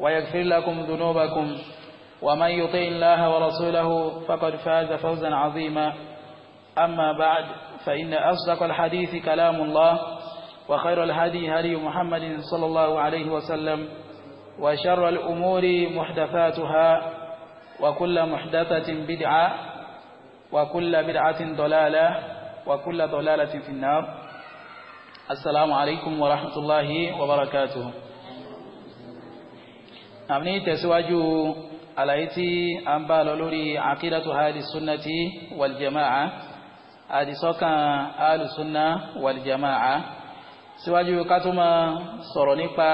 ويغفر لكم ذنوبكم ومن يطع الله ورسوله فقد فاز فوزا عظيما أما بعد فإن أصدق الحديث كلام الله وخير الهدي هدي محمد صلى الله عليه وسلم وشر الأمور محدثاتها وكل محدثة بدعة وكل بدعة ضلالة وكل ضلالة في النار السلام عليكم ورحمة الله وبركاته àmì tẹ̀síwájú àlàyé tí a ń bá lọ lórí àkídàtò alìsúnnàtì wàlìjàmáà àdìsọ́kàn alìsúnnà wàlìjàmáà síwájú ká tó máa sọ̀rọ̀ nípa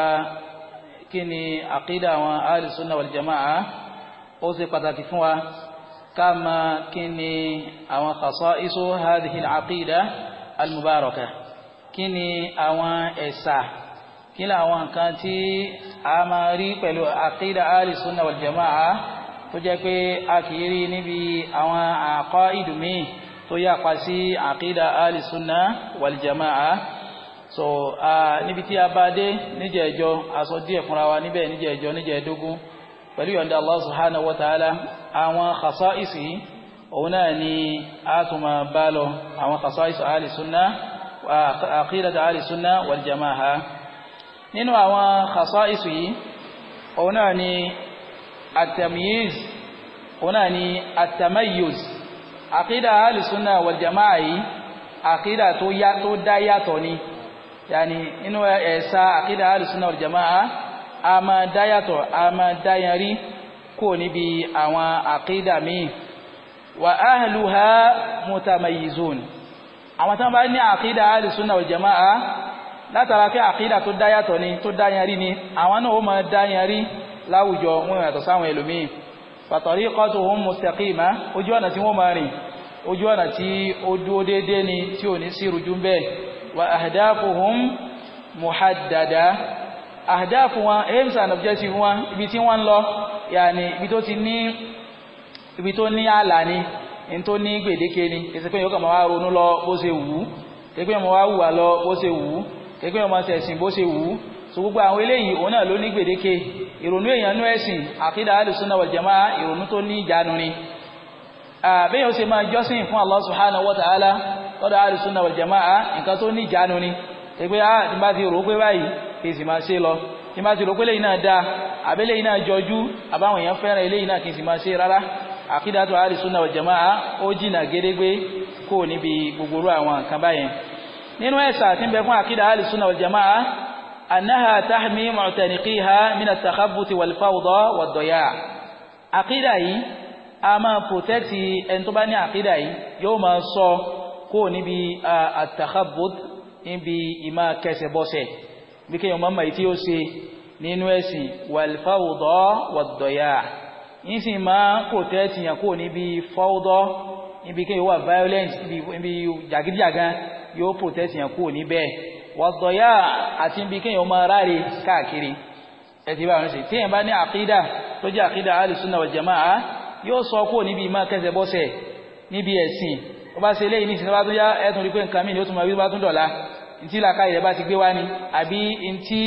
kí ni àkídà àwọn alìsúnnà wàlìjàmáà ó ṣe pàtàkì fún wa ká ma kí ni àwọn khasa'isu hadhihi al-aqida al kí ni àwọn ẹ̀sà kí làwọn nǹkan tí a máa rí pẹ̀lú àkídà alìsúnà wàlìjàmáà tó jẹ́ pé a kì í rí níbi àwọn àkọ́ ìdùnmí tó yàpa sí àkídà alìsúnà wàlìjàmáà so níbi tí a bá dé níjẹ̀ẹ́jọ́ a sọ díẹ̀ fúnra wa níbẹ̀ níjẹ̀ẹ́jọ́ níjẹ̀ẹ́dógún pẹ̀lú yọ̀ǹda Allah subhanahu wa ta'ala àwọn khasa'isi òun náà ni a tún máa bá lọ àwọn khasa'isi àlìsúnà àkídà àlìsúnà wàlìjàmáà nínú àwọn khasaisu yìí òun náà ni at-tamyiz òun náà ni at-tamayyuz àkídà alìsúnà wàljàmáà yìí àkídà tó yá tó dá yàtọ̀ ni yàní nínú ẹ̀sà àkídà alìsúnà wàljàmáà a máa dá yàtọ̀ a máa dá yanrí kò níbi àwọn àkídà míì wà áhàlùhà mutamayizun àwọn tán bá ní àkídà alìsúnà wàljàmáà látara pé àkídà tó dáyàtọ̀ ni tó dáyanrí ni àwọn náà ó máa dáyanrí láwùjọ wọn yàtọ̀ sáwọn ẹlòmíì fatariqatuhum mustaqima ojú ọ̀nà tí wọ́n máa rìn ojú ọ̀nà tí ó dúó déédéé ni tí ò ní sí rújú ń bẹ́ẹ̀ wa ahdafuhum muhaddada ahdafu wọn aims and objective wọn ibi tí wọ́n ń lọ yàní ibi tó ti ní ibi tó ní àlà ni ní tó ní gbèdéke ni kìí yóò kàn máa ronú lọ bó ṣe wù ú kìí yóò máa wà lọ bó ṣe wù ú kékeré ọmọ ṣe ẹ̀sìn bó ṣe wù ú so gbogbo àwọn eléyìí òun náà ló ní gbèdéke ìrònú èèyàn nú ẹ̀sìn àkídà alùsùnà wàjẹ̀má ìrònú tó ní ìjánu ni àbẹ́yàn ṣe máa jọ́sìn fún Allah subhanahu wa ta'ala lọ́dọ̀ alùsùnà wàjẹ̀má nǹkan tó ní ìjánu ni pé á ah, ti bá ti rò pé báyìí kì í sì máa ṣe lọ ti bá ti rò pé lẹ́yìn náà dáa àbẹ́lẹ́yìn náà jọjú àbáwọn èèyàn fẹ́ràn nínú ẹ̀sà tí ń bẹ fún àkídà alìsúnà wàljàmáà annaha tahmi mu'taniqiha min at-takhabbuti wal fawda wad daya' àkídà yìí a máa protect ẹni tó bá ní àkídà yìí yóò máa sọ kó níbi at-takhabbut níbi ìmá kẹsẹ̀ bọ́sẹ̀ bí kéèyàn máa máa tí ó ṣe nínú ẹ̀sìn wal fawda wad daya' sì máa protect yàn kó níbi fawda níbi kéèyàn wà violent níbi jàgídíjàgan yóò protest yẹn kúrò níbẹ̀ wàdọ̀yà àti ibi kéèyàn máa ráre káàkiri ẹtì bá wọn ṣe téèyàn bá ní àkídà tó jẹ́ àkídà alìsúnà wàjàmá a yóò sọ kúrò níbi ìmọ̀ kẹsẹ̀ bọ́sẹ̀ níbi ẹ̀sìn ó bá ṣe eléyìí ní ìsinmi bá tún yá ẹ̀tún rí pé nǹkan mìíràn ó tún máa ni àbí ntí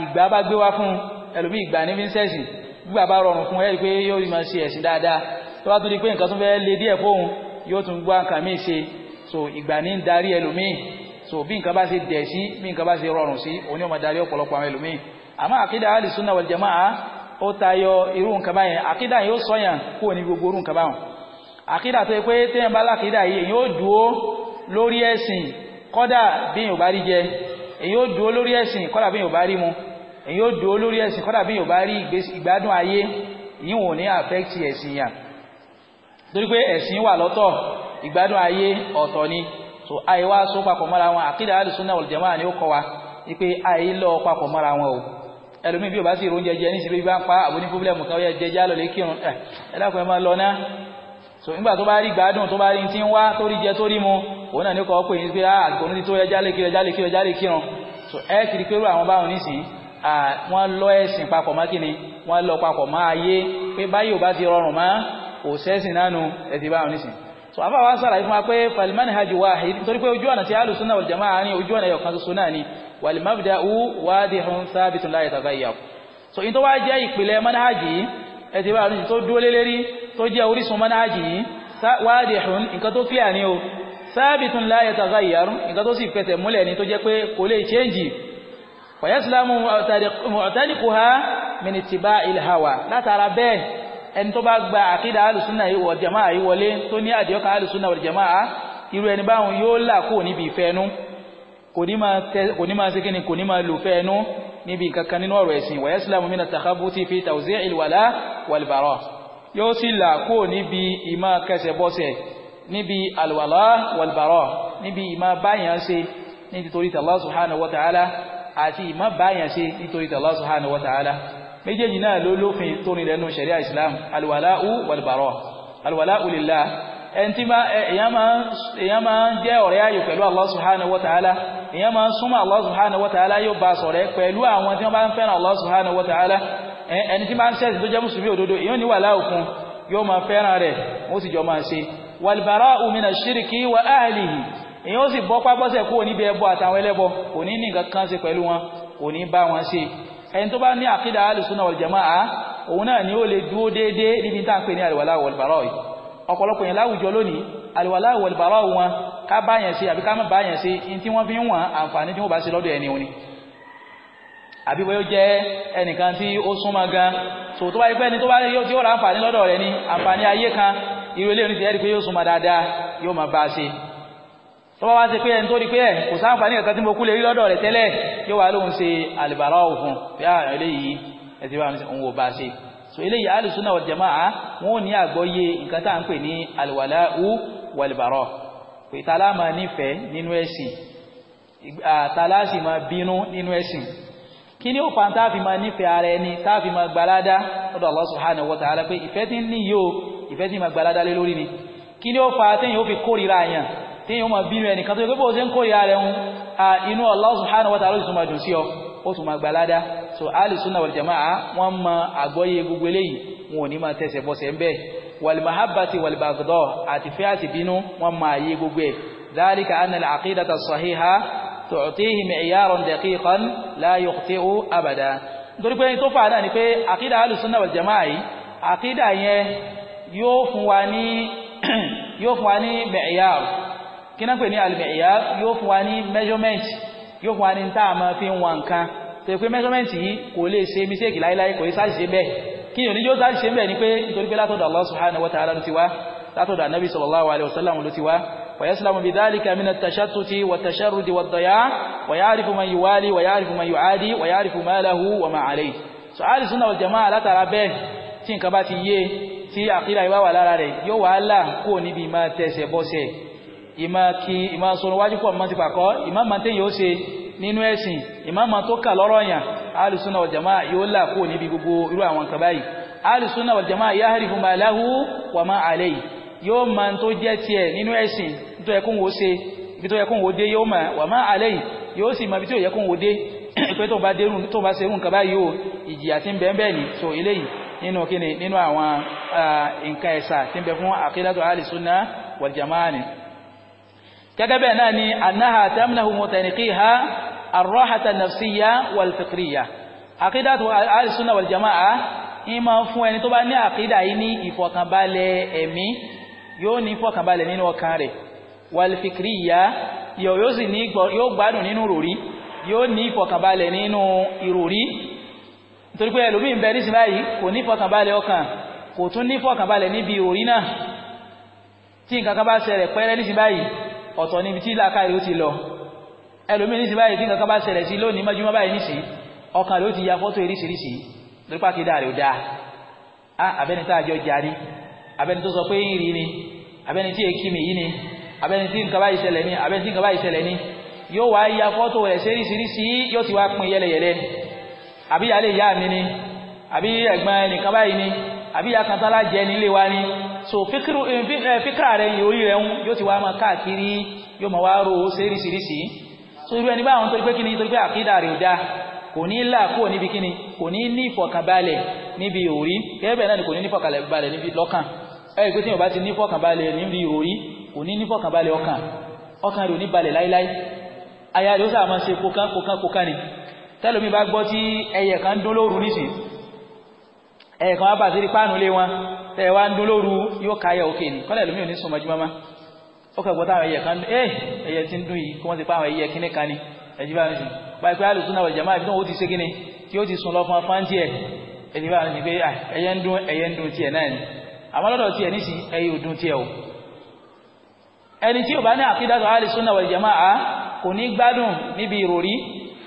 ìgbà bá gbé wá fún ẹlòmíì ìgbà ní fíńsẹ̀sì gbígbà bá rọrùn fún ẹ̀rí pé yóò rí máa ṣe ẹ̀sìn dáadáa tó bá tún rí pé nǹkan tún fẹ́ lé díẹ̀ fóun yóò tún gbá nǹkan míì ṣe so ìgbà ní ń darí ẹlòmíì so bí nǹkan bá ṣe dẹ̀ sí bí nǹkan bá ṣe rọrùn sí òun ni ó máa darí ọ̀pọ̀lọpọ̀ àwọn ẹlòmíì àmọ́ àkídà alìsúnà wal jamaa ó tayọ irú nǹkan báyẹn àkídà yóò sọyàn kúrò ní gbogbo irú nǹkan báwọn àkídà tó yẹ pé téèyàn bá lákídà yìí èyí ó dúó lórí ẹ̀sìn kọ́dà bí yóò bá rí jẹ èyí ó dúó lórí ẹ̀sìn kọ́dà bí yóò bá rí mu èyí ó dúó lórí ẹ̀sìn kọ́dà bí yóò bá rí ìgbádùn ayé ìyíwọ̀n ní àfẹ́kì ẹ̀sìn yàn torí pé ẹ̀sìn wà lọ́tọ̀ ìgbádùn ayé ọ̀tọ̀ ni so ayé wa so papọ̀ mọ́ra wọn àkídà alùsùnà wọ̀lùjẹ̀mọ́ ni ó kọ́ wa ni pé ayé lọ papọ̀ mọ́ra wọn o ẹlòmíì bí o bá sì ronú jẹjẹ ní ìsinmi bá ń pa àbò ní pọ́blẹ́mù kan ó yẹ jẹjẹ alòlé kírun ẹ ẹ ẹ máa lọ náà so nígbà tó bá rí gbádùn tó bá rí ti ń wá tó rí jẹ tó rí mu òun náà ní kọ́ pé pé àgbọ̀nú tó yẹ jálè kírun jálè kírun jálè kírun so ẹ kiri pé irú àwọn báwọn nísìnyí wọ́n lọ ẹ̀sìn papọ̀ mọ́ kíni wọ́n lọ papọ̀ mọ́ ayé pé báyìí ò bá ti rọrùn mọ́ kò sẹ́sìn nánu ẹ̀sìn báwọn nísìn so afa wa sara ifun pe fal manhaj wahid torí pé ojú ọ̀nà tí ahlus sunna wal jamaa ni ojú ọ̀nà yo kan sunna ni wal mabda'u wadihun thabitun la yataghayyar so in tó wá jẹ́ ìpìlẹ̀ manhaj yìí ẹ tó dúró lé tó jẹ́ orísun manhaj yìí wadihun nǹkan tó clear ni o thabitun la yataghayyar nǹkan tó sì fẹsẹ̀ múlẹ̀ ni tó jẹ́ pé kò lè change fa yaslamu mu'tadiquha min ittiba'il hawa bẹ́ẹ̀ ẹni tó bá gba àkídà alùsùnà ìwọ̀ jama'a ìwọlé tó ní àdíọ́kà alùsùnà wal jama'a irú ẹni báwọn yóò là kó níbi ìfẹ́nu kò ní máa síkíni kò ní máa lò fẹ́nu níbi kankan nínú ọ̀rọ̀ ẹ̀sìn wa yaslamu mina takhabuti fi tawzi'il wala wal bara yóò sì là kó níbi ìmá kẹsẹ̀ bọ́sẹ̀ níbi alwala wal níbi ìmá báyàn ṣe nítorí Allah subhanahu àti ìmá báyàn ṣe nítorí Allah subhanahu méjèèjì náà ló lófin tó ní lẹ́nu ṣẹ̀ríà islam alwala'u walbara alwala'u lillah ẹni tí èèyàn máa ń jẹ́ ọ̀rẹ́ ayò pẹ̀lú Allah subhanahu wa ta'ala èèyàn máa ń súnmọ́ Allah subhanahu wa ta'ala yóò bá sọ̀rẹ́ pẹ̀lú àwọn tí wọ́n bá ń fẹ́ràn Allah subhanahu wa ta'ala ẹni tí máa ń ṣẹ̀sì tó jẹ́ mùsùlùmí òdodo èèyàn ní wà láòkun yóò máa fẹ́ràn rẹ̀ ó sì jọ ẹni tó bá ní àkídà alùsùnà wal jama'a òun náà ni ó lè dúó déédé níbi tá à ń pè ní àlùwàlá wọlbàrọ yìí ọ̀pọ̀lọpọ̀ yẹn láwùjọ lónìí àlùwàlá wọlbàrọ wọn ká bá yẹn ṣe àbí ká má bá yẹn ṣe ní tí wọ́n fi ń wọ̀n àǹfààní tí wọ́n bá ṣe lọ́dọ̀ ẹni òní àbí wọ́n jẹ́ ẹnìkan tí ó súnmọ́ gan so tó bá yẹ pé tó bá yóò tí ó ra àǹfààní lọ́dọ̀ rẹ̀ ní àǹfààní ayé kan irú ilé oníṣẹ́ pé yóò súnmọ́ dáadáa yóò máa bá a ṣe tó bá wá ṣe pé ẹni tó rí pé ẹ kò sáǹfààní kankan tí mo kú lè rí lọ́dọ̀ rẹ̀ tẹ́lẹ̀ yóò wá lóhun ṣe àlùbárà òfun bí àwọn ah, eléyìí ẹ bá wọn òun bá ṣe so eléyìí alùsùnà wal jamaa wọn ò ní àgbọ́yé nǹkan tá à ń pè ní alwala'u walbara pé tálá nífẹ̀ẹ́ nínú ẹ̀sìn tálá máa bínú nínú ẹ̀sìn kí ni ó fa tá a fi máa nífẹ̀ẹ́ ara ẹni tá a fi máa gbalada lọ́dọ̀ Allah subhanahu kí ni ó fa téèyàn ó fi kórìíra àyàn tí yíò máa bínú ẹnìkan tó yẹ pé bó ṣe ń kórìíra rẹ̀ ń inú Allah subhanahu wa ta'ala ìsúnmọ̀ dùn sí ọ ó tún máa gbalada so ali sunna wal jamaa wọ́n mọ àgbọ́yé gbogbo eléyìí wọn ò ní máa tẹsẹ̀ bọ́sẹ̀ ń bẹ̀ wal mahabbati wal baghdha àti fẹ́ àti bínú wọ́n mọ àyè gbogbo ẹ̀ dhalika anna al aqidata sahiha yóò fún wa ní yóò kí náà pè ní alìmẹ̀yà yóò fún wa ní measurement yóò fún wa ní tá a máa fi ń wọn nǹkan tó yẹ pé measurement yìí kò lè ṣe mistake láéláé kò lè sáà ṣe bẹ́ẹ̀ kí ni oníjó sáà bẹ́ẹ̀ ni pé nítorí pé látọ̀dọ̀ Allah látọ̀dọ̀ anabi sallallahu alayhi بذلك من التشتت والتشرد والضياع ويعرف من يوالي ويعرف من يعادي ويعرف ما له وما عليه سؤال السنة والجماعة لا ترى به tí nǹkan bá ti yé tí àkílà ìwà wà lára rẹ̀ yóò ìmọ̀ kí ìmọ̀ sọ̀rọ̀ wájú pọ̀ mọ́ ti pàkọ́ ìmọ̀ mọ́ tẹ́ yóò ṣe nínú ẹ̀sìn ìmọ̀ mọ́ tó kà lọ́rọ̀ yàn alùsùnà wal jamaa yóò là kó níbi gbogbo irú àwọn nǹkan báyìí alùsùnà wal jamaa yahrifu ma lahu wa ma alayhi yóò mọ́ tó jẹ́ tiẹ̀ nínú ẹ̀sìn tó yẹ kóhun ó ibi tó yẹ kóhun ó dé yóò mọ̀ wa ma alayhi yóò sì mọ̀ ibi tó yẹ kóhun ó dé pé tó bá dérú tó bá ṣerú nǹkan báyìí o ìjìyà ti bẹ́ẹ̀ ni so eléyìí nínú kíni nínú àwọn ah, nǹkan ẹ̀sà ti ń bẹ fún aqidatu alùsùnà wal ni gẹ́gẹ́ bẹ́ẹ̀ náà ni annaha tamnahu mutaniqiha arrahata nafsiyya wal fikriyya aqidatu al-sunna wal jama'a in ma fún ẹni tó bá ní aqida yìí ní ìfọ̀kànbalẹ̀ ẹ̀mí yóò ní ìfọ̀kànbalẹ̀ nínú ọkàn rẹ̀ wal fikriyya yóò sì ní yóò gbádùn nínú ròrí yóò ní ìfọ̀kànbalẹ̀ nínú ìròrí nítorí pé ẹlòmíín bẹ nísìnyí báyìí ní ọ̀tọ̀ níbi tí làákàyè ó ti lọ ẹlòmíì ní ti báyìí tí nǹkan bá ṣẹlẹ̀ sí lónìí mọ́júmọ́ báyìí nìsí ọkàn rẹ̀ ti ya fọ́tò eríṣiríṣi torí pàkídà rẹ̀ ó dáa á ah, abẹ́ni tá a jọ jarí abẹ́ni tó sọ pé ń rí ni abẹ́ni tí èkì mi yìí ni abẹ́ni tí nǹkan báyìí ṣẹlẹ̀ ni abẹ́ni tí nǹkan báyìí ṣẹlẹ̀ ni yóò wá ya fọ́tò rẹ̀ ṣeríṣiríṣi yóò ti wá pin yẹlẹyẹlẹ àbí yàrá ìyá mi ni àbí ẹ̀gbọ́n ẹnìkan báyìí ni àbí yàkàntálá jẹ nílé wa ni so fíkra eh, eh, rẹ̀ yìí orí rẹ̀ ń yóò ti wá máa káàkiri yóò máa wá ro oríṣiríṣi so irú ẹni báwọn torí pé kíni torí pé àkídà rẹ̀ ò dáa kò ní là kúrò níbi kíni kò ní ní ìfọ̀kànbalẹ̀ níbi òrí gẹ́gẹ́ náà ni kò ní ní ìfọ̀kànbalẹ̀ níbi lọ́kàn ẹ̀ pé tí yóò bá ti ní ìfọ̀kànbalẹ̀ níbi òrí kò ní ní ìfọ̀kànbalẹ̀ ọkàn ọkàn rẹ̀ ò ní balẹ̀ láíláí aya rẹ̀ ó sáà máa ṣe kókán kókán kókán ni tẹ́lómi bá gbọ́ tí ẹyẹ kan dún lóru nísìn ẹyẹ kan wá bàtí páànù lé wọn tẹ wá ń dún lóru yóò káyà òkè ní kọ́lẹ̀ lómi ò ní sọmọ jùmọ́má ó kẹ́gbọ́n táwọn ẹyẹ kan ẹ eh, ẹyẹ ti ń dún yìí kí wọ́n ti pa àwọn ẹyẹ kíní kan ni ẹ̀jí bá ń sùn báyìí pé alùsùn náà jẹ̀má àbí náà ó ti ṣe kíni tí ó ti sùn lọ fún afáǹtì ẹ̀ ẹ̀jí bá ń sùn pé ah, ẹyẹ ń dún ẹyẹ ń dún tiẹ̀ náà ni àmọ́ lọ́dọ̀ tiẹ̀ ní sìn ẹyẹ ò dún tiẹ̀ o ẹni tí ò bá ní àkídàtọ̀ alùsùn náà jẹ̀má à kò ní gbádùn níbi ìròrí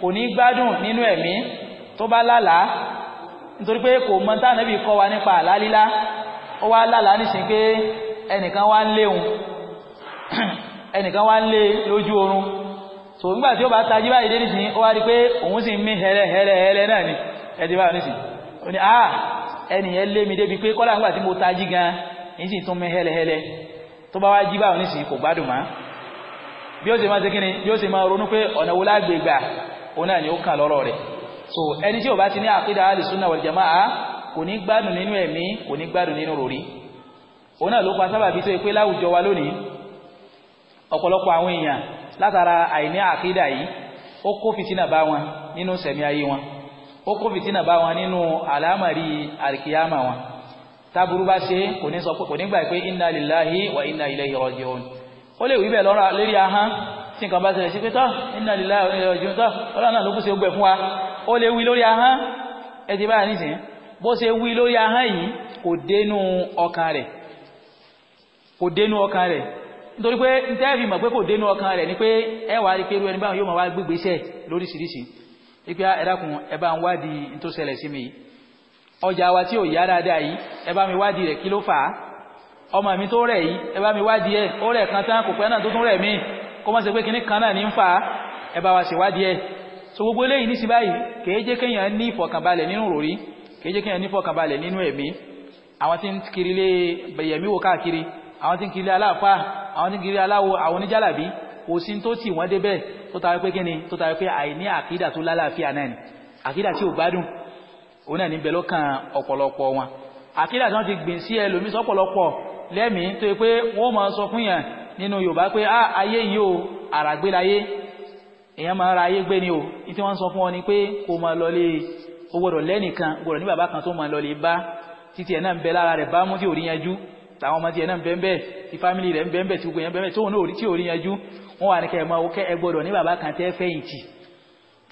kò ní gbádùn ó wá lálàá nísìn pé ẹnìkan wá ń léhun ẹnìkan wá ń lé lójú oorun so nígbà tí ó bá tají báyìí dé nísìn ó wá rí pé òun sì ń mí hẹlẹ hẹlẹ hẹlẹ náà ni ẹ báyìí nísìn ó ní ah ẹnìyẹn lé mi débi pé kọ́lá nígbà tí mo tají gan yìí sì tún mí hẹlẹ hẹlẹ tó bá wá jí báyìí nísìn kò gbádùn mọ́ bí ó ṣe máa ṣe kíni bí ó ṣe máa ronú pé ọ̀nà wo lágbègbà òun náà ni ó kàn lọ́rọ̀ rẹ̀ so ẹni tí ò bá ti ní àkídà alìsúnà wal kò ní gbádùn nínú ẹ̀mí kò ní gbádùn nínú ròrí òun náà ló sábàbí tó wa lónìí ọ̀pọ̀lọpọ̀ àwọn èèyàn látara àìní àkídà yìí ó kó fìtínà bá wọn nínú sẹ̀mí ayé wọn ó kó fìtínà bá wọn nínú àlámàrí àríkìyàmà wọn táburú bá kò ní sọ kò ní gbà pé wa inna ilayhi raji'un ó lè wí bẹ́ẹ̀ lọ́rọ̀ wa tọ́ ọlọ́run náà ló kù sí ogbẹ̀ bó ṣe wí lórí ahọ́n yìí kò dénú ọkàn rẹ̀ kò dénú ọkàn rẹ̀ nítorí pé ntẹ́ fi mọ̀ pé kò dénú ọkàn rẹ̀ ni pé rí pé ẹni báwọn yóò máa wá lóríṣiríṣi ọjà wa tí ò yá dáadáa yìí ẹ mi wádìí rẹ̀ kí ló fà á ọmọ mi tó rẹ̀ yìí ẹ mi wádìí ẹ̀ ó rẹ̀ kan tán kò pẹ́ náà tó tún rẹ̀ mí kó pé kinní kan náà ní ń fà á so gbogbo eléyìí ní kéèyàn ní ìfọ̀kànbalẹ̀ nínú kìí jẹ́ kéèyàn nífọ̀kànbalẹ̀ nínú ẹ̀mí àwọn tí ń kiri lé yẹ̀mí wò káàkiri àwọn tí ń kiri aláàfà àwọn tí ń kiri aláwo àwọn oníjàlàbí kò sí tó tì wọ́n débẹ̀ tó tayọ pé kíni tó tayọ pé àìní àkídà tó lálàáfíà náà ni àkídà tí ò gbádùn òun náà níbẹ̀ lọ́kàn ọ̀pọ̀lọpọ̀ wọn àkídà tí wọ́n ti gbìn sí ẹlòmíì sọ́pọ̀lọpọ̀ lẹ́mìí tó yẹ pé wọ́n ó gbọ́dọ̀ lẹ́nìkan gbọ́dọ̀ ní bàbá kan tó máa lọ lè bá títí ẹ̀ náà ń bẹ lára rẹ̀ bá mú tí ò rí yanjú tàwọn ọmọ tí ẹ̀ ń bẹ ń bẹ tí fámìlì rẹ̀ ń bẹ ń bẹ tí gbogbo bẹ tó náà tí ò rí yanjú wọn wà ní kẹ́ ẹ̀ máa wọ́kẹ́ ní bàbá kan tẹ́ fẹ̀yìntì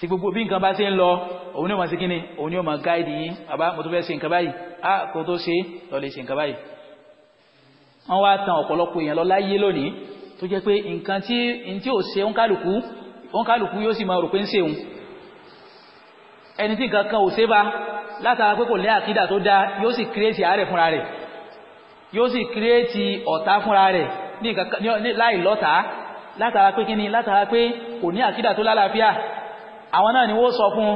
tí gbogbo bí nǹkan bá ṣe ń lọ òun ni ó máa ṣe kíni òun ni ó máa gáìdì yín bàbá mo tó fẹ́ ṣe nǹkan báyìí á kó tó ṣe lọ lè ṣe nǹkan báyìí wọ́n wá tan ọ̀pọ̀lọpọ̀ èèyàn lọ láyé lónìí tó jẹ́ pé nǹkan tí ò ṣe òǹkálùkù yóò sì máa rò pé ń ṣe òun ẹni tí nǹkan kan ò ṣe bá látara pé kò lé àkídà tó dáa yóò sì kírètì àárẹ̀ fúnra rẹ̀ yóò sì kírètì ọ̀tá fúnra rẹ̀ láì lọ́tà látara pé kíni látara pé kò ní àkídà tó lálàáfíà àwọn náà ni wọ́n sọ fún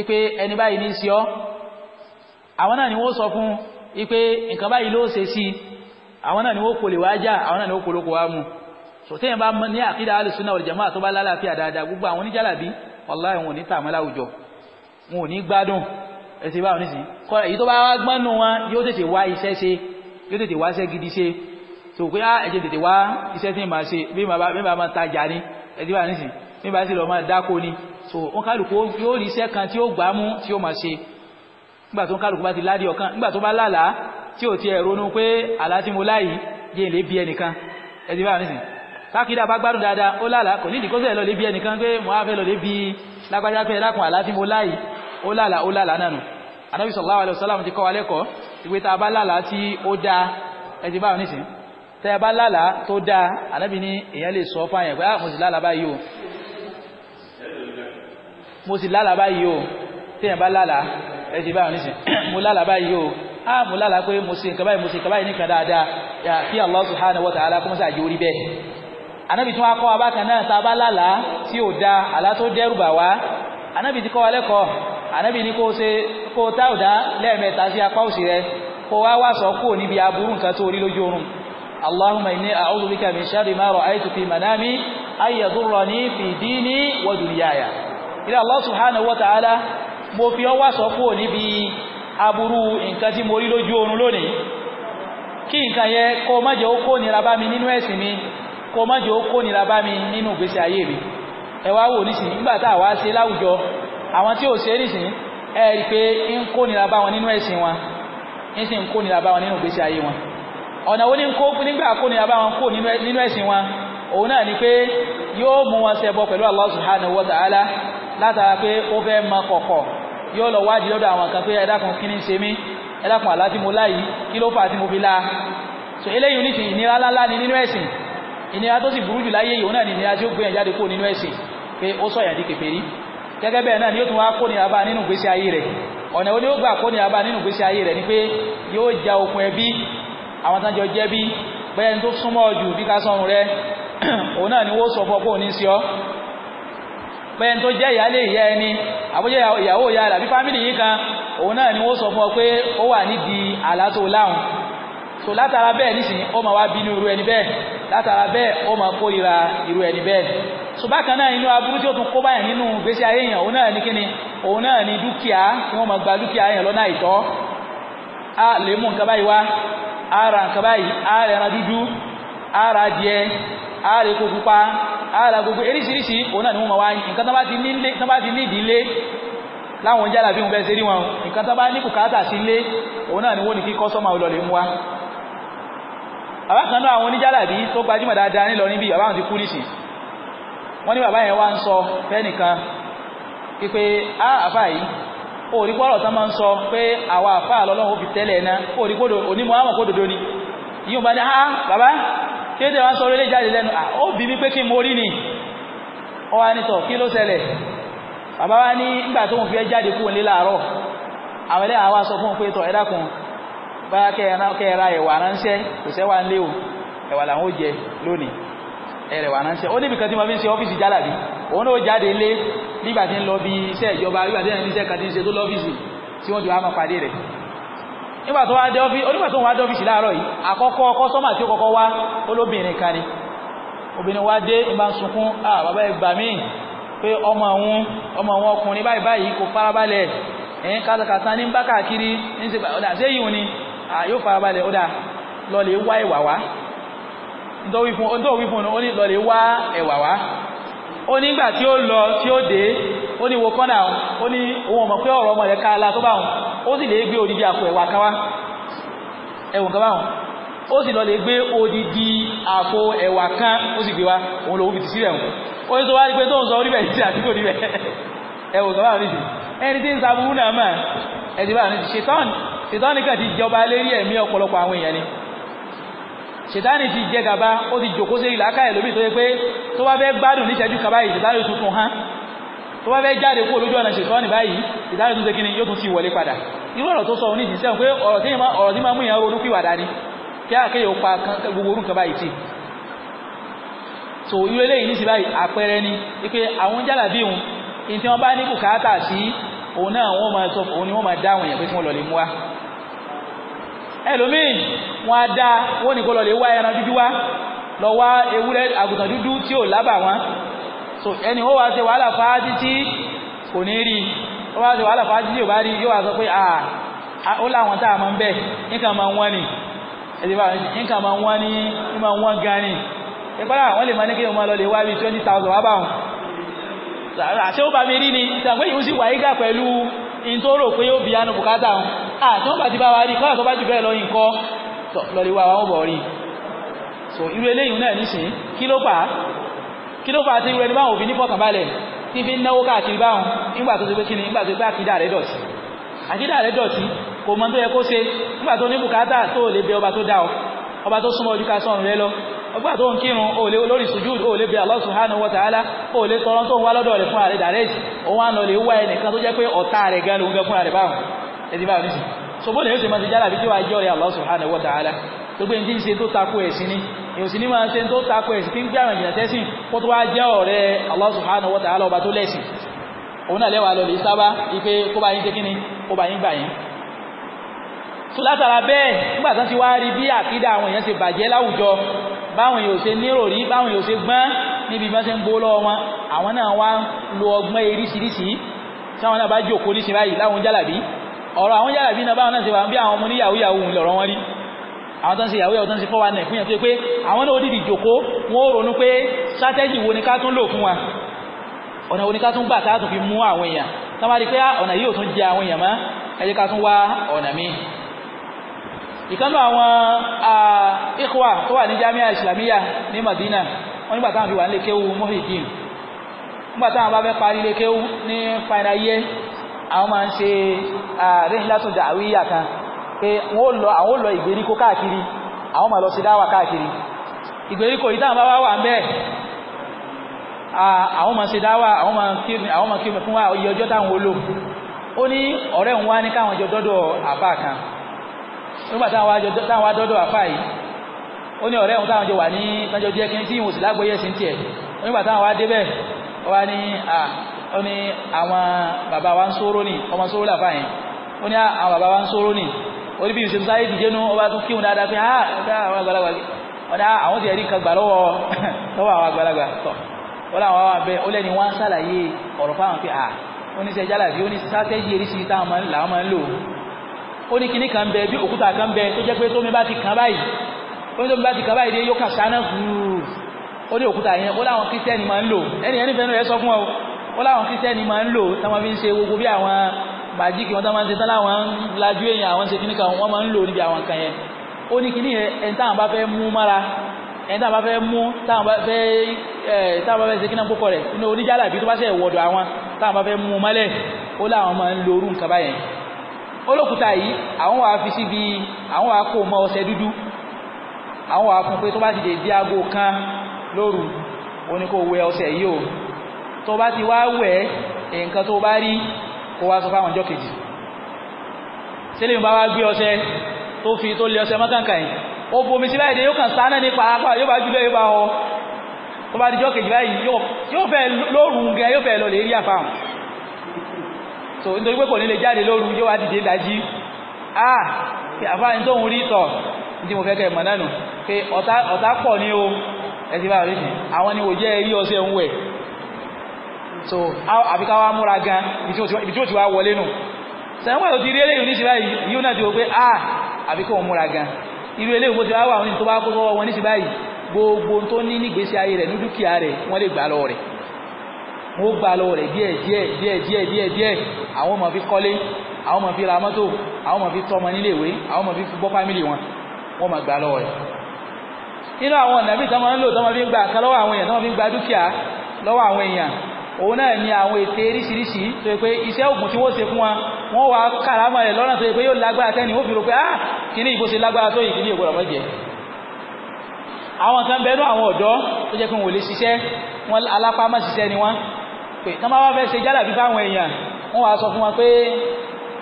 ipe ẹni báyìí ní í ọ́ àwọn náà ni wọ́n sọ fún ipe nǹkan báyìí ló ṣe sí àwọn náà ni wọ́n kò wá jà àwọn náà ni wọ́n kò wá mu sòtẹ́yìn bá ní àkídà alùsùn náà ò wọn ò ní gbádùn ẹsẹ̀ báwọn nísìnyí kọ́ èyí tó bá wá gbọ́n nù wọn yóò tètè wá iṣẹ́ ṣe yóò tètè wá iṣẹ́ gidi ṣe tó pé ah, ẹ̀jẹ̀ tètè wá iṣẹ́ tí mà á ṣe bí màá máa tajà ni ẹsẹ̀ báwọn nísìnyí bí màá sì lọ máa dáko ni so wọn kálukú yóò rí iṣẹ́ kan tí ó gbà mú tí ó máa ṣe nígbà tó kálukú bá ti ládìí ọ̀kan nígbà tó bá lálàá tí ò tiẹ̀ ronú pé àlá tí mo láyìí yé lè bí ẹnìkan ẹsẹ̀ báwọn nísìnyí kákìdá bá gbádùn dáadáa ó lálàá kò nídìí kó sẹ̀ lọ lé bí ẹnìkan pé mo á fẹ́ lọ lé bí lágbájá pé ẹ̀dákun àlá tí mo láì ó lálàá ó lálàá nánu anábì sallallahu alaihi wasallam ti kọ́ wa lẹ́kọ̀ọ́ ìwé tá a bá lálàá tí ó dáa ẹ ti bá wọn nísìn tẹ́ ẹ bá lálàá tó dáa anábì ní èèyàn lè sọ fún àyàn pé ah, mo sì lálàá báyìí o mo sì lálàá báyìí o téèyàn bá lálàá ẹ ti nísìn mo lálàá báyìí o a ah, mo lálàá pé mo sì nǹkan báyìí mo sì nǹkan báyìí nìkan dáadáa kí Allah subhanahu wa ta'ala kó mọ́ sí àjò orí bẹ́ẹ̀ anábì tí wọ́n akọ́ abákan náà tá a bá lálà tí ò da àlá tó dẹ́rù bà wá anábì ti kọ́ wa lẹ́kọ̀ọ́ anábì ní kó ṣe kó tá ò dá lẹ́ẹ̀mẹ́ta sí apá òsì rẹ kó wá wá sọ kúrò níbi aburú nǹkan tó rí lójú oorun allahumma inni a'udhu bika min sharri ma ra'aytu fi manami ay yadurrani fi dini wa dunyaya ila allah subhanahu wa ta'ala mo fi ọwá sọ kúrò níbi aburú nǹkan tí mo rí lójú oorun lónìí kí nǹkan yẹ kó má jẹ́ ó kó nira bá mi nínú ẹ̀sìn mi Kọọ má ó kó nira mi nínú ìgbésí ayé mi ẹ wò nísìnyí nígbà tá wá ṣe láwùjọ àwọn tí ò ṣe nísìnyí rí i pé ń kó nira bá wọn nínú ẹ̀sìn wọn ń ń kó wọn nínú ìgbésí ayé wọn ọ̀nà wo ni ń kó nígbà kó nira bá wọn kó nínú ẹ̀sìn wọn òun náà ni pé yóò mú wọn pẹ̀lú Allah subhanahu ta'ala látara pé ó fẹ́ mọ kọ̀kọ̀ yóò lọ àwọn kan pé kí ṣe mí àlá tí la so eléyìí oníṣìí ìnira ńláńlá ni ìnira tó sì burú jù láyé yìí òun náà ni ìnira tí ó gbé yẹn kó nínú ẹ̀sìn pé ó sọ̀yà di kèfèrí gẹ́gẹ́ bẹ́ẹ̀ náà ni yóò tún wá kó nira bá nínú ìgbésí ayé rẹ̀ ọ̀nà wo ni ó gbà kó nira bá nínú ìgbésí ayé rẹ̀ ni pé yóò ja okùn ẹbí àwọn tán jọ jẹ́ bí bẹ́ẹ̀ ni tó súnmọ́ jù bí ká sọrun rẹ òun náà ni wọ́n sọ fọ́ kóun ní sí ọ bẹ́ẹ̀ ni tó jẹ́ ìyálé ìyá ẹni àbújá ìyàwó ìyá rẹ̀ àbí fámìlì yìí kan òun náà ni wọ́n sọ fún ọ pé ó wà nídìí àlá láhùn so látara bẹ́ẹ̀ nísìnyí ó máa wá bínú irú ẹni bẹ́ẹ̀ látara bẹ́ẹ̀ ó máa kórira irú ẹni bẹ́ẹ̀ so bákan náà inú aburú tí ó tún kó báyìí nínú gbèsè ayé èèyàn òun náà ní kíni òun náà ní dúkìá tí wọ́n máa gba dúkìá èèyàn lọ́nà àìtọ́ a lè mú nǹkan báyìí wá a ra nǹkan báyìí a rẹ̀ ẹran dúdú a ra adìẹ a rẹ̀ kó pupa a ra gbogbo eríṣiríṣi òun náà ni wọ́n máa wá nǹkan tó bá ti ní ìdílé láwọn jálàbí òun fẹ́ ṣe nǹkan tó bá ní kùkátà sí ilé òun náà ni wọ́n ní kí kọ́sọ́mà ọlọ́lẹ̀ ń wá àbákanú àwọn oníjálàbí tó gbajúmọ̀ dáadáa nílọ níbi bàbá àwọn ti kú nìsìn wọ́n ní bàbá yẹn wá ń sọ fẹ́nìkan pípé á àfà yìí òòrí pọ́rọ̀ tán máa ń sọ pé àwa àfà lọ́lọ́wọ́ fi tẹ́lẹ̀ náà òòrí kódò onímọ̀ ni yíò bá ní á bàbá kéde wá sọ orílẹ̀ jáde lẹ́nu ó bí mi pé kí mo rí ni ó wá ní tọ̀ kí ló ṣẹlẹ̀ bàbá wá ní nígbà tó ń fi ẹ́ jáde kúrò nílé láàárọ̀ àwọn ẹlẹ́ àwa sọ fún un pé tọ̀ ẹ báyà kẹ́ẹ̀ra ẹ̀wà ránṣẹ́ kò sẹ́wà ń lé o ẹ̀wà làwọn ó jẹ lónìí ẹ̀rẹ̀wà ránṣẹ́ ó níbi kan tí mo fi ń ṣe ọ́fíìsì jálàbí òun náà jáde lé nígbà tí ń lọ bí iṣẹ́ ìjọba nígbà tí ń iṣẹ́ kan ti ń ṣe tó lọ́fíìsì tí wọ́n ti wá máa pàdé rẹ̀ nígbà tó wá dé ọ́fíìsì onígbà tó wá dé ọ́fíìsì láàárọ̀ yìí àkọ́kọ́ kọ́sọ́mà tí ó kọ́kọ́ wá olóbìnrin kan ni obìnrin wá dé ìbá ń sunkún à bàbá ẹ ẹ̀yìn kátàkátà ní bá ní ṣe gbà ọ̀dà sí yóò farabalẹ̀ ó dáa lọ́lẹ̀ wá ẹ̀wà wá nítorí fún onítorí fún ó ní lọ́lẹ̀ wá ẹ̀wà wá ó ní ìgbà tí ó lọ tí ó dé ó ní wo kọ́nà ó ní òun ọmọ pé ọ̀rọ̀ ọmọ rẹ̀ ká ala tó bá wọn ó sì lè gbé odidi àpò ẹ̀wà káwá ẹ̀wọ̀n kan báwọn ó sì lọ lè gbé odidi àpò ẹ̀wà kan ó sì gbé wá òun lòun fi tì sílẹ̀ wọn ó ní tó wá rí pé tóun sọ orí bẹ́ẹ̀ títí àdúgbò níbẹ̀ ẹ̀wọ̀n kan báwọn níbi ẹni tí ń sa burú náà mà ẹ̀dí báwọn níbi ṣetán ṣètánì kan ti jọba lérí ẹ̀mí ọ̀pọ̀lọpọ̀ àwọn èèyàn ni ṣètánì ti jẹ gàba ó ti jòkó sí ìlàkà ẹ̀lómi tó yẹ pé tó bá fẹ́ gbádùn níṣẹ́jú kaba yìí ṣètánì tún fún hán tó bá fẹ́ jáde kó olójú ọ̀nà ṣètánì báyìí ṣètánì tún ṣe kíni yóò tún ti wọlé padà irú ọ̀rọ̀ tó sọ òní ti pé ọ̀rọ̀ tí máa mú ìyàn ronú pìwàdà ni kí àkéyè ó pa gbogbo ni wípé àwọn òun náà wọ́n máa sọ òun ni wọ́n máa dá àwọn èèyàn pé kí wọ́n lọ lè mú wa ẹlòmíì wọ́n á dá wọ́n ní kó lọ lè wá ẹran dúdú wá lọ wá ewúrẹ́ àgùntàn dúdú tí ò lábà wọn so ẹni wọ́n wá ṣe wàhálà fáá títí kò ní rí wọ́n wá ṣe wàhálà fáá títí ò bá rí yóò wá sọ pé à ó láwọn tá a máa ń bẹ̀ nǹkan máa ń wọ́n ni ẹ̀sìn bá nǹkan máa ń wọ́n ni nǹkan máa ń wọ́n gan ni ìpàdà wọ́n lè máa ní kí wọ́n máa lọ lè wá bí twenty thousand wá báwọn àṣẹ ó bá mi rí ni ìtàgbé yìí ó sì wáyé gà pẹ̀lú in tó rò pé ó bí anu bùkátà ń àti wọ́n bá ti bá wa rí kọ́nà tó bá jù bẹ́ẹ̀ lọ yìí kọ́ wọ́n bọ̀ rí so irú eléyìí náà nísìn kí ló fà kí ló fà tí irú ẹni báwọn òbí ní fọkànbalẹ̀ tí fi ń náwó káàkiri báwọn nígbà tó ti pé kíni nígbà tó gbé àkídà rẹ̀ dọ̀tí àkídà rẹ̀ dọ̀tí ọba tó súnmọ́ ojú ká sọ̀rùn rẹ lọ ọgbà tó ń kírun ó lé lórí sujud ó lé bẹ Allah subhanahu wa ta'ala ó lé tọrọ tó ń wá lọ́dọ̀ rẹ̀ fúnra rẹ̀ direct òun á lọ lè wá ẹnìkan tó jẹ́ pé ọ̀tá rẹ̀ gan ló ń gẹ fúnra rẹ̀ báwọn ẹ̀dí báwọn nísìnyí so bóde yóò ṣe máa ti jára bí tí wàá jẹ́ ọ̀rẹ́ Allah subhanahu wa ta'ala tó gbé ní ṣe tó takò ẹ̀sìn ni èyí sì ní máa ṣe tó takò ẹ̀sìn tí ń gbé àwọn ìjìnà tẹ́sìn kó tó wáá Allah subhanahu wa ta'ala ọba tó lẹ́sìn òun náà lẹ́wàá lọ lè sábà ipe kó bá yín ṣe kíni kó so látara bẹ́ẹ̀ nígbà tán ti wá rí bí àkídà àwọn èèyàn ṣe bàjẹ́ láwùjọ báwọn èèyàn ò ṣe níròrí báwọn èèyàn ò ṣe gbọ́n níbi bí wọ́n ṣe ń gbó lọ́wọ́ wọn àwọn náà wá ń lo ọgbọ́n eríṣiríṣi tí àwọn náà bá jòkó ní ṣe báyìí láwọn jálàbí ọ̀rọ̀ àwọn jálàbí náà báwọn náà ṣe wà bí àwọn ọmọ ní yahoo yahoo ń lọ̀rọ̀ wọn rí àwọn tó ń ṣe yahoo yahoo tó ń ṣe fọ́wà náà fún yàn tó pé àwọn náà ó dìdì jòkó wọn ó ronú pé strategy wo ni ká tún lò fún wa ọ̀nà wo ni ká tún gbà tá a tún fi mú àwọn èèyàn tá a máa rí pé ah, ọ̀nà yìí ò tún jẹ àwọn èèyàn mọ́ ẹ jẹ́ ká tún wá ọ̀nà míì ìkánú àwọn ikhwa tó wà ní jami'a islamiyya ní madina wọ́n nígbà táwọn fi wà nílé kéwú mohidin nígbà táwọn bá fẹ́ parí lé kéwú ní final year àwọn máa ń ṣe rehlatun da'awiyya kan pé wọ́n lọ àwọn lọ ìgbèríko káàkiri àwọn máa lọ sí dáwà káàkiri ìgbèríko yìí táwọn bá wà ń bẹ́ẹ̀ àwọn máa ṣe dáwà àwọn máa kí fún wa iye nígbà táwọn adọ́dọ̀ àfà yìí ó ní ọ̀rẹ́ òun táwọn jọ wà ní tájọ jẹ́ kí tí ìwòsì lágbóyè sí tiẹ̀ nígbà táwọn wá débẹ̀ wá ní ó ní àwọn bàbá wa ń sóró ní ọmọ sóró làfà yìí ó ní àwọn bàbá wa ń sóró ní orí bí ìṣẹ́mú sáyé dìjẹ́nu ọba tún kíhun dáadáa pé ah ọ̀dá àwọn àgbàlagbà ọ̀dá àwọn ti ẹ̀rí kan gbà lọ́wọ́ lọ́wọ́ àwọn àgbàlagbà tọ̀ wọ́n làwọn ah oníṣẹ́ jálàbí oníṣẹ́ sátẹ́jì eréṣi táwọn máa ń lò ó ní kinní kan bẹ bí òkúta kan bẹ tó jẹ́ pé tómi bá ti kàn báyìí ó ní tómi bá ti kàn báyìí dé yóò kàn sáná fúrú ó ní òkúta yẹn ó láwọn kírísítẹ́nì máa ń lò ẹni ẹni fẹ́nu rẹ̀ sọ fún ọ ó láwọn kírísítẹ́nì máa ń lò táwọn fi ń ṣe gbogbo bí àwọn màjíkì wọn táwọn ṣe tán láwọn lajú èèyàn àwọn ṣe kinní kan wọn máa ń lò níbi àwọn kan yẹn ó ní kinní yẹn ẹni táwọn bá fẹ́ mú mára ẹni táwọn bá fẹ́ olókùúta yìí àwọn wàá fi síbi àwọn wàá kó mọ ọṣẹ dúdú àwọn wàá fún pé tó bá ti dé di aago kan lóru ó ní kó wẹ ọṣẹ yìí o tó bá ti wá wẹ nǹkan tó bá rí kó wá sọ fáwọn ọjọ́ kejì sílẹ̀ mi bá wá gbé ọṣẹ tó fi tó lé ọṣẹ mọ́kànkàn yìí ó bomi sí báyìí yóò kàn sáánà ní pàápà yóò bá jùlọ yóò bá ọ tó bá di ọjọ́ báyìí yóò fẹ́ lóòrùn gẹ yóò fẹ́ lọ lè rí àfáàmù so nítorí pé kò ní lè jáde lóru yóò wá dìde dájí ah àfáàní tó ń rí tọ̀ tí mo fẹ́ kẹ́ mọ̀ nánu pé ọ̀tá pọ̀ ní o ẹ̀sìn bá rí sìn àwọn ni wò jẹ́ rí ọṣẹ ń wẹ̀ so àfi ká wá múra gan ibi tí ó ti wá wọlé nù sẹ́wọ́n ò ti rí eléyìí ní ìṣìbáyìí yíò náà ti wò pé ah àfi kò múra gan irú eléyìí bó ti wá wà wọn ní tó bá kó sọ́wọ́ wọn ní ìṣìbáyìí gbogbo tó ní nígbésí ayé rẹ̀ ní dúkìá rẹ̀ wọ́n lè gbà lọ rẹ̀ wọ́n ó gbà lọ́wọ́ rẹ̀ díẹ̀ díẹ̀ díẹ̀ díẹ̀ díẹ̀ díẹ̀ àwọn ọmọ fi kọ́lé àwọn ọmọ fi ra mọ́tò àwọn ọmọ fi tọ́mọ níléèwé àwọn ọmọ fi bọ́ fámìlì wọn wọ́n máa gbà lọ́wọ́ rẹ̀ nínú àwọn ọ̀nàbí tọ́mọ ń lò tọ́mọ fi ń gba nǹkan lọ́wọ́ àwọn èèyàn tọ́mọ fi ń gba dúkìá lọ́wọ́ àwọn èèyàn òun náà ni àwọn ète oríṣiríṣi tó yẹ pé iṣẹ́ ògùn tí wọ́n ṣe fún wa wọ́n wá kàrámà rẹ̀ lọ́nà tó yẹ pé yóò lágbára tẹ́ni ó fi rò pé ah kíní ìbò ṣe lágbára tó yìí kíní ìgbọ́dọ̀ mọ́jẹ àwọn kan bẹnu àwọn ọ̀dọ́ tó jẹ́ pé wọ́n lè ṣiṣẹ́ wọ́n alápámọ́ ṣiṣẹ́ ni wọ́n pé tí wọ́n bá fẹ́ ṣe jálàbí fáwọn èèyàn wọ́n wàá sọ fún wọn pé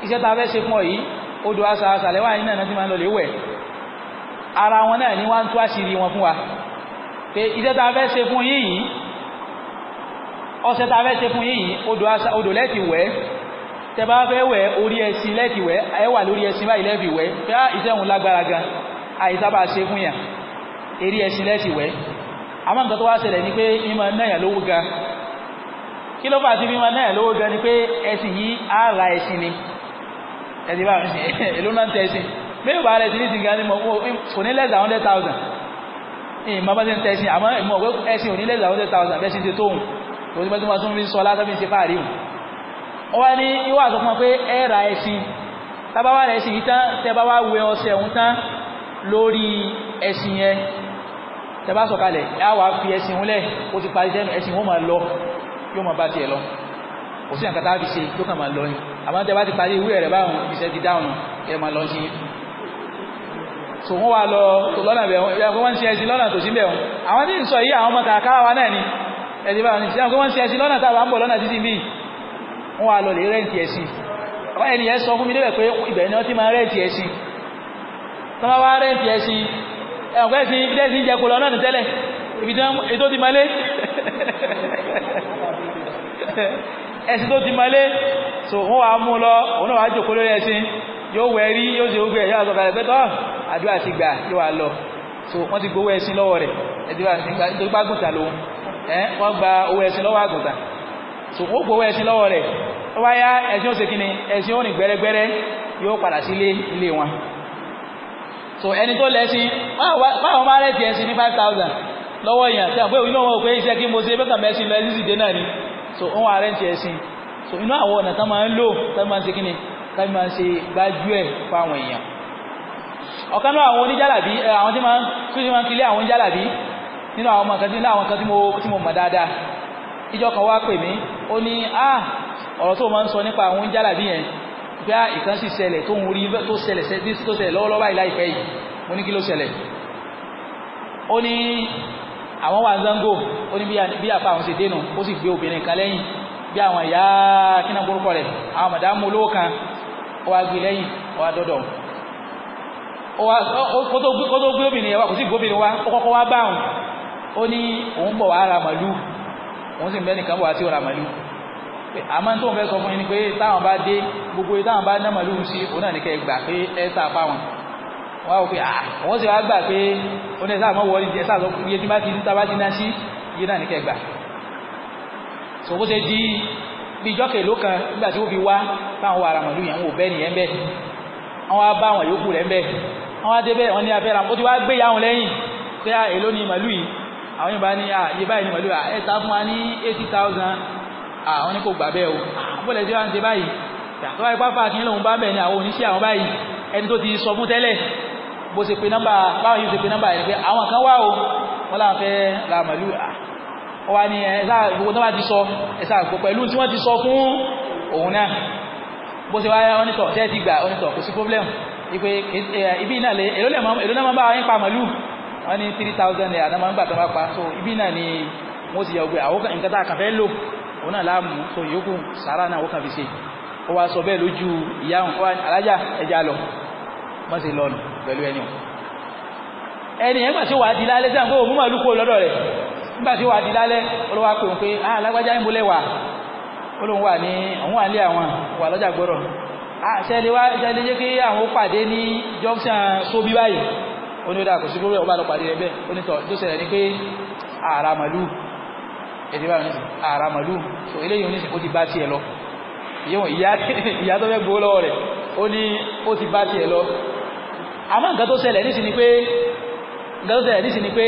iṣẹ́ tá a fẹ́ ṣe fún ọ yìí odò àṣà àṣàlẹ́wà yìí náà ti máa ń lọ wẹ̀ ara wọn náà ni wọ́n ń tú àṣírí wọn fún wa pé iṣẹ́ tá a fẹ́ ṣe fún yìí yìí ọṣẹ tá a fẹ́ ṣe fún yìí yìí odò lẹ́ẹ̀tì wẹ̀ tẹ bá fẹ́ wẹ̀ orí ẹṣin lẹ́ẹ̀tì wẹ̀ ẹ wà lórí ẹṣin báyìí lẹ́ẹ̀fì wẹ̀ pé ah, iṣẹ́ òun lágbára gan àìsábà ṣe fún yàn eré ẹṣin lẹ́ẹ̀tì wẹ̀ àmọ́ nǹkan tó wá ṣẹlẹ̀ ni pé ìmọ̀ náà yà lówó gan kí ló fà sí fi máa náà lówó gan ni pé ẹ̀sìn yìí á ra ẹ̀sìn ni ẹ̀sìn bá ẹ̀sìn èló náà ń tẹ ẹ̀sìn mẹ́rin bá ẹ̀sìn nísìnyí gan ni mo kò ní lẹ́sà hundred thousand ẹ̀yìn bá bá ti ń tẹ ẹ̀sìn àmọ́ ìmọ̀ ẹ̀sìn ò ní lẹ́sà hundred thousand bẹ́ẹ̀ sì ti tóun tó ti bá tó máa tún fi sọ látọ́ fi ṣe fáàrí o ó wá ní ìwà sọ fún ọ pé ẹ ra ẹ̀sìn tábà wà ẹ̀sìn yìí tán tẹ bá wá wẹ ọṣẹ òun tán lórí ẹ̀sìn yẹn tẹ bá sọ̀kalẹ̀ ẹ á wà fi ẹ̀sìn lẹ̀ ó ti parí sẹ́nu ẹ̀sìn òun máa lọ yóò máa bá tiẹ̀ lọ kò sí àkàtà àfi ṣe yóò kàn máa lọ ni àmọ́ bá ti parí ìwé rẹ̀ báwọn iṣẹ́ ti dáhùn ẹ máa lọ sí i tò wọ́n wá lọ tó lọ́nà bẹ̀ wọ́n ẹ̀kọ́ wọ́n ń ṣe ẹsìn lọ́nà tó sí bẹ̀ wọ́n àwọn tí ń sọ yìí àwọn ọmọ kàkà wa náà ni ẹ̀sìn bá wọn ṣe ẹ̀kọ́ wọ́n ń ṣe ẹsìn lọ́nà táwa ń bọ̀ lọ́nà títí bíi wọ́n wá lọ lè rẹ́ǹtì ẹ̀sìn ẹni yẹn sọ fún mi débẹ̀ pé ibẹ̀ ni wọ́n ti máa rẹ́ǹtì ẹ̀sìn tó máa wá rẹ́ǹtì ẹ̀sìn ẹ̀kọ́ ẹ̀sìn ibi tẹ́sìn jẹ́ kó lọ náà tẹ́lẹ̀ ibi tí wọ́n ètò ti máa lé ẹ̀sìn tó ti malé so wọ́n wàá mú lọ òun náà wàá jòkó lórí ẹ̀sìn yóò wẹ̀rí yóò ṣe gbogbo ẹ̀ yóò sọ àdúrà ti gbà yóò wà lọ so wọ́n ti gbowó ẹ̀sìn lọ́wọ́ rẹ̀ ẹ̀dínwá so wọ́n gbowó ẹ̀sìn lọ́wọ́ rẹ̀ ó bá so ẹni tó lẹ́sìn báwọn máa rẹ̀ ti ẹ̀sìn ní five lọ́wọ́ èèyàn tí àwọn òyìnbó wọn ò pé iṣẹ́ kí mo ṣe bẹ́ẹ̀ mẹ́sìn lọ ẹ̀sìn sì dé náà ni so wọ́n wá rẹ́ǹtì ẹ̀sìn so inú àwọn ọ̀nà tán máa ń lò tán máa ń ṣe kíni tán máa ń ṣe gbájú ẹ̀ fáwọn èèyàn ọ̀kan náà àwọn oníjàlàbí eh, àwọn tí máa ń kílé àwọn oníjàlàbí nínú àwọn ọmọ kan nínú àwọn kan tí mo mọ̀ dáadáa ìjọ kan wá pè mí ó ní à ah, ọ̀rọ̀ tó máa ń sọ nípa àwọn oníjàlàbí yẹn pé à ah, ìkan sì ṣẹlẹ̀ tó ń rí tó ṣẹlẹ̀ lọ́wọ́lọ́wọ́ báyìí láìpẹ́ yìí mo ní kí ló ṣẹlẹ̀ ó ní àwọn wà zango ó ní bí àfa àwọn ṣe dénú ó sì gbé obìnrin kan lẹ́yìn bí àwọn ìyá kínà gbórúkọ rẹ̀ àwọn màdámù olówó kan ó wá gbé lẹ́yìn ó wá dọ́dọ̀ kó tó gbé obìnrin yẹn wá kò sí gbóbìnrin wá ó kọ́kọ́ wá bá àwọn ó ní òun bọ̀ wá ra màlú òun sì ń bẹ́ bọ̀ wá tí ó màlú àmọ́ tó ń fẹ́ sọ fún yín ni pé táwọn bá dé gbogbo táwọn bá ná màlú sí òun náà ní kẹ́ gbà pé ẹ sá fáwọn Ah, wọ́n á àwọn sì wá gbà pé ó ní sáà mọ́ wọlé díẹ̀ sáà tí bá ti ní tábà ti ná sí iye náà ní kẹgbà so bó ṣe di bí ìjọ kèló kan nígbà tí ó fi wá táwọn ará màlúù yẹn ń wò bẹ́ẹ̀ nìyẹn bẹ́ẹ̀ àwọn á bá àwọn yòókù rẹ̀ bẹ́ẹ̀ àwọn á dé bẹ́ẹ̀ wọ́n ní abẹ́ ra ó ti wá gbé ah, ah, eighty thousand àwọn ní kò gbà bẹ́ẹ̀ o àbúlẹ̀ tí wọ́n tó wáyé pápá kí lóun bá bẹ̀ ni àwọn oníṣẹ́ àwọn báyìí ẹni tó ti sọ fún tẹ́lẹ̀ bó ṣe pe nọ́mbà báwọn yóò ṣe pe nọ́mbà rẹ̀ pé àwọn kan wá o wọ́n láwọn fẹ́ ra màlúù ọ wá ní ẹ̀sà gbogbo tó bá ti sọ ẹ̀sà gbogbo pẹ̀lú tí wọ́n ti sọ fún òun náà bó ṣe wáyé onítọ̀ tẹ́ ti gbà onítọ̀ kò sí problem ipe ibi náà lè èló náà máa bá wọn pa màlúù wọn ní three thousand naira náà máa ń gbà tó bá pa so ibi náà ni wọ́n ti yọ gbé àwọn nǹkan tá a kàn fẹ́ lò òun náà láàmú so yòókù sàrà náà wọ́n kàn fi ṣe ó wá sọ bẹ́ẹ̀ lójú ìyá òun alájà ẹja lọ mọ́ sí lọ́nà pẹ̀lú ẹni ẹni ẹgbà tí wà á di lálẹ́ sí àwọn òun màálù kó lọ́dọ̀ rẹ̀ nígbà tí wà á di lálẹ́ olówó pè ń ah alágbájá ń bolẹ̀ wà olóhùn wà ní òun wà ní àwọn wà lọ́jà gbọ́dọ̀ ah ṣẹlẹ̀ wá ṣẹlẹ̀ jẹ́ kí àwọn pàdé ní junction sóbí báyìí ó ní ó dà kò sí gbogbo ọba lọ pàdé rẹ bẹ́ẹ̀ ó ní tọ́ tó ṣẹlẹ̀ ni pé àrà màálù èdè báyìí àrà màálù so eléyìí ó ní ìyá tó fẹ́ gbó lọ́wọ́ rẹ̀ ó ní ó ti bá tiẹ̀ lọ àmọ́ nǹkan tó ṣẹlẹ̀ nísìn ni pé nǹkan tó ṣẹlẹ̀ nísìn ni pé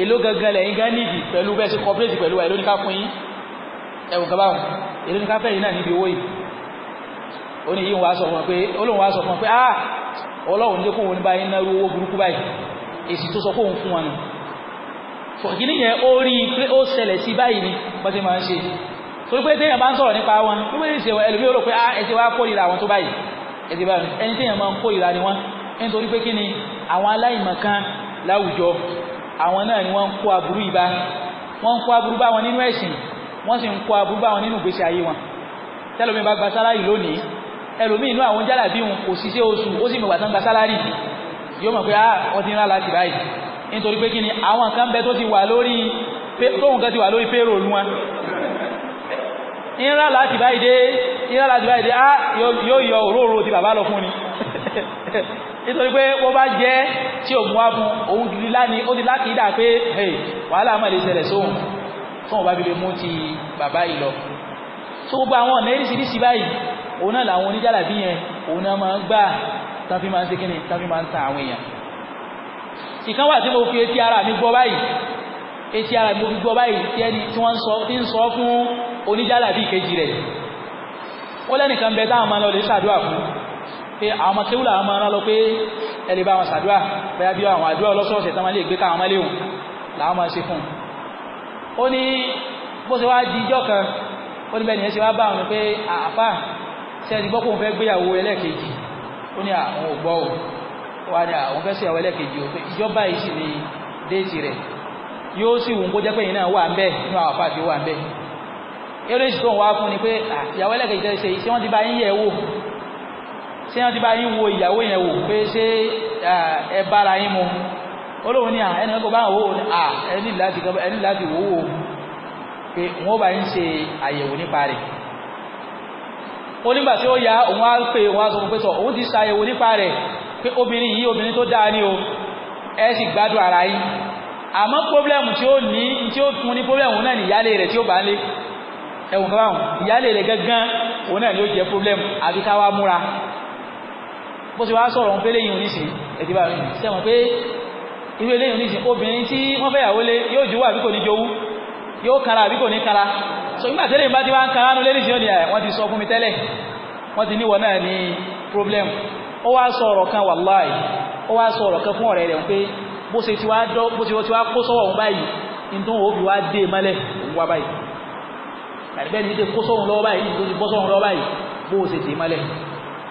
èló gangan lẹ́yìn gan nídìí pẹ̀lú bẹ́ẹ̀ sí cooperate pẹ̀lú wa èló ní ká fún yín ẹ̀wọ̀n kan báwọn èló ní ká fẹ́ yín náà níbi owó yìí ó ní yín fún pé ah ọlọ́run ní kóhun bá yín náírú owó burúkú báyìí èsì tó sọ kóhun fún wọn nù fọ̀kì níyẹn ó rí i pé ó ṣẹlẹ̀ sí báyìí ni bọ́sẹ̀ máa ń ṣe torí pé téèyàn bá ń sọ̀rọ̀ nípa wọn tó bẹ́ẹ̀ ṣe ẹlòmíì rò pé á ẹsẹ̀ wa kórìíra àwọn tó báyìí ẹsẹ̀ báyìí ẹni téèyàn máa ń kórìíra ni wọ́n nítorí pé kí ni àwọn aláìmọ̀kan láwùjọ àwọn náà ni wọ́n ń kó aburú ibà wọ́n ń kó aburú bá wọn nínú ẹ̀sìn wọ́n sì ń kó aburú bá wọn nínú ìgbésí ayé wọn tẹ́lómi bá gba sálárì lónìí ẹlòmíì inú àwọn jálàbí wọn kò ṣiṣẹ́ oṣù ó sì mọ̀gbà tán gba sálárì yóò mọ̀ pé á ah, wọ́n ti ń rà láti báyìí nítorí pé kí ni àwọn kan bẹ tó ti wà lórí tóun kan ti wà lórí payroll wọn ìrìnlá láti báyìí dé ìrìnlá láti báyìí dé á yóò yọ òróró ti bàbá lọ fún ni nítorí pé wọ́n bá jẹ́ tí ògùn wá fún òun gidi láni ó ti láti dà pé wàhálà máa lè ṣẹlẹ̀ sóhun fún ọba bíbí mú ti bàbá yìí lọ tó gbogbo àwọn ọ̀nà eríṣiríṣi báyìí òun náà làwọn oníjàlàbí yẹn òun náà máa ń gbà tán máa ń ṣe kíni tán máa ń ta àwọn èèyàn ìkan wà tí mo fi etí ara mi gbọ́ báyìí etí ara mo fi gbọ́ báyìí tí ẹni tí wọ́n ti ń sọ fún oníjàlá bíi kejì rẹ̀ ó lẹ́nìkan bẹ táwọn máa lọ lè ṣàdúrà fún pé àwọn ọmọ kéwùlà àwọn máa lọ pé ẹ lè bá wọn ṣàdúrà bẹ́ẹ̀ bí àwọn àdúrà ọlọ́sọ̀ọ̀sẹ̀ tán máa lè gbé káwọn máa léwu làwọn máa ṣe fún un ó ní bó ṣe wá di ijọ́ kan ó ní bẹ́ẹ̀ ni ẹ ṣe wá bá àwọn pé àáfà ṣe ẹni gbọ́kùn fẹ́ gbéyàwó ẹlẹ́ẹ̀kejì ó ní àwọn ò gbọ́ ò wá ní àwọn fẹ́ ṣèyàwó ẹlẹ́ẹ̀kejì ò pé ìjọba yìí sì ni déètì rẹ̀ yóò sì wù kó jẹ́ pé yìí náà wà ń bẹ́ẹ̀ nínú àwọn àfáà wà ń bẹ́ẹ̀ eré sì tó fún ni pé ìyàwó ẹlẹ́kẹ̀ẹ́ jẹ́ ṣe ṣé wọ́n ti bá yín yẹ̀ wò ṣé wọ́n ti bá yín wo ìyàwó yẹn wò pé ṣé ẹ bára yín mu olóhùn ni ẹni kò bá wò ó ẹni láti ẹni láti wò ó pé wọ́n bá yín ṣe àyẹ̀wò nípa rẹ̀ ó nígbà tí ó ya òun á pè wọ́n á sọ fún pé sọ òun ti ṣàyẹ̀wò nípa rẹ̀ pé obìnrin yìí obìnrin tó dáa ni o ẹ sì gbádùn ara yín àmọ́ pọ́blẹ́mù tí ó ní tí ó fún ní pọ́blẹ́mù náà ní ìyálé rẹ̀ tí ó bá lé ẹ̀wùn kan báwọn rẹ̀ gángan òun náà ni ó jẹ́ pọ́blẹ́mù àbí ká wá múra bó ṣe wá sọ̀rọ̀ ń pélé yìí oníṣìí ẹ̀dí bá rí sẹ́wọ̀n pé irú eléyìí oníṣìí obìnrin tí wọ́n fẹ́ yàwó lé yóò jówó àbí kò ní jowú yóò kara àbí kò kara so nígbà tẹ́lẹ̀ kara nú lẹ́nìí sí wọ́n ti sọ fún mi problem ó wá sọ ọ̀rọ̀ kan wàláì ó wá sọ ọ̀rọ̀ kan fún ọ̀rẹ́ rẹ̀ pé bó ṣe ti wá dọ́ bó ṣe ti wá kó sọ́wọ́ òun báyìí nítorí òun fi wá dé e mọ́lẹ̀ òun wá báyìí àdìbẹ́ ni ṣe kó sọ́wọ́ lọ́wọ́ báyìí tó ti bọ́ sọ́wọ́ lọ́wọ́ báyìí bó ṣe dé e mọ́lẹ̀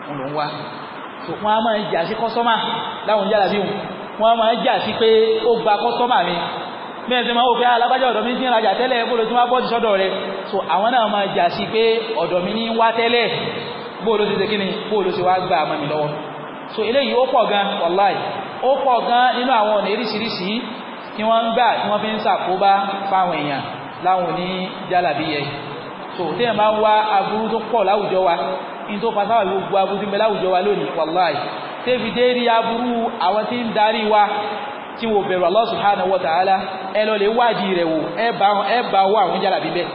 òun ló ń wá so wọ́n á máa jà sí kọ́sọ́mà láwọn jàdá bí wọ́n á máa jà sí pé ó gba kọ́sọ́mà mi bẹ́ẹ̀ tí máa wò pé alágbájá ah, ọ̀dọ̀ mi ti ń rajà tẹ́lẹ̀ bóòlù tí wọ́n bọ́ sí sọ́dọ̀ rẹ̀ so àwọn náà máa jà sí pé ọ̀dọ̀ mi ní wá tẹ́lẹ̀ bóòlù ti ṣe kí ni bóòlù ti wá gba àmọ́ mi lọ́wọ́ so eléyìí ó pọ̀ gan wàláì ó pọ̀ gan nínú àwọn ọ̀nà eríṣiríṣi tí wọ́n ń gbà tí wọ́n fi ń ṣàkóbá fáwọn èèyàn láwọn ní jálàbí yẹ so téèyàn bá ń wá aburú tó pọ̀ láwùjọ wa ní tó fasáwà gbogbo aburú tí ń bẹ láwùjọ wa lónìí wàláì tẹ́fi dé rí aburú àwọn tí ń darí wa tí wò bẹ̀rù Allah subhanahu wa ta'ala ẹ lọ lè wádìí rẹ̀ wò ẹ bá owó àwọn jálàbí bẹ́ẹ̀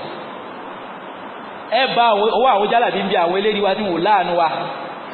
ẹ bá owó àwọn jálàbí bí àwọn eléríwá tí wò láàánú wa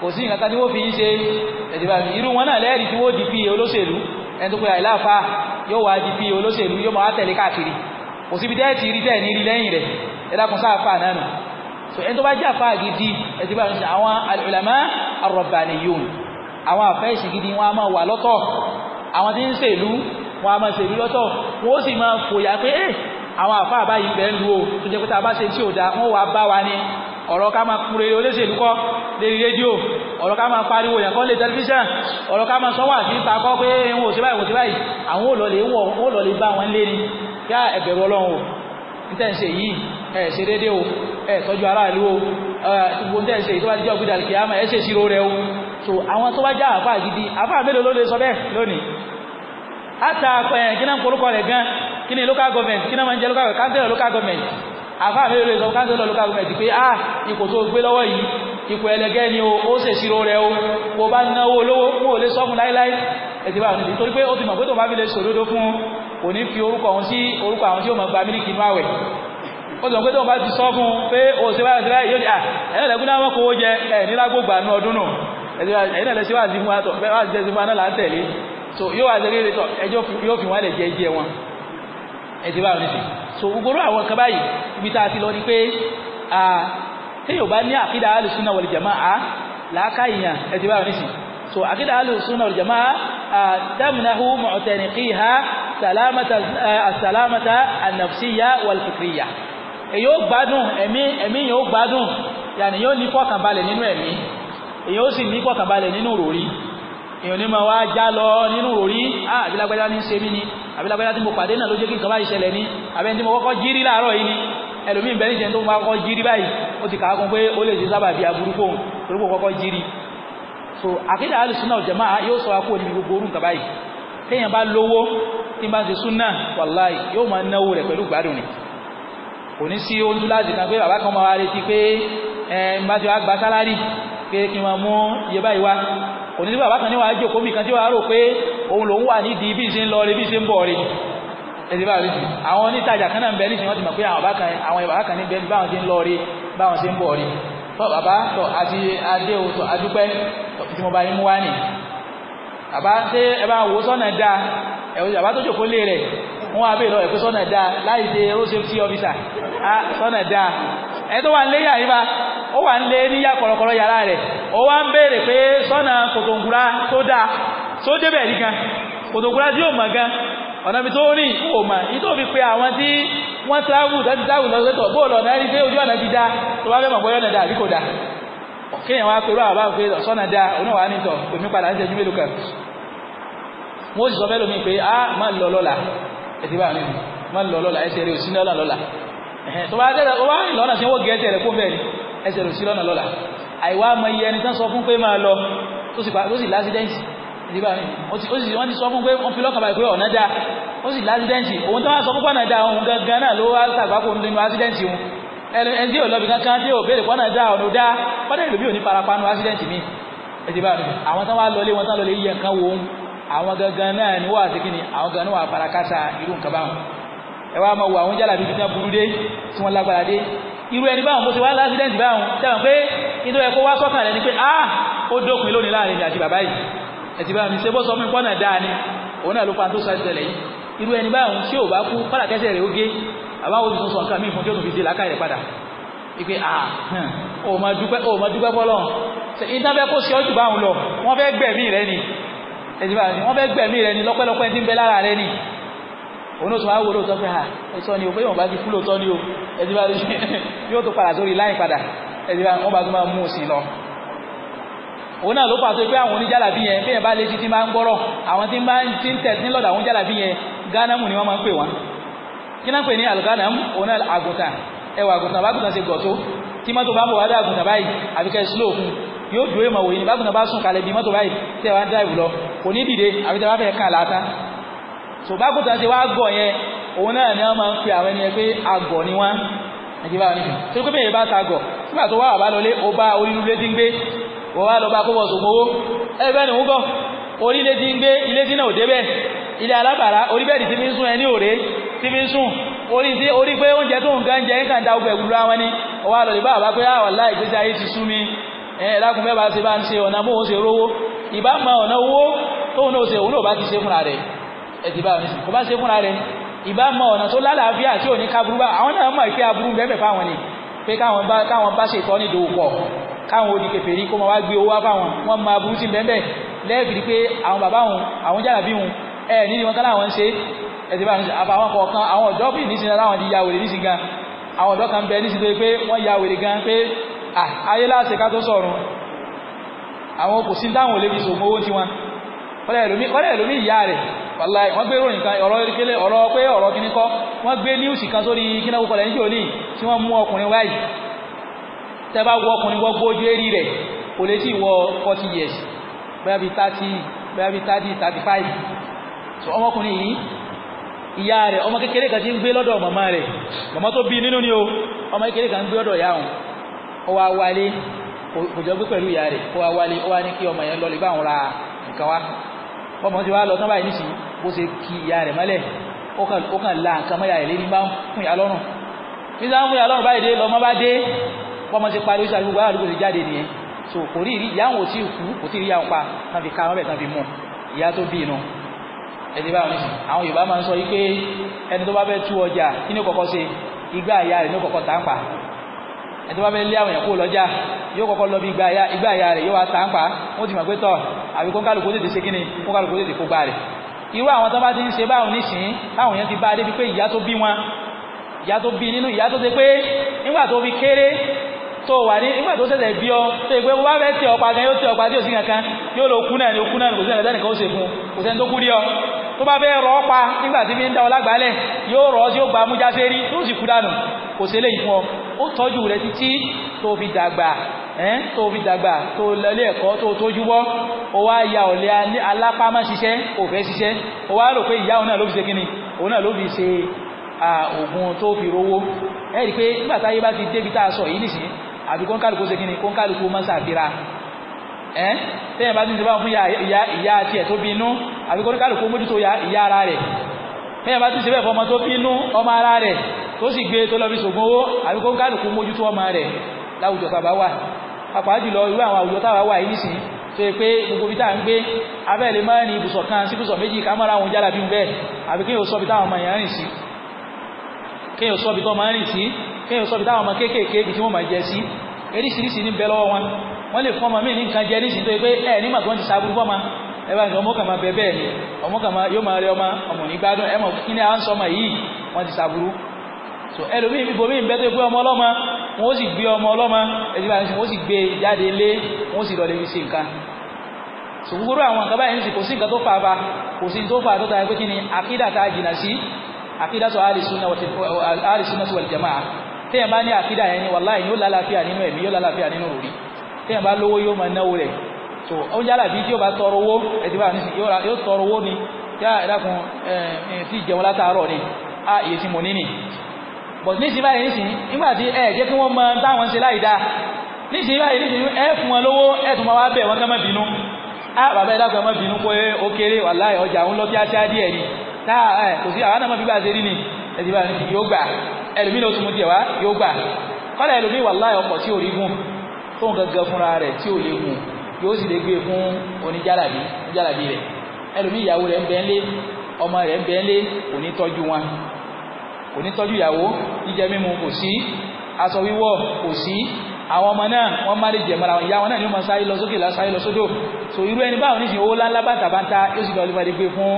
kò sí nǹkan kan tí wọ́n fi yín ṣe ẹ̀dìbà mi irú wọn náà lẹ́ẹ̀rí tí wọ́n di pí olóṣèlú ẹni tó pe àìláfa yóò wá di pí olóṣèlú yóò máa tẹ̀lé káàkiri kò síbi tẹ́ẹ̀ so ẹni tó gidi ẹ̀dìbà mi àwọn al-ulama ar-rabbaniyun gidi wọn a máa wà lọ́tọ̀ àwọn tí ń ṣèlú wọn a máa ṣèlú lọ́tọ̀ wọn ó sì máa fòyà pé eh, àwọn àfa o tó jẹ́ pé bá ṣe tí ò dáa wọ́n wàá bá wa ní ọ̀rọ̀ ká máa kúre olóṣèlú kọ́ lérí rédíò ọ̀rọ̀ ká máa pariwo èèyàn kọ́ lé tẹlifíṣàn ọ̀rọ̀ ká máa sọ́wọ́ àti ìtakọ́ pé wọn ò sí báyìí wọn ò sí báyìí àwọn ò lọlé wọ wọn ò lọlé bá wọn lé ni yá ẹ̀bẹ̀rù ọlọ́run o níta ń ṣe yìí ẹ̀ ṣe déédéé o ẹ̀ tọ́jú aráàlú o gbogbo níta ń ṣe yìí tó bá ti jẹ́ ògbé dàlùkì àmọ́ ẹ̀ ṣe ìṣirò rẹ o so àwọn já àfáà gidi àfáà mélòó ló lè sọ bẹ́ẹ̀ lónìí àtàkùn ẹ̀ kí náà ń korúkọ rẹ̀ gan kí local government kí náà máa local government council local government àfáà mi lè sọ káńsílọ̀ lókà gọ́ọ̀mẹ̀ntì pé ah ipò tó gbé lọ́wọ́ yìí ipò ẹlẹgẹ́ ni o ó ṣe ìṣirò rẹ̀ o kò bá náwó olówó mú olè sọ́kùn láíláí ẹ̀tì báwọn nìdí torí pé ó ti mọ̀ pé tó bá fi lè sòdodo fún kò ní fi orúkọ òun sí orúkọ àwọn tí ó mọ̀ gba mílíkì inú àwẹ̀ ó ti mọ̀ pé tó bá ti sọ fún pé o ṣe báyọ̀ sí báyọ̀ à ah, ẹ̀yìn lẹ́kún náà náà so yóò wà sí ẹjọ́ yóò fi wọ́n lè ẹ̀sìn báwọn nìsín so gbogbo àwọn kan báyìí ibi tá a ti lọ ni pé téèyàn bá ní àkídà alùsùnà wal jamaa làákà ìyàn ẹ̀sìn báwọn nìsín so àkídà alùsùnà wal jamaa tamnahu mu'taniqiha salamata salamata an-nafsiyya wal fikriyya èyí ó gbádùn ẹ̀mí ẹ̀mí yóò gbádùn yàní yóò ní fọkànbalẹ̀ nínú ẹ̀mí èyí ó sì ní fọkànbalẹ̀ èèyàn ní máa wá já lọ nínú òrí ah, àbílágbájá ní ṣe mí ni àbílágbájá tí mo pàdé náà ló jẹ́ kí nǹkan báyìí ṣẹlẹ̀ ni àbẹ́ni tí mo kọ́kọ́ jírí láàárọ̀ yìí ni ẹlòmíín bẹ́ẹ̀ níṣẹ́ tó máa kọ́kọ́ jírí báyìí ó ti kàákùn pé ó lè ṣe sábà bí aburú fóun torí kò kọ́kọ́ jírí so àkídà alùsùnà ọ̀jẹ̀má yóò sọ akó ní gbogbo orú nǹkan báyìí téèyàn bá lówó tí bá ń ṣe súnà wàláì yóò máa náwó rẹ̀ pẹ̀lú gbádùn ni kò ní sí oúnjú láti kan pé bàbá kan máa wá retí pé ẹ̀ bá ti wá gba sálárì pé kí n máa mú iye báyìí wá kò ní sí bàbá kan ní wàá jòkó mi kan tí wàá rò pé òun lòún wà nídìí bí ṣe ń lọ rí bí ṣe ń bọ̀ rí ẹ̀sìn bá rí àwọn onítajà kan náà ń bẹ ní ìsìnkú ti mọ̀ pé àwọn bàbá kan àwọn bàbá kan ní bẹ́ẹ̀ báwọn ṣe ń lọ rí báwọn ṣe ń bọ̀ rí tọ́ bàbá tọ́ àti adé òtò adúpẹ́ tí mo bá yín mú wá nìyí àbá ṣé ẹ bá wò daa dáa àbá tó jòkó lé rẹ̀ wọ́n wá bèèrè ẹ̀kọ́ sọ́nà dáa láì ṣe road safety officer sọ́nà dáa ẹni tó wà ń lé yàrá yìí bá ó wà ń lé ní kọ̀rọ̀kọ̀rọ̀ yàrá rẹ̀ ó wá ń béèrè pé sọ́nà tó pe àwọn tí wọ́n travel ti travel lọ sọ́tọ̀ bóòlù ọ̀nà ẹni pé ojú ọ̀nà ti dá tó fẹ́ mọ̀ ọ̀nà kéèyàn wá pẹ̀lú àwọn àbáwò pé sọ́nà dáa oní wàá nìtọ̀ èmi padà ń tẹ̀jú mélòó kan wọ́n sì sọ fẹ́ lómi pé a má lọ lọ́la ẹ̀sìn bá mi má lọ lọ́la ẹsẹ̀ rẹ̀ ò sí lọ́la lọ́la tó bá tẹ̀lé wá ìlọ́nà tí wọ́n gé ẹsẹ̀ rẹ̀ kó bẹ́ẹ̀ ẹsẹ̀ rẹ̀ ò sí lọ́nà lọ́la àìwá mọ iye ẹni tán sọ fún pé máa lọ tó sì lásídẹ́ǹtì ẹ̀sìn bá mi wọ́n ti sọ fún pé wọ́n fi lọ́kàn ẹni ẹni tí yóò lọ́bi kankan tí yóò béèrè pọ́nà dá ọ̀nà dá pọ́nà ìlú bí ò ní parapanu accident mi ẹtì bá mi àwọn tán wá lọlé wọn tán lọlé yíyẹ nǹkan wo àwọn gangan náà ni wọ́n àti kí ni àwọn gangan náà wà parakasa irú nǹkan báwọn ẹ wá máa wo àwọn jálà bíi fitna burú dé tí wọ́n lágbára dé irú ẹni báwọn bó ti wá lásìdẹ́ǹtì báwọn sẹ́wọ̀n pé nítorí ẹ̀kọ́ wá sọ́kàn rẹ̀ ni pé ah ó dópin lónìí láàrin mi àti bàbá yìí ẹ̀tì bá mi ṣe bó sọ fún mi pọ́nà dáa ni òun náà ló pa tó sọ ẹ̀sẹ̀ lẹ́yìn irú ẹni báwọn tí ò bá kú àbáwo ti sọ nǹkan míì fún kí o tó fi dé làákàyè padà ipe a ò mọ dúpẹ́ ò mọ dúpẹ́ fọlọ́ iná fẹ́ kó sí ọjọ́ bá òun lọ wọ́n fẹ́ gbẹ̀mí rẹ ni ẹ̀sìn bá wọ́n fẹ́ gbẹ̀mí rẹ ni lọ́pẹ́lọpẹ́ ti ń bẹ lára rẹ ni òun ó sọ àwọn olóòótọ́ pé à ẹ̀sọ́ ni o pé ìwọ̀nba ti kú lóòótọ́ ni o ẹ̀sìn bá yóò tó padà sórí láì padà ẹ̀sìn bá wọ́n bá tó máa mú un sí lọ òun náà ló pàṣẹ pé àwọn oníjàlábí yẹn bí yẹn bá lé títí máa ń gbọ́rọ̀ àwọn tí ń tẹ̀ sí lọ́dọ̀ àwọn oníjàlábí yẹn gánámù ni wọ́n máa ń pè wọ́n kí náà pè ní alganam òun àgùntàn ẹwà àgùntàn bágùntàn ṣe gọ̀tó tí mọ́tò bá ń bọ̀ wá dá àgùntàn báyìí àbíkẹ́ slow fún yóò dúró ìmọ̀ wòye ní bágùntàn bá sùn kalẹ̀ bí mọ́tò báyìí tí ẹ wá ń dáìbù lọ ni wọ́n máa ń pe àwọn ẹni pé àgọ̀ ni wọ́n ẹ̀jẹ̀ bá nìkan tó kó bẹ́ẹ̀ bá ta àgọ̀ nígbà tó wá wà bá lọlé orí ilé tí ń gbé ilé tí náà ò débẹ̀ ilé alábàárà orí bẹ́ẹ̀dì tí fi ń sùn ẹni òré tí fi ń sùn orí tí orí pé oúnjẹ tó ń gan jẹ ń kàn dá ọgbẹ̀ gbúdúrà wọn ni ọwọ́ àlọ́lẹ̀ bá àbá pé àwàlá ah, ìgbésí ayé ti sú mi ẹ̀ẹ́dákun mẹ́bàá ṣe bá ń ṣe ọ̀nà bóun ṣe rówó ìbá ma ọ̀nà owó tóun náà ṣe òun náà bá ti ṣe fúnra rẹ̀ ẹ̀tì bá oníṣẹ́ kò bá ṣe fúnra rẹ̀ ìbá ma ọ̀nà tó lálàáfíà tí ò ní káburú bá àwọn náà mọ̀ ìfẹ́ aburú bẹ́ẹ̀ fáwọn ni pé káwọn bá ṣe ìtọ́ nídòó pọ̀ káwọn odi kèfèrí kó ma wá gbé owó wá fáwọn wọ́n máa burú sí bẹ́ẹ̀ lẹ́ẹ̀kìrí pé àwọn bàbá òun àwọn jàdàbí òun ẹ̀ nídìí wọn kálá àwọn ń ṣe ẹ̀sìn bá àwọn kọ̀ọ̀kan àwọn ọ̀dọ́ bí nísìnyí láwọn ti ya wèrè nísìnyí gan àwọn ọ̀dọ́ kan bẹ nísìnyí tó pé wọ́n ya wèrè gan pé ayé láti ká tó sọ̀rọ̀ àwọn kò sí dáhùn olè fi sògbó owó tí wọn kọ́lẹ̀ ẹ̀lómi ìyá rẹ̀ wàlá wọ́n gbé ròyìn kan ọ̀rọ̀ ìrìkẹ́lẹ̀ ọ̀rọ̀ pé ọ̀rọ̀ kíní kọ́ wọ́n gbé níwùsì kan sórí kínáwó kọlẹ̀ níjò ní tí wọ́n mú ọkùnrin wáyìí tẹ́ bá wọ ọkùnrin wọ́n gbójú érí rẹ̀ kò lè tí wọ forty years bóyá bíi thirty bóyá bíi thirty thirty five so ọmọkùnrin yìí ìyá rẹ̀ ọmọ kékeré kan ti ń gbé lọ́dọ̀ màmá rẹ̀ màmá tó bí nínú ni o ọmọ kékeré kan ń gbé lọ́dọ̀ ìyá òun ó wá wálé kò jọ gbé pẹ̀lú ìyá rẹ̀ ó wá wálé ó wá ní kí ọmọ yẹn lọ lè bá òun ra nǹkan wá ọmọ ti wá lọ tán báyìí nísìnyí bó ṣe kí ìyá rẹ̀ mọ́lẹ̀ ó kàn la nǹkan mọ́ ìyá rẹ̀ lé ní bá ń fún ìyá lọ́rùn bọ́mọ ti parí oṣù àdúgbò àdúgbò ti jáde nìyẹn so kò rí ìrí ìyá àwọn ò tí kú kò tí rí àwọn pa tán fi ká wọn bẹ̀ tán fi mú ìyá tó bí inú ẹ̀dí báwọn nìyí àwọn Yorùbá máa ń sọ wípé ẹni tó bá fẹ́ tú ọjà kí ni kọ́kọ́ ṣe igbá ìyá rẹ̀ ní kọ́kọ́ tà ń pa ẹni tó bá fẹ́ lé àwọn èèyàn kó lọ́jà yóò kọ́kọ́ lọ bí igbá ìyá rẹ̀ yóò wá tà ń pa wọ́n ti mọ̀ pé tọ̀ ni kó kálukú tètè kó gbá rẹ̀ irú àwọn tó bá ti ń ṣe báwọn nísìn táwọn èèyàn ti bá débi tó wà ní nígbà tó ṣẹ̀ṣẹ̀ bí ọ tó yẹ pé wọ́n bá fẹ́ tẹ ọ̀pá gan yóò tẹ ọ̀pá tí ò sí kankan yóò lọ kú náà ni ó kú náà ni kò sí ẹ̀dá nìkan ó ṣe fún kò sẹ́ni tó kú rí ọ tó bá fẹ́ rọ ọ́pá nígbà tí fi ń da ọlágbálẹ̀ yóò rọ tí ó gba amújá sí rí tó sì kú dànù kò sí eléyìí fún ọ ó tọ́jú rẹ títí tó fi dàgbà ẹ́ tó fi dàgbà tó lọlé ẹ̀kọ́ tó tójú bọ́ ó wá ya ọ̀lẹ́ alápámá ṣiṣẹ́ kò fẹ́ ṣiṣẹ́ ó wá rò pé ìyá òun náà ló fi ṣe kíni òun náà ló fi ṣe oògùn tó fi rówó ẹ̀ rí i pé nígbà táyé bá ti débi tá a sọ yìí nìsín àbí kọ́ńkàlùkù ṣe kíni kọ́ńkàlùkù máa ṣàfira ẹ́ tẹ́yìn bá ti ń ṣe báwọn fún ìyá àti ẹ̀ tó bí inú àbí kọ́ńkàlùkù mójútó ìyá ara rẹ̀ tẹ́yìn bá ti ṣe bẹ́ẹ̀ fọmọ tó bí inú ọmọ ara rẹ̀ tó sì gbé tó lọ fi ṣògùn owó àbí kọ́ńkàlùkù mójútó ọmọ rẹ̀ láwùjọ tàbá wà pàpà jùlọ irú àwọn àwùjọ tàbá wà yìí nìsín kéèyàn sọ bí táwọn ọmọ kéékèèké ibi tí wọ́n máa jẹ sí eríṣiríṣi ní bẹ́ẹ̀ lọ́wọ́ wọn wọ́n lè fún ọmọ míì nǹkan jẹ níṣìí tó yẹ pé ẹ nígbà tí wọ́n ti sábúrú fọ́mọ ẹ bá ní ọmọ kàn máa bẹ bẹ́ẹ̀ ni ọmọ kàn máa yóò máa rẹ ọmọ ọmọ ní gbádùn ẹ mọ̀ kí ni à ń sọmọ yìí wọ́n ti sábúrú so ẹlòmíì ibòmíì bẹ́ẹ̀ tó gbé ọmọ ọlọ́mọ wọn ó sì gbé ọmọ ọlọ́mọ ẹ̀sìn báyìí wọn so gbogbo àwọn nǹkan báyìí nìsí kò sí nǹkan tó fà bá kò sí tó fà tó ta pé kí ni àkídà ta téèyàn bá ní àkídà yẹn ni wàláì yóò lálàáfíà nínú ẹ̀mí yóò lálàáfíà nínú òrí téèyàn bá lówó yóò máa náwó rẹ̀ tó ó yálà bí tí yóò bá tọrọ owó ẹ̀dí bá yóò tọrọ owó ni yá ẹ̀dàkùn sí ìjẹun látàárọ̀ ni a iye tí mo ní nì but níṣìí báyìí níṣìí nígbà tí ẹ jẹ́ kí wọ́n mọ táwọn ṣe láì dáa níṣìí báyìí níṣìí ẹ fún wọn lówó ẹ tún máa wá bẹ̀ wọ́n ká má bínú a bàbá ẹ̀dàkùn ẹ má bínú pé ó kéré wàláì ọjà òun lọ kíákíá díẹ̀ ni táà ẹ kò sí àwọn àmọ́ bíbá ṣe rí ni ẹ̀dí bá ti yóò gbà ẹlòmí ló tún mú tiẹ̀ wá yóò gbà kọ́lá ẹlòmí wàláhì ọkọ̀ tí ò rí gùn tóun gangan fúnra rẹ̀ tí ò lè gùn yóò sì lè gbé e fún oníjàlàbí oníjàlàbí rẹ̀ ẹlòmí ìyàwó rẹ̀ ń bẹ́ ńlé ọmọ rẹ̀ ń bẹ́ ńlé kò ní tọ́jú wọn kò ní tọ́jú ìyàwó jíjẹ mímu kò sí aṣọ wíwọ̀ kò sí àwọn ọmọ náà wọ́n má lè jẹ̀mọ́ra wọn ìyá wọn náà ni ó máa sáré lọ sókè sáré lọ sódò so irú ẹni báwọn níṣìí owó láńlá bàtàbàtà yóò sì lọ lè má lè gbé e fún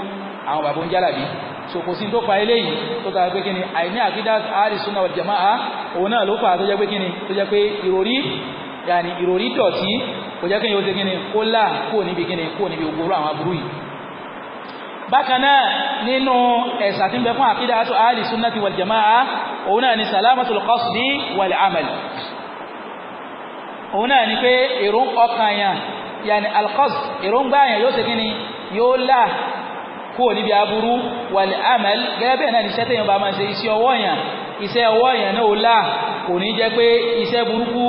àwọn bàbá oúnjẹ àlàbí so kò sí tó fa eléyìí tó ta pé kíni àìní àkídá àárí súnà wal jama'a òun náà ló fà á tó jẹ́ pé kíni tó jẹ́ pé ìròrí yàní ìròrí dọ̀tí kò jẹ́ kíni ó ṣe kíni kó là kó níbi kíni kó níbi ògbóró àwọn aburú yìí bákan náà nínú ẹ̀sà tí ń bẹ fún àkídá àtò àárí súnà ti wal jama'a òun náà ni salamatul qasdi wal amal òun náà ni pé èrò ọkàn yàn yàní al èròǹgbà yàn yóò ṣe kíni yóò là kúrò níbi aburú wàlẹ̀ amẹ́l gẹ́gẹ́ bẹ́ẹ̀ náà níṣẹ́ tẹ̀yìn bá máa ṣe iṣẹ́ ọwọ́ yẹn iṣẹ́ ọwọ́ yẹn náà ó là kò ní jẹ́ pé iṣẹ́ burúkú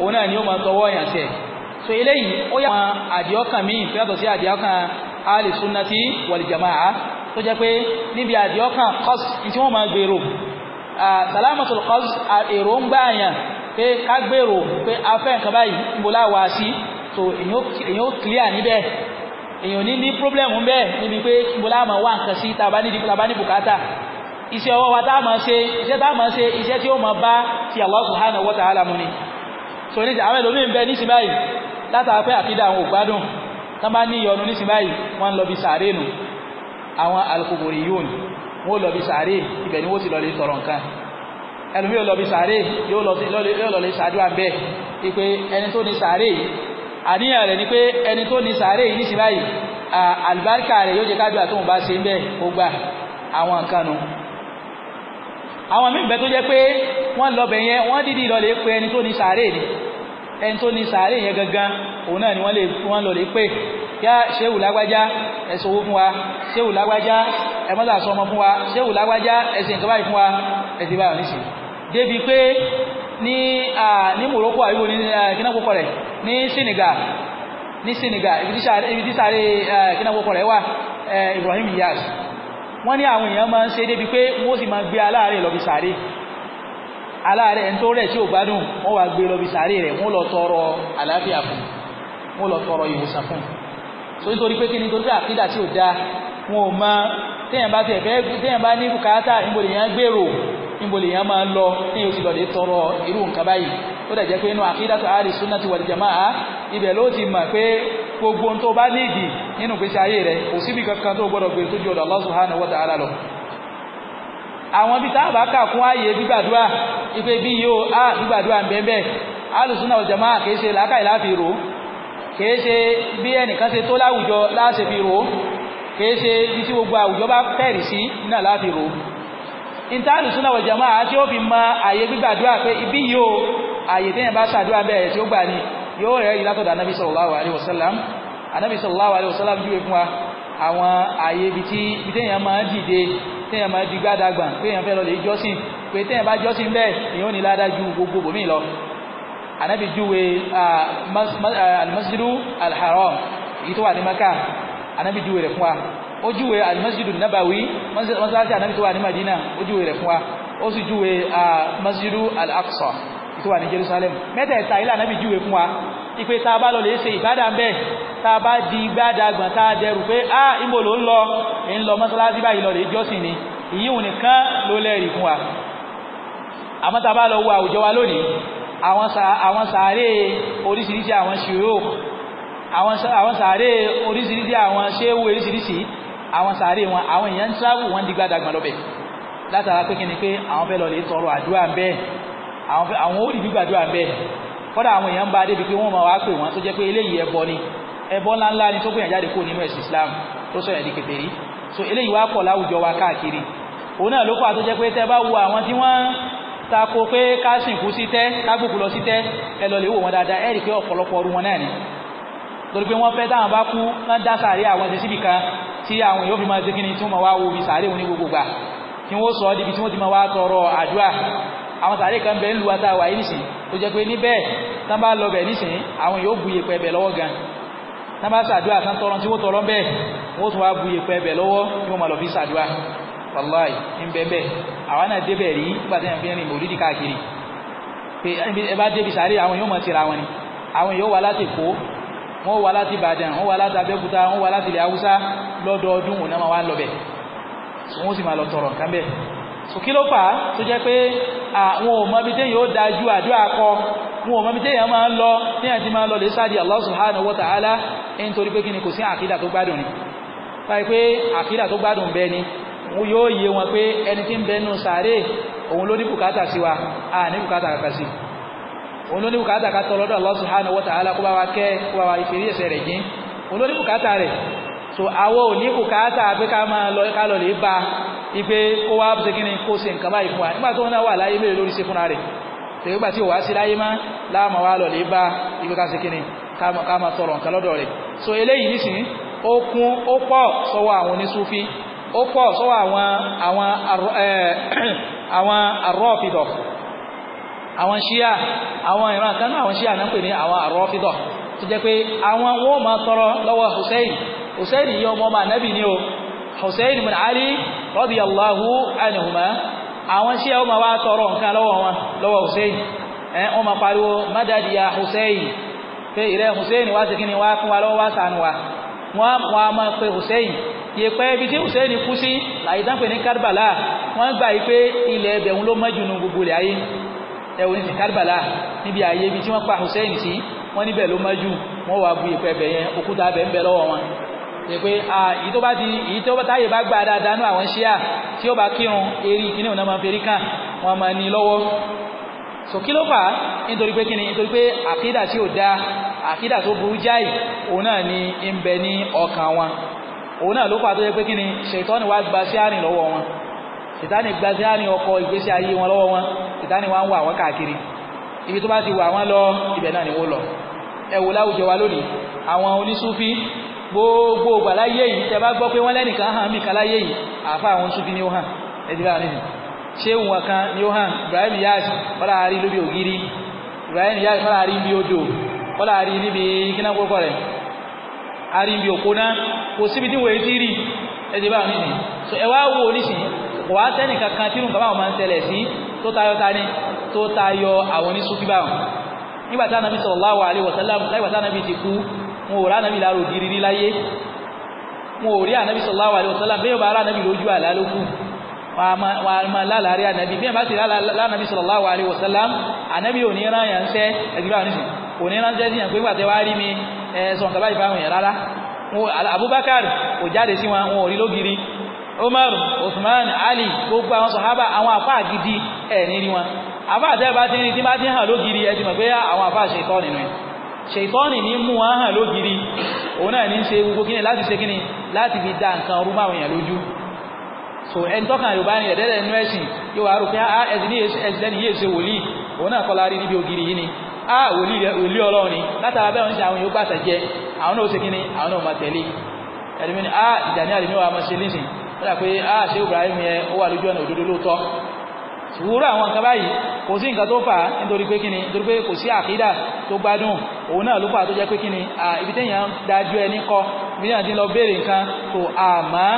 òun náà ni ó máa tọwọ́ yẹn ṣe so eléyìí ó yà wọn àdìọ́kàn míì fẹ́tọ̀ sí àdìọ́kàn alìsúnnati wàlìjàmáà tó jẹ́ pé níbi àdìọ́kàn kọ́s tí wọ́n máa gbèrò salamatul kọ́s èrò ń gbà yàn pé ká gbèrò pé afẹ́ nǹkan báyìí ń bolá wá sí so èyàn ó clear níbẹ̀ èèyàn ní ní problem bẹ́ẹ̀ níbi pé ibo láàmà wà nǹkan sí tàbá ní ìdíkùlà bá ní bùkátà iṣẹ́ ọwọ́ wa táàmà ṣe iṣẹ́ táàmà ṣe iṣẹ́ tí ó mọ̀ bá ti Allah subhanahu wa ta'ala mu ni so ní àwọn ẹlòmí ń bẹ ní síbáyì látara pé àkídà àwọn ògbádùn tán bá ní ìyọnu ní síbáyì wọ́n lọ bí sàárè nù àwọn alukobori yóò ní wọ́n lọ bí sàárè ibẹ̀ ni wọ́n ti lọ lè tọrọ nǹkan ẹlòmí yóò lọ bí sàárè yóò lọ lè sàdúrà bẹ́ẹ̀ ipe ẹni tó ní sàárè àníyàn rẹ̀ ni pé ẹni tó ní sàárè yìí níṣìí báyìí àlùbáríkà rẹ̀ yóò jẹ́ kájú àtúnwò bá ṣe ń bẹ́ẹ̀ ó gbà àwọn nǹkan nu àwọn míì bẹ́ẹ̀ tó jẹ́ pé wọ́n lọ yẹn wọ́n dídì lọ lè ẹni tó ní sàárè ni ẹni tó ní sàárè yẹn gangan òun náà ni wọ́n lọ lè pè yá ṣéwù lágbájá ẹ̀sìn owó fún wa ṣéwù lágbájá ẹ̀mọ́tà sọmọ fún wa ṣéwù lágbájá ẹ̀sìn ìkọ́báyì fún wa ẹ̀sìn ìbáyọ̀ níṣìí débi pé ní ní Morocco àbíbo ní kínákókò rẹ̀ ní Senegal ní Senegal ibi tí sáré kínákókò rẹ̀ wà Ibrahim Niasse wọ́n ní àwọn èèyàn máa ń se débi pé wọ́n sì máa gbé aláàrẹ̀ lọ bí sáré aláàrẹ̀ ẹni tó rẹ̀ tí ò gbádùn wọ́n wá gbé lọ bí sáré rẹ̀ wọ́n lọ tọrọ àlàáfíà fún wọ́n lọ tọrọ ìwòsàn fún so nítorí pé kí ni torí àkídà tí ò da wọn ò mọ téèyàn bá tẹ̀ bá ní bùkátà níbo gbèrò níbo lè yàn máa lọ ní oṣù lọ́dẹ tọrọ irú nǹkan báyìí ó dẹ̀ jẹ́ pé inú àkídàtù àárí sunnati wal jamaa ibẹ̀ ló ti mọ̀ pé gbogbo ohun tó bá nídìí nínú ìgbésí ayé rẹ̀ kò síbi kankan tó gbọ́dọ̀ gbé tójú ọ̀dọ̀ Allah subhanahu wa ta'ala lọ àwọn bí táàbà kàkún ààyè gbígbàdúrà ipe bí yóò á gbígbàdúrà bẹ́ẹ̀bẹ́ alùsùnà ọ̀jàmá kìí ṣe làákàí láfi rò kìí ṣe bí ẹnìkan ṣe tó láwùjọ láṣẹ fi rò kìí ṣe bí tí gbogbo àwùjọ bá fẹ̀rì sí náà láfi rò ìtàlù súnà wal jamaa tí ó fi mọ àyè gbígbàdúrà pé ibi yìí o àyè téèyàn bá ṣàdúrà bẹ́ẹ̀ tí ó gbà ní yóò rẹ̀ yìí látọ̀dọ̀ anábì sallallahu alaihi wasallam anábì sallallahu alaihi wasallam júwe fún wa àwọn àyè ibi tí ibi téèyàn máa dìde téèyàn máa di gbádàgbà téèyàn fẹ́ lọ lè jọ́sìn pé téèyàn bá jọ́sìn bẹ́ẹ̀ ní maka anábì júwe rẹ̀ fún wa ó júwe almasjidu nabawi masalasi anabi tó wà ní madina ó júwe rẹ̀ fún wa ó sì júwe masjidu al-aqsa tó wà ní jerusalem mẹ́tẹ̀ẹ̀ta ilé anabi júwe fún wa ipe tá a bá lọ lè ṣe ìbádà ń bẹ tá a bá di gbádàgbọ̀n tá a dẹrù pé a ìmọ̀ ló ń lọ ń lọ masalasi báyìí lọ lè jọ́sìn ni ìyíhùn nìkan ló lẹ́rìí fún wa àmọ́ tá a bá lọ wo àwùjọ wa lónìí àwọn sàárè oríṣiríṣi àwọn ṣòro àwọn sàárè oríṣiríṣi àwọn ṣéwú oríṣiríṣi àwọn sàárè wọn àwọn èèyàn ń travel wọn dìgbà dàgbà lọ́bẹ̀ látara pé kíni pé àwọn fẹ́ lọ lè tọrọ àdúrà ń bẹ́ẹ̀ àwọn ó dìbí gbàdúrà ń bẹ́ẹ̀ kọ́dà àwọn èèyàn ń bá débi pé wọ́n máa wá pè wọ́n tó jẹ́ pé eléyìí ẹbọ ni ẹbọ ńláńlá ni tó gbìyànjú àdékò nínú ẹ̀sìn Islam tó sọ̀rọ̀ di kèfèrí so eléyìí wá pọ̀ láwùjọ wa káàkiri òun náà ló fà tó jẹ́ pé tẹ́ bá wo àwọn tí wọ́n tako pé ká sìnkú sí tẹ́ ká gbòkú lọ sí tẹ́ ẹ lọ lè wò wọn dáadáa ẹ rí i pé ọ̀pọ̀lọpọ̀ ọrú wọn náà ni torí pé wọ́n fẹ́ táwọn bá kú wọ́n dá sàárè àwọn ẹ̀sìn síbì kan tí àwọn èèyàn fi máa ṣe kíni tí wọ́n máa wá wo ibi sàárè òní gbogbo gbà kí wọ́n sọ ọ́ débi tí wọ́n ti máa wá tọrọ àdúrà àwọn sàárè kan bẹ́ẹ̀ ń lu ata wà yìí nìsín tó jẹ́ pé níbẹ̀ tán bá lọ bẹ̀ nìsín àwọn yóò bu yèpẹ̀ bẹ̀ lọ́wọ́ gan tán bá sàdúrà tán tọrọ tí wọ́n tọrọ bẹ́ẹ̀ wọ́n tún wá bu yèpẹ̀ bẹ̀ lọ́wọ́ kí wọ́n máa lọ fi sàdúrà wàláì ń àwa náà débẹ̀ rí nígbà tí wọ́n fi rìn mòlídì káàkiri pé ẹ bá débi sàárè àwọn yóò mọ̀ tira wọn ni àwọn yóò wá láti kó wọ́n wá láti Ìbàdàn wọ́n wá láti Abẹ́òkúta wọ́n wá láti ilẹ̀ Haúsá lọ́dọọdún òun náà wá lọ́bẹ̀ so wọ́n sì máa lọ tọrọ nǹkan bẹ́ẹ̀ so kí ló fà á tó jẹ́ pé àwọn ò mọ bí téèyàn ó dájú àdúrà kọ wọn ò mọ bí téèyàn máa ń lọ téèyàn ti máa ń lọ lè sáàdì Allah subhanahu wa ta'ala ẹni torí pé kí ni kò sí àkídà tó gbádùn ni báyìí pé àkídà tó gbádùn bẹ́ẹ̀ ni yóò yé wọn pé ẹni tí ń bẹ́ẹ̀ nù sàárè òun ló ní bùkátà sí wa a bùkátà kàkà sí i olóní bùkátà ká tọrọ lọ́dọ̀ Allah subhanahu wa ta'ala kó bá wa kẹ́ kó bá wa ìfèrí ẹ̀ṣẹ̀ rẹ̀ jìn olóní bùkátà rẹ̀ so àwọn ò ní bùkátà pé ká máa lọ ká lọ lè ba ipe kó wá ṣe kí ni kó ṣe nǹkan fún wa nígbà tó náà wà láyé mélòó lórí ṣe fúnra rẹ̀ tẹ̀gbà tí ò wá sí láyé má láàmà wá lọ lè ba ipe ká ṣe kí ni ká máa tọrọ nǹkan lọ́dọ̀ rẹ̀ so eléyìí nísìnyí ó kún ó pọ̀ sọ́wọ́ àwọn onísúfí ó pọ̀ sọ́wọ́ àwọn àwọn eh, àwọn àrọ́ọ̀fìdọ̀ àwọn ṣíà àwọn ìran kan náà àwọn ṣíà náà ń pè ní àwọn àrọ́fídọ̀ tó jẹ́ pé àwọn wọ́n máa tọrọ lọ́wọ́ hussein hussein yìí ọmọ ọmọ ànábì ni o hussein bin ali radiyallahu anhuma àwọn ṣíà ó máa tọrọ nǹkan lọ́wọ́ wọn lọ́wọ́ hussein ẹ̀ wọ́n máa pariwo madadi ya hussein pé ìrẹ́ hussein wá sí kí ni wá fún wa lọ́wọ́ wá sànù wa wọ́n wọ́n a máa pe hussein yèpẹ́ ibi tí hussein kú sí làyè tán pè ní karbala wọ́n gbà yí pé ilẹ̀ ẹ̀bẹ̀ ń ló mọ́jú nu gbogbo rẹ̀ ayé ẹwọ ní sìkárìbàlá níbi ààyè ibi tí wọ́n pa Hussein sí wọ́n níbẹ̀ ló mọ́jú wọ́n wà bu ìpẹ́ bẹ̀ yẹn òkúta bẹ̀ ń bẹ lọ́wọ́ wọn ṣe pé èyí tó bá ti èyí tó táyè bá gbà dáadáa nú àwọn ṣíà tí ó bá kírun eré kíní òun máa ferí kàn wọ́n máa ní lọ́wọ́ so kí ló fà nítorí pé kíni nítorí pé àkídà tí ò da àkídà tó burú jáì òun náà ni ń bẹ ní ọkàn wọn òun náà ló fà á tó yẹ pé kíni ṣètọ́ni wá gba sí àárín lọ́wọ́ wọn sìtáni gbàsíà ní ọkọ̀ ìgbésí ayé wọn lọ́wọ́ wọn sìtáni wọn ń wà wọn káàkiri ibi tó bá ti wà wọn lọ ibẹ̀ náà ni wọ́n lọ ẹ wò láwùjọ wa lónìí àwọn onísúfí gbogbo gbàláyé yìí tẹ bá gbọ́ pé wọ́n lẹ́nìkan hàn mí kàláyé yìí àfa àwọn onísúfí ni ó hàn ẹ̀dínlá nìyí ṣéhùn wọn kan ni ó hàn Ibrahim Yaz wọ́n láàrí lóbi ògiri Ibrahim Yaz wọ́n láàrí bí odò wọ́n láàrí níbi kíná gbogbo rẹ̀ àrí bí òpóná kò síbi tí wòye ti rí ẹ̀dínlá nìyí ẹ wá wò nísìnyí kò wá sẹ́nì kankan tí nǹkan báwọn máa ń ṣẹlẹ̀ sí tó tayọ tani tó tayọ àwọn oníṣúkí báwọn nígbà tí anabi sallallahu alaihi wasallam láìgbà tí anabi ti kú wọn ò rá anabi láàrò gírí rí láyé wọn ò rí anabi sallallahu alaihi wasallam bẹ́ẹ̀ bá rá anabi lójú àlá ló kù wọn a máa lálàárí anabi bẹ́ẹ̀ bá ti rá alaihi wasallam anabi ò ní rán yàn sẹ́ ẹgbẹ́ àwọn oníṣẹ́ ò ní rán jẹ́ sí yàn pé gbàtẹ́ wá rí mi ẹ̀ Umar Usman Ali gbogbo àwọn sọ̀hábà àwọn àfá gidi ẹ̀ní ni wọn àfá àtẹ́bá ti rí tí bá ti hàn lógiri ẹ ti mọ̀ pé ah, àwọn àfá ṣètọ́ nínú ẹ̀ ṣètọ́nì ní mú wọn hàn lógiri òun náà ní ṣe gbogbo kíni láti ṣe kíni láti fi dá nǹkan ọrú máa wọ̀nyàn lójú so ẹni tọ́kàn yorùbá ni ẹ̀dẹ́dẹ́ inú ẹ̀sìn yóò wá rò pé á ẹ̀sìn ẹ̀sìn yìí ṣe wòlíì òun náà kọ́lá rí níbi ògiri yìí ni á ah, wòlíì ọlọ́run ni látara bẹ́ẹ̀ ń ṣe àwọn yóò gbàṣẹ àwọn náà ó ṣe kíni àwọn náà ó máa tẹ̀lé ẹ̀dùnmí ni á ah, ìjà ní àdìmí máa ṣe lísìn nígbà pé ah ṣé Ibrahim yẹn ó wà lójú ọ̀nà òdodo lóòótọ́ wúrú àwọn nǹkan báyìí kò sí nǹkan tó fà á nítorí pé kíni nítorí pé kò sí àkídà tó gbádùn òun náà ló fà tó jẹ́ pé kíni ibi téèyàn dájú ẹni kọ ibi téèyàn ti lọ béèrè nǹkan tó àmọ́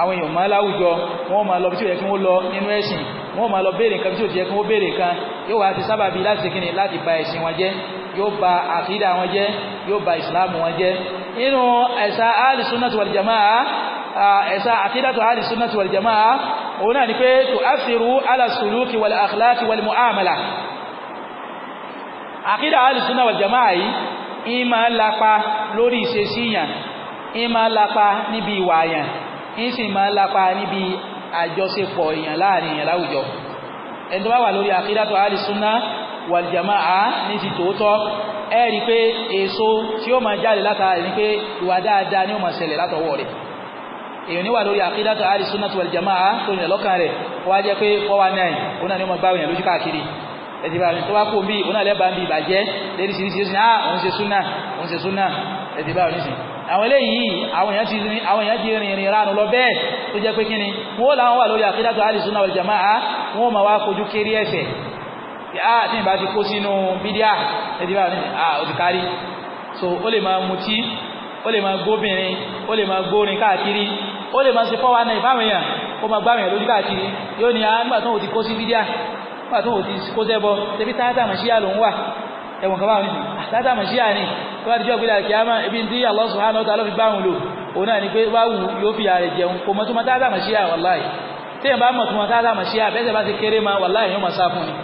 àwọn èèyàn máa láwùjọ wọn máa lọ bí tí ó yẹ kí wọ́n lọ nínú ẹ̀sìn wọn máa lọ béèrè nǹkan bí tí ó yẹ kí wọ́n béèrè nǹkan yóò wá ti sábàbí láti kíni láti ba ẹ̀sìn wọn jẹ́ yóò ba àkídà wọn jẹ́ yóò ba ìsìláàmù wọn jẹ́ nínú ẹ̀sà alìsúnnà wal jamaa ẹ̀sà àkídàtò alìsúnnàtì wal jama'a òun náà ni pé tó áfìrú alàsùlúkì wal akhlaqi wal mu'amala àkídà alìsúnnà wal jama'a yìí ìmá lápa lórí ìṣesíyàn ìmá lápa níbi ìwàyàn ìsì máa lápa níbi àjọṣepọ̀ èèyàn láàrin èèyàn láwùjọ ẹni tó bá wà lórí àkídàtò alìsúnnà wal ní ti tòótọ́ ẹ pé èso tí ó máa jáde látara ní pé ìwà dáadáa ni ó máa ṣẹlẹ̀ látọwọ́ rẹ̀ èèyàn níwà lórí àkídàtọ̀ àrí sunnah wal jamaa tó ní ẹ̀lọ́kàn rẹ̀ wá jẹ́ pé 419 òun náà ni wọ́n gbá òyìn lójú káàkiri ẹ̀sì bá ní tó wá kó bí òun náà lẹ́bàá ń bí ìbàjẹ́ lérí sí sí ah òun ṣe sunnah òun ṣe sunnah ẹ̀sì bá ní sí àwọn eléyìí àwọn èèyàn ti rìn àwọn èèyàn ti rìn rìn ránu lọ bẹ́ẹ̀ tó jẹ́ pé kíni wọ́n làwọn wà lórí àkídàtọ̀ àrí sunnah wal jamaa wọ́n máa wá kojú kéré ẹ̀sẹ̀ ah tí ìbá ti kó sínú bídíà ẹ̀sì bá ní ah òtìkárí so ó lè máa mutí ó lè máa gbóbìnrin ó lè máa gbórin káàkiri ó lè máa ṣe fọ́wọ́ náà ìbáwọn èèyàn ó máa gbáwọn èèyàn lójú káàkiri yóò ní àgbà ah, tó ti kó sí bídíà nígbà tó ti kó sẹ́bọ tẹbí táátà màṣíà ló ń wà ẹ̀wọ̀n kan báwọn nìyí táátà màṣíà ni tó bá ti jọ́ gbéra Allah subhanahu wa ta'ala fi báwọn ni pé wá wù yóò fi ààrẹ jẹun kò mọ̀ tó mọ̀ táátà màṣíà wàláì téèyàn bá mọ̀ tó mọ̀ táátà màṣíà bẹ́sẹ̀ bá ti kéré ma wàláì yóò máa sá fún ni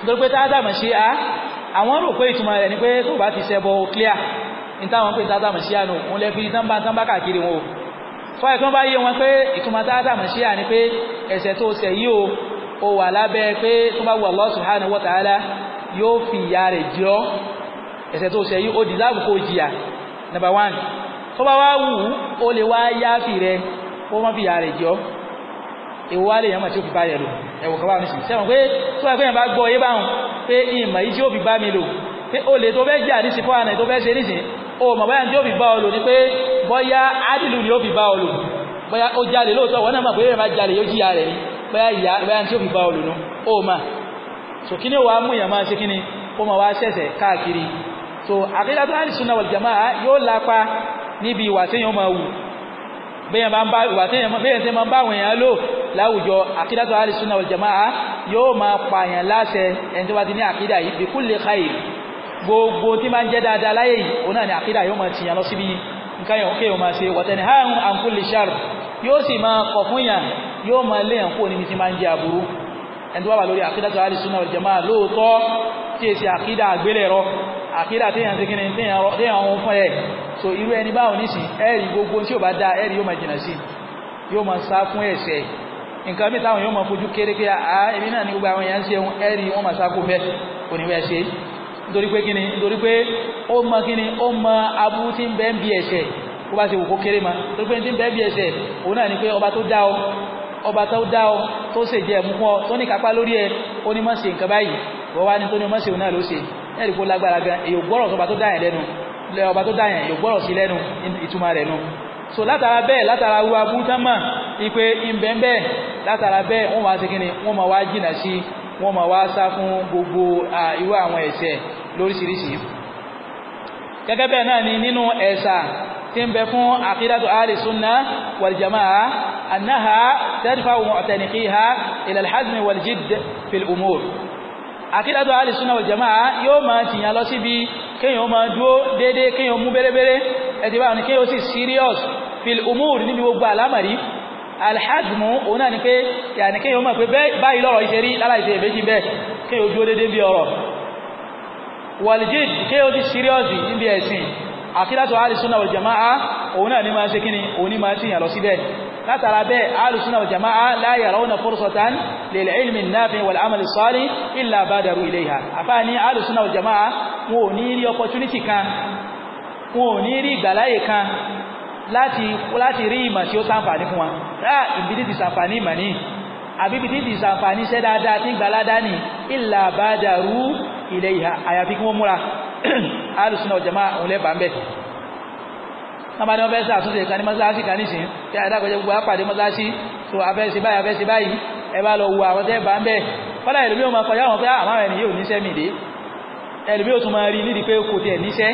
nítorí pé àwọn rò pé ìtumọ̀ rẹ̀ ni pé tó bá ti ṣẹbọ clear nítawọn pé tátàmù ṣíà nù òun lẹ́fi tánbà tánbà káàkiri wọn o fún ẹ̀kọ́ bá yé wọn pé ìtumọ̀ tátàmù ṣíà ni pé ẹ̀ṣẹ̀ tó ṣẹ̀ yìí o ó wà lábẹ́ pé tó bá wù Allah subhanahu wa ta'ala yóò fi ìyà rẹ̀ jọ ẹ̀ṣẹ̀ tó ṣẹ̀ yìí O dì láàbù kó jìyà number one tó bá wá wù ó lè wá yáfì rẹ̀ ó má fi ìyà rẹ̀ jọ èwo wá lè yàn máa tí ó fi bá yẹ lò ẹ̀wọ̀ kan bá mi sì sẹ́wọ̀n pé tó bá pé yẹn bá gbọ́ yé báwọn pé ìmọ̀ yìí tí ó fi bá mi lò pé o lè tó fẹ́ jà ní sífọ́ àná tó fẹ́ ṣe níṣẹ́ o mọ̀ báyà tí ó fi bá ọ ní pé bọ́yá ádìlú ni ó fi bá ọ lò bọ́yá ó jalè lóòótọ́ wọn náà mọ̀ pé èrè máa jalè yóò jìyà rẹ̀ ní bọ́yá ìyá báyà tí ó fi bá ọ lò nú o mà so kí ni wàá mú èèyàn máa ṣe kí ni ó mọ̀ wá ṣẹ̀ṣẹ̀ káàkiri so àkídàtú àdìsúná wal jamaa yóò lápa níbi ìwà téèyàn máa wù bẹ́yẹn bá ń bá ìwà yóò máa pààyàn gbogbo tí máa ń jẹ́ dáadáa láyé yìí òun náà ni àkídà yóò máa tìyàn lọ síbi nǹkan yóò kéèyàn máa ṣe wọ̀tẹ́ni hàn an kulli shar yóò sì máa kọ̀ fún yàn yóò máa léyàn kúrò níbi tí máa ń jẹ́ aburú ẹni tó wà lórí àkídà tó ahli sunnah wal jamaa lóòótọ́ tí èsì àkídà àgbélẹ̀rọ àkídà so irú ẹni báwọn nísì ẹ̀rì gbogbo tí ò bá da ẹ̀rì yóò máa jìnà sí yóò máa sá fún ẹ̀ṣẹ̀ nǹkan bí táwọn yóò máa fojú kéré pé àá èmi náà ní gbogbo àwọn èèyàn ń ṣe wọn máa sá kó fẹ́ kò ní nítorí pé kíni nítorí pé ó mọ kíni ó mọ aburú tí ń bẹ ń bí ẹ̀ṣẹ̀ kó bá ṣe wò kó kéré ma nítorí pé tí ń bẹ ń bí ẹ̀ṣẹ̀ òun náà ni pé ọba tó dá ọ ọba tó dá ọ tó ṣe jẹ ẹ̀mú ọ tó ní kápá lórí ẹ ó ní mọ̀ nǹkan báyìí wọ́n wá ní tó ní mọ̀ náà ló ṣe ẹ̀rí kó lágbára gan èyí gbọ́rọ̀ so látara bẹ́ẹ̀ látara wu abú tán mọ̀ ipe ìbẹ̀ǹbẹ̀ látara bẹ́ẹ̀ wọ́n máa ṣe kíni wọ́n máa wá jìnnà sí wọ́n máa wá sá fún gbogbo irú àwọn ẹ̀ṣẹ̀ lóríṣiríṣi gẹ́gẹ́ bẹ́ẹ̀ náà ni nínú ẹ̀sà tí ń bẹ fún àkídàtò ahli sunna wal jamaa annaha tadfa'u mu'taniqiha ila al-hazm wal jidd fil umur àkídàtò ahli sunna wal jamaa yóò máa tìyàn lọ síbi kéèyàn máa dúó déédéé kéèyàn mú bérébéré ẹ̀tì báwọn ni kéèyàn sì serious fil umur níbi gbogbo àlámàrí alhajmu òun waljid kí o ti síríọ́sì níbi ẹ̀sìn àkídàtọ̀ alìsúnà wal jama'a òun náà ní máa ṣe kíni òun ní máa tíyàn lọ síbẹ̀ látara bẹ́ẹ̀ alìsúnà wal jama'a la yarawna fursatan lil ilmi nafi wal amali salih illa badaru ilayha àfáà ní alìsúnà wal jama'a wọn ò ní rí opportunity kan wọn ò ní rí ìgbàláyè kan láti rí ilayha àyàfi kí wọ́n múra alùsùnà ọ̀jàmá òun lẹ́bàá ń bẹ̀ náà bá ní wọ́n fẹ́ sàtúnṣe kan ní mọ́sáàsì kan nísìn tí àdàkọ̀jẹ́ gbogbo apàdé mọ́sáàsì tó afẹ́sí báyìí afẹ́sí báyìí ẹ bá lọ wo àwọn tẹ́ bá ń bẹ̀ kọ́lá ìlú bí wọ́n máa kọjá wọn pé ah, àwọn ẹni yóò níṣẹ́ mi dé ẹlú bí ó tún máa rí nídìí pé kò tiẹ̀ níṣẹ́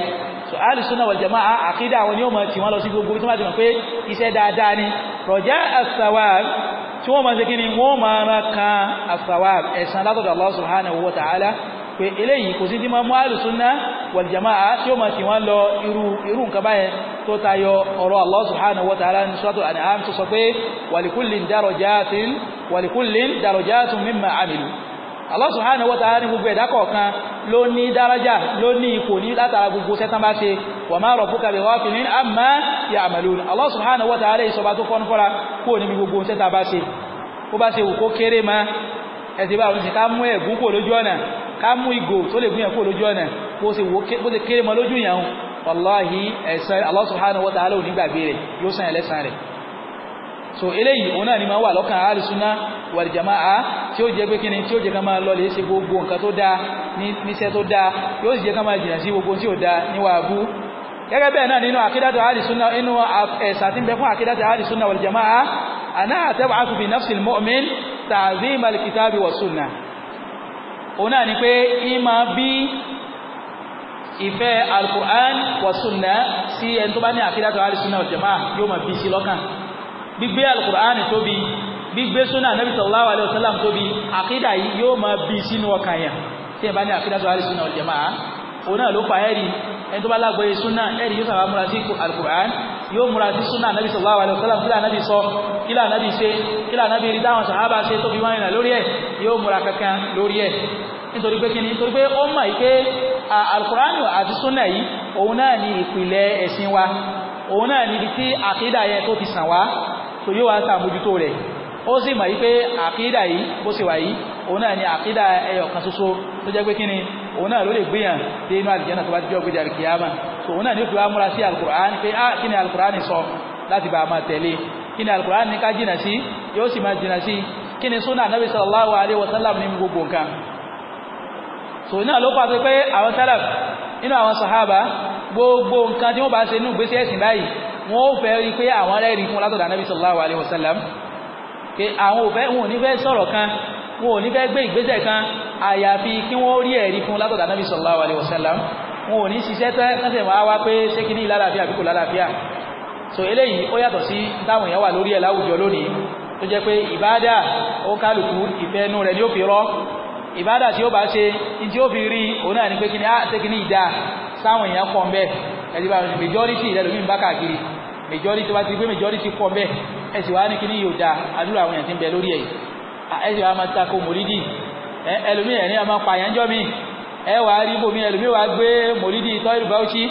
òun alìsúnà wal jama'a àkídà wọn ni ó mọ̀ tí wọ́n lọ sí gbogbo tí wọ́n ti mọ̀ pé iṣẹ́ dáadáa ni rọ̀já as-sawab tí wọ́n mọ̀ sí kíni wọ́n mọ̀ ara kan as-sawab ẹ̀san látọ̀dọ̀ Allah subhanahu wa ta'ala pé eléyìí kò sí tí máa mú alìsúnà wal jama'a tí ó Allah subhanahu wa ta'ala ní gbogbo ẹ̀dá kọ̀ọ̀kan ló ní daraja ló ní ipò ní látara gbogbo sẹ́tàn bá ṣe wa ma rabbuka bi ghafilin amma ya'malun Allah subhanahu wa ta'ala ìsọba tó fọ́n fọ́ra kó níbi gbogbo sẹ́tàn bá ṣe ó bá ṣe wù kó kéré ma ẹ̀sìn bá wọn ṣe ká mú ẹ̀gún kó lójú so eléyìí òun náà ni máa wà lọ́kàn àálùsúná wàlìjàmáà tí ó jẹ́ pé kíni tí ó jẹ́ ká máa lọ lè ṣe gbogbo nǹkan tó dáa níṣẹ́ tó dáa yóò sì jẹ́ ká máa jìnà sí gbogbo tí ò dáa níwà abú gẹ́gẹ́ bẹ́ẹ̀ náà nínú àkídàtọ̀ àálùsúná inú ẹ̀sà tí ń bẹ fún àkídàtọ̀ àálùsúná wàlìjàmáà àná àtẹ́wà àkùbì nafsil mu'min tàbí malikitabi wa sunna òun náà ni pé ìmá bí ìfẹ́ alukur'an wa sí ẹni tó bá ní àkídàtọ̀ àálùsúná wàlìjàmáà yóò máa bí sí lọ́kàn gbígbé alukur'ani tóbi gbígbé súnà nabi sallallahu alayhi wa sallam tóbi àkídà yìí yóò máa bí sínú ọkàn yẹn tí ẹ bá ní àkídà tó wà lè súnà wal jamaa òun náà ló pa ẹ̀rí ẹni tó bá lágbóye súnà ẹ̀rí yóò sábà múra sí alukur'an yóò múra sí súnà nabi sallallahu alayhi wa sallam kílà nabi sọ kílà nabi ṣe kílà nabi rí dáhùn sàhábà ṣe tó fi wáyé náà lórí ẹ̀ yóò múra kankan lórí ẹ̀ òun náà ni ìpìlẹ̀ ẹ̀sìn wa òun náà níbi tí àkídà yẹn tó ti sàn wá so yóò wá sàmójútó rẹ̀ ó sì mọ̀ wípé àkídà yìí bó ṣe wà yìí òun náà ni àkídà ẹyọ kan ṣoṣo tó jẹ́ pé kí ni òun náà ló lè gbìyàn dé inú àlìjẹ́nà tó bá jẹ́ ògbé jàrí kìyàmà so òun náà ni ó fi wá múra sí alukur'an pé á ah, kí ni alukur'an sọ láti bá a máa tẹ̀lé kí ni alukur'an ní ká jìnà sí yóò sì máa jìnà sí kí ni sunna anabi sallallahu alayhi wa sallam ní gbogbo nǹkan so náà ló pàṣẹ pé àwọn sálàf inú àwọn sahaba gbogbo nǹkan tí wọ́n bá ṣe nínú ìgbésí ẹ̀sìn báyìí wọ́n ó fẹ́ rí pé àwọn rẹ́rí fún látọ̀dọ̀ anábì sallallahu alaihi wasallam pé àwọn ò fẹ́ wọn ò ní fẹ́ sọ̀rọ̀ kan wọn ò ní fẹ́ gbé ìgbésẹ̀ kan àyàfi kí wọ́n rí ẹ̀rí fún látọ̀dọ̀ anábì sallallahu alaihi wasallam wọn ò ní ṣiṣẹ́ tẹ́ lọ́sẹ̀ wọ́n á wá pé ṣé kí ní lálàáfíà àbí kò lálàáfíà so eléyìí ó yàtọ̀ sí táwọn èèyàn wà lórí ẹ̀ láwùjọ lónìí tó jẹ́ pé ìbádà ó kálukú ìfẹ́nu rẹ̀ ni ó fi rọ́ ìbádà tí ó bá ṣe tí ó fi rí òun náà ni pé kí ní á ah, ṣé kí ní ìdá táwọn èèyàn pọ̀ ń bẹ ẹ̀sìn báyìí majority ìlẹ́lòmí bá káàkiri majority wá ti gbé majority pọ̀ ń bẹ ẹ̀sìn wá ní kí yóò da àdúrà àwọn èèyàn ti ń bẹ lórí ẹ̀ ẹ̀sìn wá máa tako mòlídì ẹlòmí ẹ̀ ní a máa pààyàn jọ́ mi ẹ wà rí bòmí ẹlòmí wà gbé mòlídì tọ́ìlù Bauchi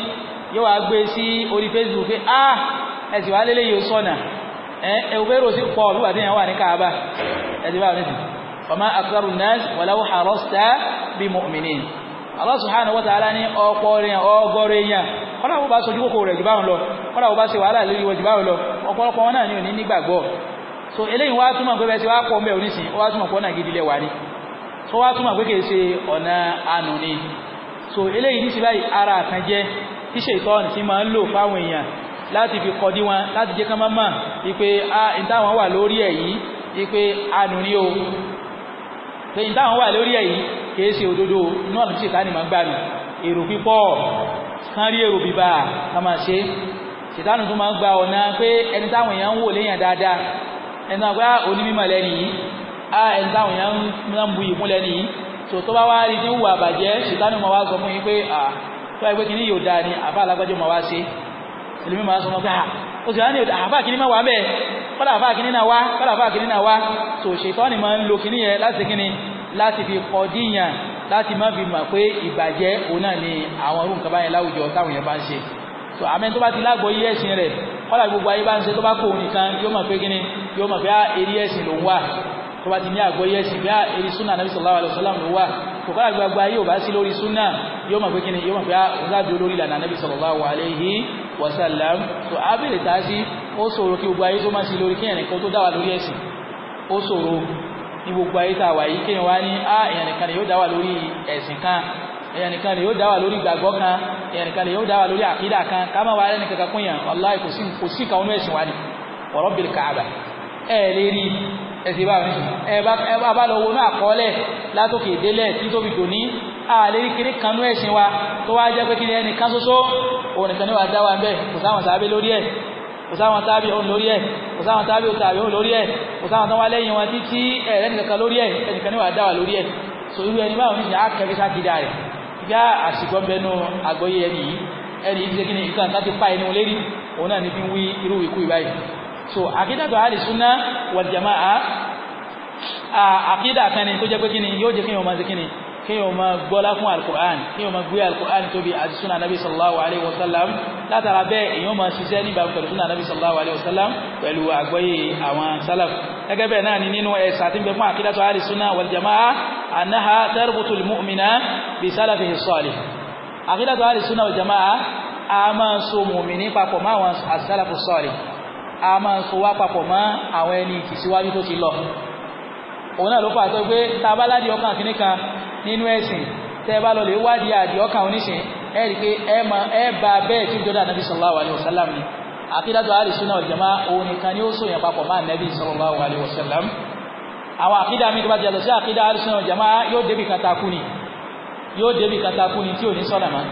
yóò wá gbé sí orí Facebook pé ah ẹ̀sìn wá lélẹ́yìí ó sọ̀nà ẹ̀wùbẹ́rò Allah subhanahu wa ta'ala ní ọ̀pọ̀ èèyàn ọgọ́rọ̀ èèyàn kọ́lá wọ́n bá sojú kòkòrò rẹ̀ jù báwọn lọ kọ́lá bá ṣe wàhálà lórí wọn lọ ọ̀pọ̀lọpọ̀ wọn náà ní nígbàgbọ́ so eléyìí wá túmọ̀ pé bẹ́ẹ̀ ṣe wá pọ̀ mẹ́ oníṣìn so wá túmọ̀ pé kìí so eléyìí ní ti báyìí ara kan jẹ́ tí ṣètọ́ọ̀nì ti máa ń lò fáwọn èèyàn láti fi kọdí wọn láti jẹ́ kán lẹ́yìn táwọn wà lórí ẹ̀ yìí kìí ṣe òdodo inú ọ̀nà ṣètà ni màá gbà mí èrò pípọ̀ kán rí èrò bíbá ká máa ṣe ṣètànù tó máa gba ọ̀nà pé ẹni táwọn èèyàn ń wò léèyàn dáadáa ẹni náà pé á onímọ̀ lẹ́ni yìí á ẹni táwọn èèyàn ń bu ìkún lẹ́ni yìí tò tó bá wá rí ní wù àbàjẹ́ ṣètànù máa wá sọ fún yín pé à tó wáyé pé yóò dáa ni àbá alágbájọ́ máa wá ṣe é ẹlòmí máa sọ mọ́gá ó sì wá ní àfáà kìíní máa wà bẹ́ẹ̀ kọ́lá àfáà kìíní náà wá kọ́lá àfáà kìíní náà wá tó ṣètọ́ ni máa ń lo kìíní yẹn láti kìíní láti fi kọdíyàn láti má fi mọ̀ pé ìbàjẹ́ òun náà ni àwọn irú nǹkan báyẹn láwùjọ táwọn yẹn bá ń ṣe tó àmẹ́ tó bá ti lágbo yí ẹ̀sìn rẹ̀ kọ́lá gbogbo ayé bá ń ṣe tó bá kó òun nìkan yóò mọ̀ pé kíni yóò mọ̀ pé á eré ẹ̀sìn ló ń wà tó bá ti ní àgbọ̀ yẹ́ sí bí á eré súnà nàbí sallallahu alaihi wasallam ló wà kò kọ́lá gbogbo ayé ò bá sí lórí súnà yóò mọ̀ pé kíni yóò mọ̀ pé á ọ̀gá bí olórí ìlànà nàbí sallallahu alaihi wasallam so abẹ́lẹ̀ tá a sí ó ṣòro kí gbogbo ayé tó máa sí lórí kí ẹ̀rìn kan tó dáwà lórí ẹ̀sìn ó ṣòro ní gbogbo ayé tá a wà yìí kí wá ní á ẹ̀yàn nìkan yóò dáwà lórí ẹ̀sìn kan ẹ̀yàn nìkan yóò dáwà lórí ìgbàgbọ́ kan ẹ̀yàn yóò dáwà lórí àkídà kan ká má wà lẹ́nìkan kan kúnyàn wallahi kò sí kan ọ̀nà ẹ̀sìn wa ni wa rabbil Kaaba ẹ lè rí ẹsẹ̀ bá mi ẹ bá lọ wọnú àkọọ́lẹ̀ látòkè délẹ̀ tí tóbi dòní àlè rí kiri kanú wa tó wá jẹ́ pé kí ni ẹnì kan ṣoṣo òun nìkan ní wàá dá wa ń bẹ̀ kò sáwọn sábẹ́ lórí ẹ̀ kò wa lórí so irú ẹni báwọn oníṣẹ́ akẹ́kẹ́ sákìdá rẹ̀ gbá àsìkò bẹnu àgbọ́yé ẹni yìí ẹni yìí ti ni ìkan ká ti pa ẹni wọn òun náà ní fi wí irú ìkú ìbáyìí so àkídàtò àlìsúnná wàlìjàmáà àkídà kan ni tó jẹ́ pé kí ni yóò jẹ́ kí ni o máa ṣe kí ni kí ni o máa gbọ́lá fún alukur'an kí ni o máa gbé alukur'an tóbi àti súnà anábì sallallahu alayhi wa sallam látara bẹ́ẹ̀ èyàn máa ṣiṣẹ́ nígbà pẹ̀lú súnà anábì sallallahu alayhi wa sallam pẹ̀lú àgbọ́yé àwọn salaf gẹ́gẹ́ bẹ́ẹ̀ náà ni nínú ẹ̀sà tí ń bẹ fún àkídàtò a máa so wá papọ̀ mọ́ àwọn ẹni ìtìsíwájú tó ti lọ òun náà ló fà tó pé tá a bá ládìí ọkàn kìíní kan nínú ẹ̀sìn tẹ́ ẹ bá lọ lè wádìí àdìí ọkàn oníṣìn ẹ rí i pé ẹ máa ẹ bá bẹ́ẹ̀ tí ìjọba ànábì sallallahu alaihi wasallam ni àkídàtọ̀ àdìsúná ọ̀jọ̀má òun nìkan ni ó so yẹn papọ̀ máa nẹ́bí sallallahu alaihi wasallam àwọn àkídà mi tó bá ti yàtọ̀ sí àkídà àdìsúná ọ̀jọ̀má yóò débi katakú ni yóò débi katakú ni tí ò ní sọ́nà máa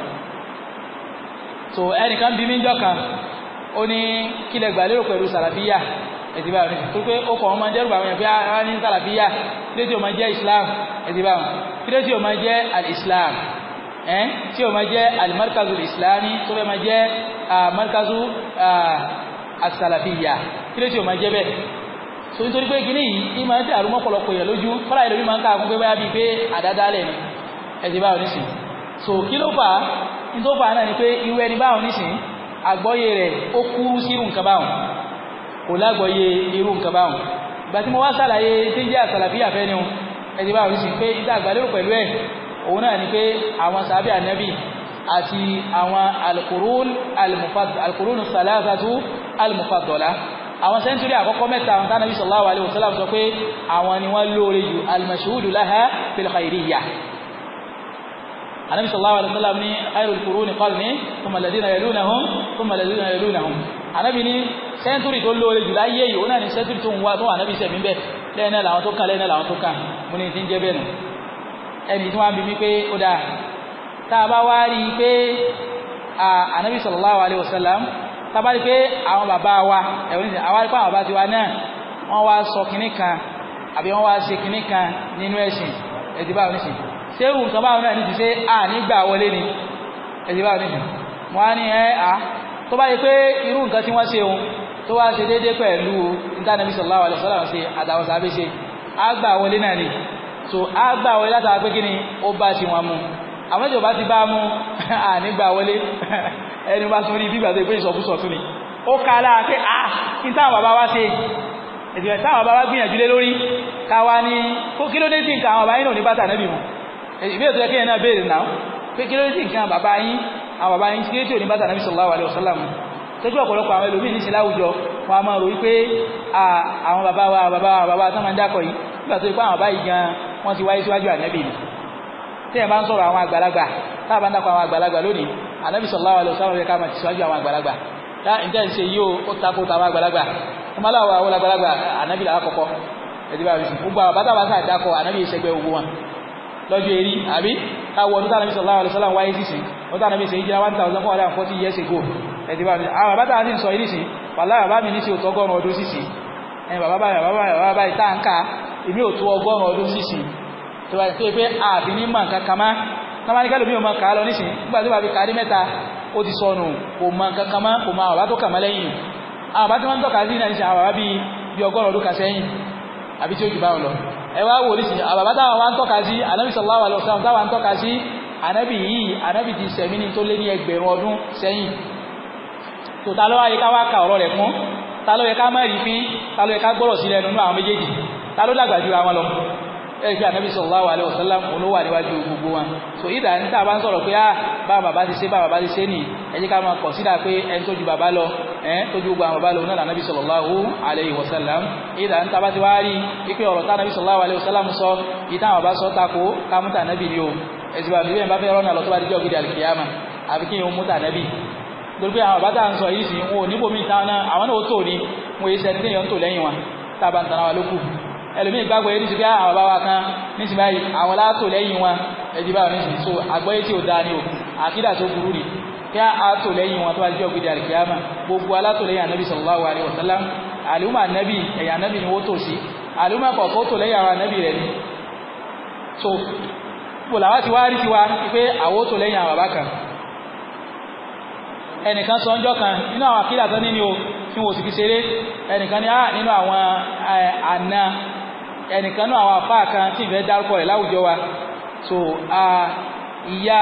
so ẹnìkan bí mí ń jọ́ kan ó ní kílẹ̀ gbàlérò pẹ̀lú sàlàfíà ẹ̀sìn bá wọn tó pé ó kọ̀ wọn máa jẹ́rù bá wọn yẹn pé ara ah, ní sàlàfíà kílé tí o máa jẹ́ islam ẹ̀sìn bá wọn tí o máa jẹ́ al-islam ẹ̀ tí o máa jẹ́ al-markazu islami tó fẹ́ máa jẹ́ markazu asàlàfíà kílé tí o máa jẹ́ bẹ́ẹ̀ so nítorí pé kíní yìí ní máa ń dàrú mọ́pọ̀lọpọ̀ èèyàn lójú fúnra ìlú máa ń ká àkúnpé báyà bíi pé àdádálẹ̀ ni ẹ̀sìn bá nísìn so kí ló fà á ní tó fà á náà ni pé irú ẹni báwọn nísìn àgbọ́yé rẹ̀ ó kúrú sí irú nǹkan báwọn kò lágbọ́yé irú nǹkan báwọn ìgbà tí mo wá sàlàyé tí jẹ́ àsàlàfíà fẹ́ ni o ẹni báwọn ní sí pé ìta àgbàlérò pẹ̀lú ẹ̀ òun náà ni pé àwọn sàbí ànábì àti àwọn alkùrún alkùrún sàlásàtú almufadola àwọn sẹ́ńtúrì àkọ́kọ́ mẹ́ta النبي صلى الله عليه وسلم ní خير القرون قرني ثم الذين يلونهم ثم الذين يلونهم Ànábì ní sẹ́ńtúrì tó lóore jù láyé yìí ó náà ní sẹ́ńtúrì tó ń wá tó ànábì sẹ̀mí bẹ́ẹ̀ lẹ́yìn náà làwọn tó kàn lẹ́yìn náà làwọn tó kàn mo ní ti ń jẹ́ bẹ́ẹ̀ nù ẹnì tí wọ́n á bí mi pé ó dáa tá a bá wá rí i pé ànábì sallallahu alaihi wasallam tá a bá rí i pé àwọn bàbá wa ẹ̀wọ̀n ní àwa rí pé àwọn bàbá tiwa náà wọ́n wá sọ kinní kan àbí wọ́n wá ṣe kinní kan nínú ẹ̀sìn ẹ̀dí báwọn nísìnyí ṣé òun kan báwọn náà ní ti ṣe à nígbà wọlé ni ẹ̀sìn báwọn níbi wọ́n á ní ẹ́ à tó bá yẹ pé irú nǹkan tí wọ́n ṣe òun tó wá ṣe déédé pẹ̀lú ìtànàbí sallallahu alaihi wasallam ṣe àtàwọn sàbẹ̀ ṣe á gbà wọlé náà ni so á gbà wọlé látara pé kí ni ó bá ti wọn mu àwọn ìjọba ti bá mu à nígbà wọlé ẹni bá tún rí bí gbàgbé pé ìsọkúsọ tún ni ó ká láà pé à kí táwọn bàbá wá ṣe ìgbìyànjú táwọn bàbá gbìyànjú lé lórí káwa ni kí ló dé sí nǹkan àwọn bàbá yìí náà ní bàtà níbi wọn ìbéèrè tó yẹ kéèyàn náà béèrè náà pé kí ló dé nǹkan bàbá yín àwọn bàbá yín kí ló dé òní bàtà nàbí sallallahu alaihi wasallam tọ́jú ọ̀pọ̀lọpọ̀ àwọn ẹlòmíì ní ìṣẹ̀lẹ̀ àwùjọ wọn a máa rò wípé àwọn bàbá wa bàbá wa bàbá tó máa ń dákọ̀ yìí nígbà tó yẹ pé àwọn bàbá yìí gan wọ́n ti wáyé síwájú ànẹ́bì ni tí ẹ̀ bá ń sọ̀rọ̀ àwọn àgbàlagbà tá a bá ń dákọ̀ àwọn àgbàlagbà lónìí ànẹ́bì sallallahu alaihi wasallam yẹ ká máa ti síwájú àwọn àgbàlagbà tá ǹjẹ́ ń ṣe yí o ó takò táwọn àgbàlagbà ọmọ aláwọ̀ àwọn àgbàlagbà ànẹ́bì làwọn kọ̀kọ́ ẹ̀dí bá rí gbogbo àwọn bàtà bàtà dákọ̀ ànẹ́bì ìṣẹ́gbẹ́ ogun wọn lọ́jọ́ erí àbí káwọ̀ ọdún tánàbí sallallahu alaihi wasallam wáyé sísìn ọdún tánàbí sí ìjìlá 1440 years ago ẹ̀dí bá mi àwọn bàbá tánàbí sọ ìrísìn wàlá bàbá mi ní sí òtọ́ ọgọ́rùn ọdún sísìn ẹni bàbá bá bàbá bàbá bá ìtànkà ìmí òtú ọgọ́rùn ọdún sísìn tó bá ti pé àbí ní mọ̀ nǹkan kan má náà ní kẹ́lòmí ò mọ̀ kàá lọ nísìn nígbà tó bá fi kàá ní mẹ́ta ó ti sọnù kò mọ̀ nǹkan kan má kò mọ̀ àwọn bá tó kà mọ́ lẹ́yìn àwọn bá tó máa ń tọ́ka sí náà ní sìn àwọn bàbá bíi ọgọ́rùn ọdún kà sẹ́yìn àbí tí ó jù bá lọ ẹ wá wò nísìnyí àbàbá táwọn wá ń tọ́ka sí anábì sallallahu alaihi wasallam táwọn ń tọ́ka sí anábì yìí anábì ti sẹ̀mí ní tó lé ní ẹgbẹ̀rún ọdún sẹ́yìn tó ta ló wáyé ká wá ka ọ̀rọ̀ rẹ̀ fún ta ló yẹ ká má rí fín ta ló yẹ ká gbọ́rọ̀ sí nínú àwọn méjèèjì ta ló dàgbà jù àwọn lọ ẹ̀rí pé ànábì sallallahu alaihi wasallam olówà níwájú gbogbo wọn so ìdá ní tá a bá ń sọ̀rọ̀ pé á ah, bá bàbá ti ṣe bá bàbá ti ṣe nì ẹ jẹ́ ká máa kọ̀sídà pé ẹni tó ju bàbá lọ ẹ tó ju gbogbo àwọn bàbá lọ náà ànábì sallallahu alaihi wasallam ìdá ní tá a bá ti wá rí ipe ọ̀rọ̀ tá ànábì sallallahu alaihi wasallam sọ o ẹ̀sìn bàbá bíbẹ̀ bá fẹ́ rọ́nà lọ tó bá dijọ́ gidi àlùkìyàmà àbí kí n mú tà ànábì torí pé àwọn bàbá tá à ń sọ yìí sì ń wò níbo mi táwọn náà àwọn náà ó tò ní mo tá a bá ẹlòmíì gbàgbọ́ yẹn níṣẹ́ bí àwọn ah, bàbá wa kan níṣẹ́ báyìí àwọn látò lẹ́yìn wọn ẹ̀jẹ̀ báwọn níṣẹ́ so àgbọ́yé tí ò dáa ni o àkídà tó burú ni kí a tò lẹ́yìn wọn tó bá jẹ́ ògbédè àlìkíyàmà gbogbo alátòlẹ́yìn ànábì sallallahu alaihi wasallam àlùmọ̀ ànábì ẹ̀yà ànábì ni wọ́n tò sí àlùmọ̀ kọ̀ọ̀kọ́ tò lẹ́yìn àwọn so bò làwọn ti wá rí tiwa pé àwọn tò lẹ́yìn àwọn bàbá kan ẹnìkan sọ ọjọ́ kan nínú àwọn akílà tán nínú o tí wọ́n sì fi ṣeré ẹnìkan ní à ah, nínú àwọn àna ẹnìkan náà àwọn afá kan tí ìfẹ́ dárúkọ láwùjọ wa so ìyá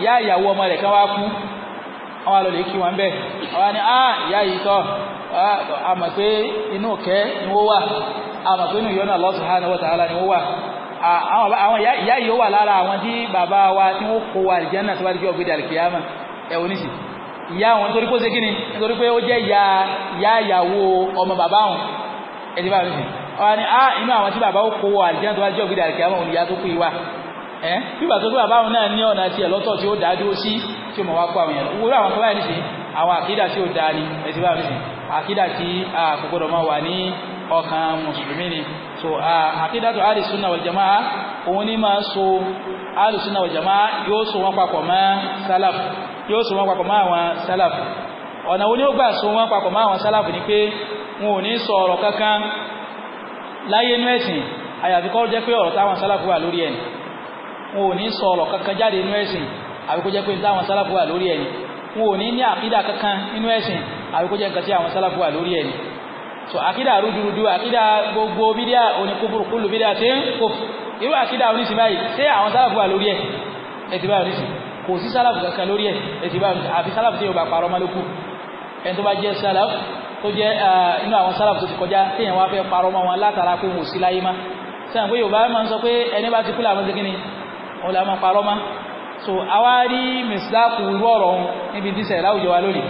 ìyá ìyàwó ọmọ rẹ̀ kan wá kú àwọn alọ́lẹ̀ kí wọn bẹ́ẹ̀ àwọn ni a ìyá yìí tọ́ àmọ̀ pé inú kẹ́ ni wọ́n wà àmọ̀ pé inú wa ta'ala ni wọ́n wà àwọn ìyá yìí ó wà lára àwọn tí bàbá wa tí wọ́n kó wa àlìjánà tó bá jọ gbé dàlìkìyàmà ẹ̀wọ̀n níṣì ìyá wọn ọ̀rọ̀ ni ah inú àwọn tí bàbá ó kó wọ àlìjẹ́ tó wá jẹ́ ògbédà àlìkẹ́ àwọn olùyá tó pè wá ẹ́ bíbà tó tó bàbá òun náà ní ọ̀nà tiẹ̀ lọ́tọ̀ tí ó dá dúró sí tí ó mọ̀ wá kó àwọn yẹn wúrọ̀ àwọn kọ́báyé nìṣe àwọn àkídà tí ó dá ni ẹ̀sìn báyìí nìṣe àkídà tí kò máa wà ní ọkàn mùsùlùmí ni so àkídà tó àlì sunna wal jamaa òun ní máa so àlì sunna wal jamaa yóò so wọn papọ̀ mọ́ sálàf yóò so wọn papọ̀ mọ́ àwọn sálàf ọ̀nà wo ni ó gbà láyé inú ẹ̀sìn àyàfi kọ́ jẹ́ pé ọ̀rọ̀ táwọn sálàfù wà lórí ẹni wọn ò ní sọ ọ̀rọ̀ kankan jáde inú ẹ̀sìn àbí kó jẹ́ pé táwọn sálàfù wà lórí ẹni wọn ò ní ní àkídà kankan inú ẹ̀sìn àbí jẹ́ nǹkan tí àwọn sálàfù wà lórí ẹni so àkídà rúdurùdu àkídà gbogbo bídíà oníkúkúrú kúlù bídíà tí ń kò irú àkídà oníṣìí báyìí ṣé àwọn sálàfù wà lórí ẹ̀ ẹ̀ ti báyìí oníṣìí kò sí sálàfù kankan lórí ẹ̀ ẹ̀ ti báyìí àfi sálàfù tí yóò bá parọ́ mọ́ ẹni tó bá jẹ́ sálàf tó jẹ́ inú àwọn sálàf tó ti kọjá téèyàn wá fẹ́ parọ́ mọ́ wọn látara pé wọn ò sí láyé má sẹ́yìn pé yorùbá máa ń sọ pé ẹni bá ti kú làwọn ti kíni òun làwọn parọ́ má so àwa rí mìsíláàkù irú ọ̀rọ̀ ọ̀hún níbi dísẹ̀ láwùjọ wa lónìí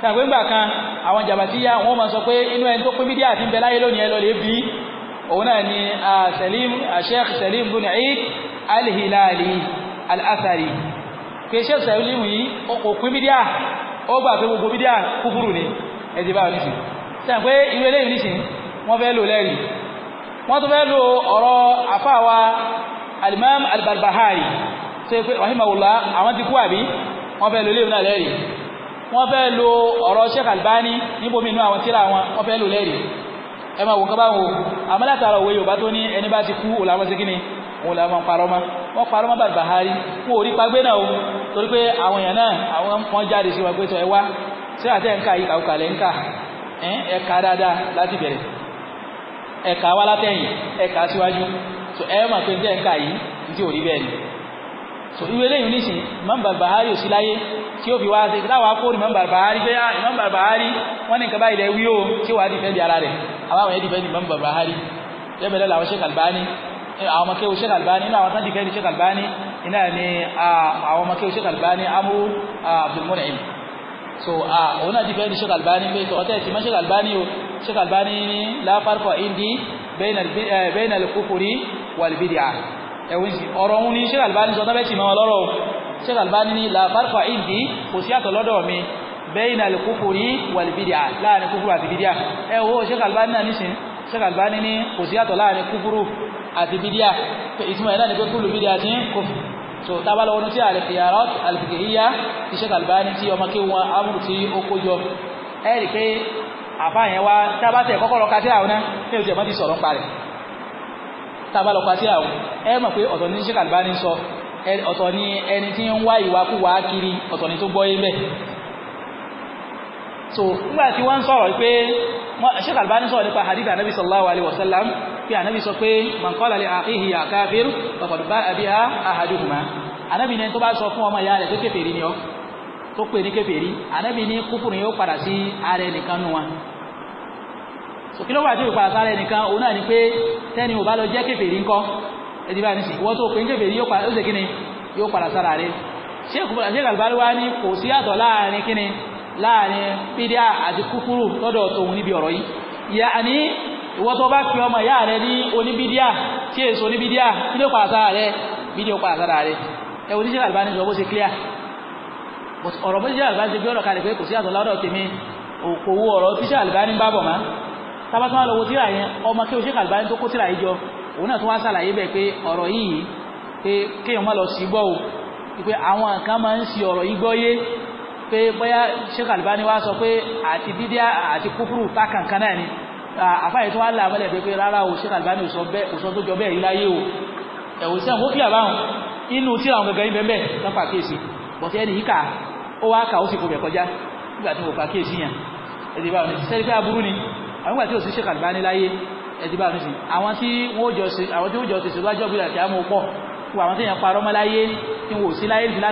sẹ́yìn pé ńgbà kan àwọn jàbàtíyà wọn máa sọ pé inú ẹni tó pé bídíà ti ń láyé lónìí ẹ lọ lè bí òun náà ni Salim Sheikh Salim bin Eid Al-Hilali Al-Athari kì í ṣe Salim yìí òpin bídíà ó gbà pé gbogbo bídíà kúfúrú ni ẹ̀dì bá nìsín sẹ́yìn pé irú eléyìí nìsín wọ́n fẹ́ lò lẹ́rìí wọ́n tún fẹ́ lo ọ̀rọ̀ àfáàwa alimam albarbahari ṣe pé rahimahullah àwọn ti kú àbí wọ́n fẹ́ lo eléyìí wọ́n fẹ́ lo ọ̀rọ̀ sheikh albani níbomi inú àwọn tíra wọn wọ́n fẹ́ lò lẹ́rìí ẹ máa wò ká bá wò àmọ́ látara òwe yorùbá tó torí pé àwọn èèyàn náà àwọn wọn jáde sí wa pé tọ́ ẹ wá sí àtẹ́ ńkà yìí kàwùkà lẹ́ ńkà ẹ̀ka dáadáa láti bẹ̀rẹ̀ ẹ̀ka wá látẹ̀yìn ẹ̀ka síwájú so ẹ mà pé ńtẹ́ ńkà yìí ntí ò rí bẹ́ẹ̀ ni so ìwé eléyìí nísìn mọ́mbà Bahari ò sí láyé tí ó fi wá sí láwa kó ní mọ́mbà Bahari pé ah mọ́mbà Bahari wọ́n ní nǹkan báyìí lẹ́ wí o tí wàá dìfẹ́ di Bahari lẹ́bẹ̀rẹ̀ làwọn Sheikh Albani àwọn ọmọ kéwù Sheikh Albani inú àwọn tán dìfẹ́ iná ni àwọn ọmọ kéwù Sheikh Albani amú Abdul Mun'im so òun náà ti fẹ́ di Sheikh Albani pé ọ̀tẹ́ ti mọ́ Sheikh Albani o Sheikh Albani ní la farqa indi bayna al-kufri wal bid'ah ẹ̀wọ̀n sí ọ̀rọ̀ òun ní Sheikh Albani sọ tọ́bẹ̀ tì mọ́ ọlọ́rọ̀ Sheikh Albani ní la farqa indi kò sí àtọ̀ lọ́dọ̀ mi bayna al-kufri wal bid'ah láàrin kúfúrú àti ní kò so tábàlọ́ wọn tí al-Khiyarat al-Fiqhiyya ti Sheikh Albani tí ọmọ kí wọn amúrù tí ó kójọ ẹ rí pé àfáàyàn wa tábàtẹ̀ kọ́kọ́ lọ kásí àwọn náà ní oṣù ẹ̀mọ́ ti sọ̀rọ̀ parẹ̀ tábàlọ́ kásí àwọn ẹ Albani sọ ọ̀tọ̀ ní ẹni tí ń wá ìwákúwà kiri ọ̀tọ̀ so nígbà tí wọ́n sọ̀rọ̀ pé Sheikh Albani sọ̀rọ̀ nípa hadith anabi sallallahu alaihi wasallam pé anabi sọ pé man qala li akhihi ya kafir faqad ba'a biha ahaduhuma anabi ní tó bá sọ fún ọmọ ìyá rẹ̀ pé kèfèrí ni ọ́ tó pè ní kèfèrí anabi ní kúfùrù yóò padà sí ara ẹnìkan nù wọn so kí ló wà tí ò padà sára ẹnìkan òun náà ni pé tẹ́ni ò bá lọ jẹ́ kèfèrí ńkọ́ ẹ̀dí bá ní sìn wọ́n tó pè ní kèfèrí yóò padà sára rẹ̀ Sheikh Albani wá ní kò sí àtọ̀ láàrin kíni láàrin bídíà àti kúkúrú lọ́dọ̀ tòun níbi ọ̀rọ̀ yìí ìyá àní ìwọ tó bá fi ọmọ ìyá rẹ ní oníbídíà tí èso oníbídíà kí ló pàṣà rẹ bídíò pàṣà rẹ ẹ wo tíṣẹ́ àlùbáni sọ clear ọ̀rọ̀ bó tíṣẹ́ àlùbáni ṣe bí ọ̀rọ̀ kalẹ̀ pé kò sí àtọ̀ lọ́dọ̀ tèmi òkòwò ọ̀rọ̀ tíṣẹ́ àlùbáni ń o ṣe àlùbáni tó kó tíra yìí jọ òun náà tó wá sàlàyé bẹ́ẹ̀ pé ọ̀rọ̀ yìí pé àwọn kan máa ń si ọ̀rọ̀ yìí yé pé bóyá Sheikh Albani wá sọ pé àti bídíà àti kúfúrú bákànkan náà ni àfáàyè tó wá là mọ́lẹ̀ pé rárá o Sheikh Albani ò sọ tó jọ bẹ́ẹ̀ rí láyé o ẹ̀wọ̀n sẹ́wọ̀n ó fi àbáwọn inú tí àwọn gẹ̀gẹ̀ ibẹ̀ mẹ́ lọ́pàá kéèsì bọ̀tẹ́ ẹni yíká ó wá kà ó sì kò bẹ̀ kọjá nígbà tí mo pa kéèsì yàn ẹ̀dì bá wọn sẹ́rí pé ni àwọn ìgbà tí ó sì ṣe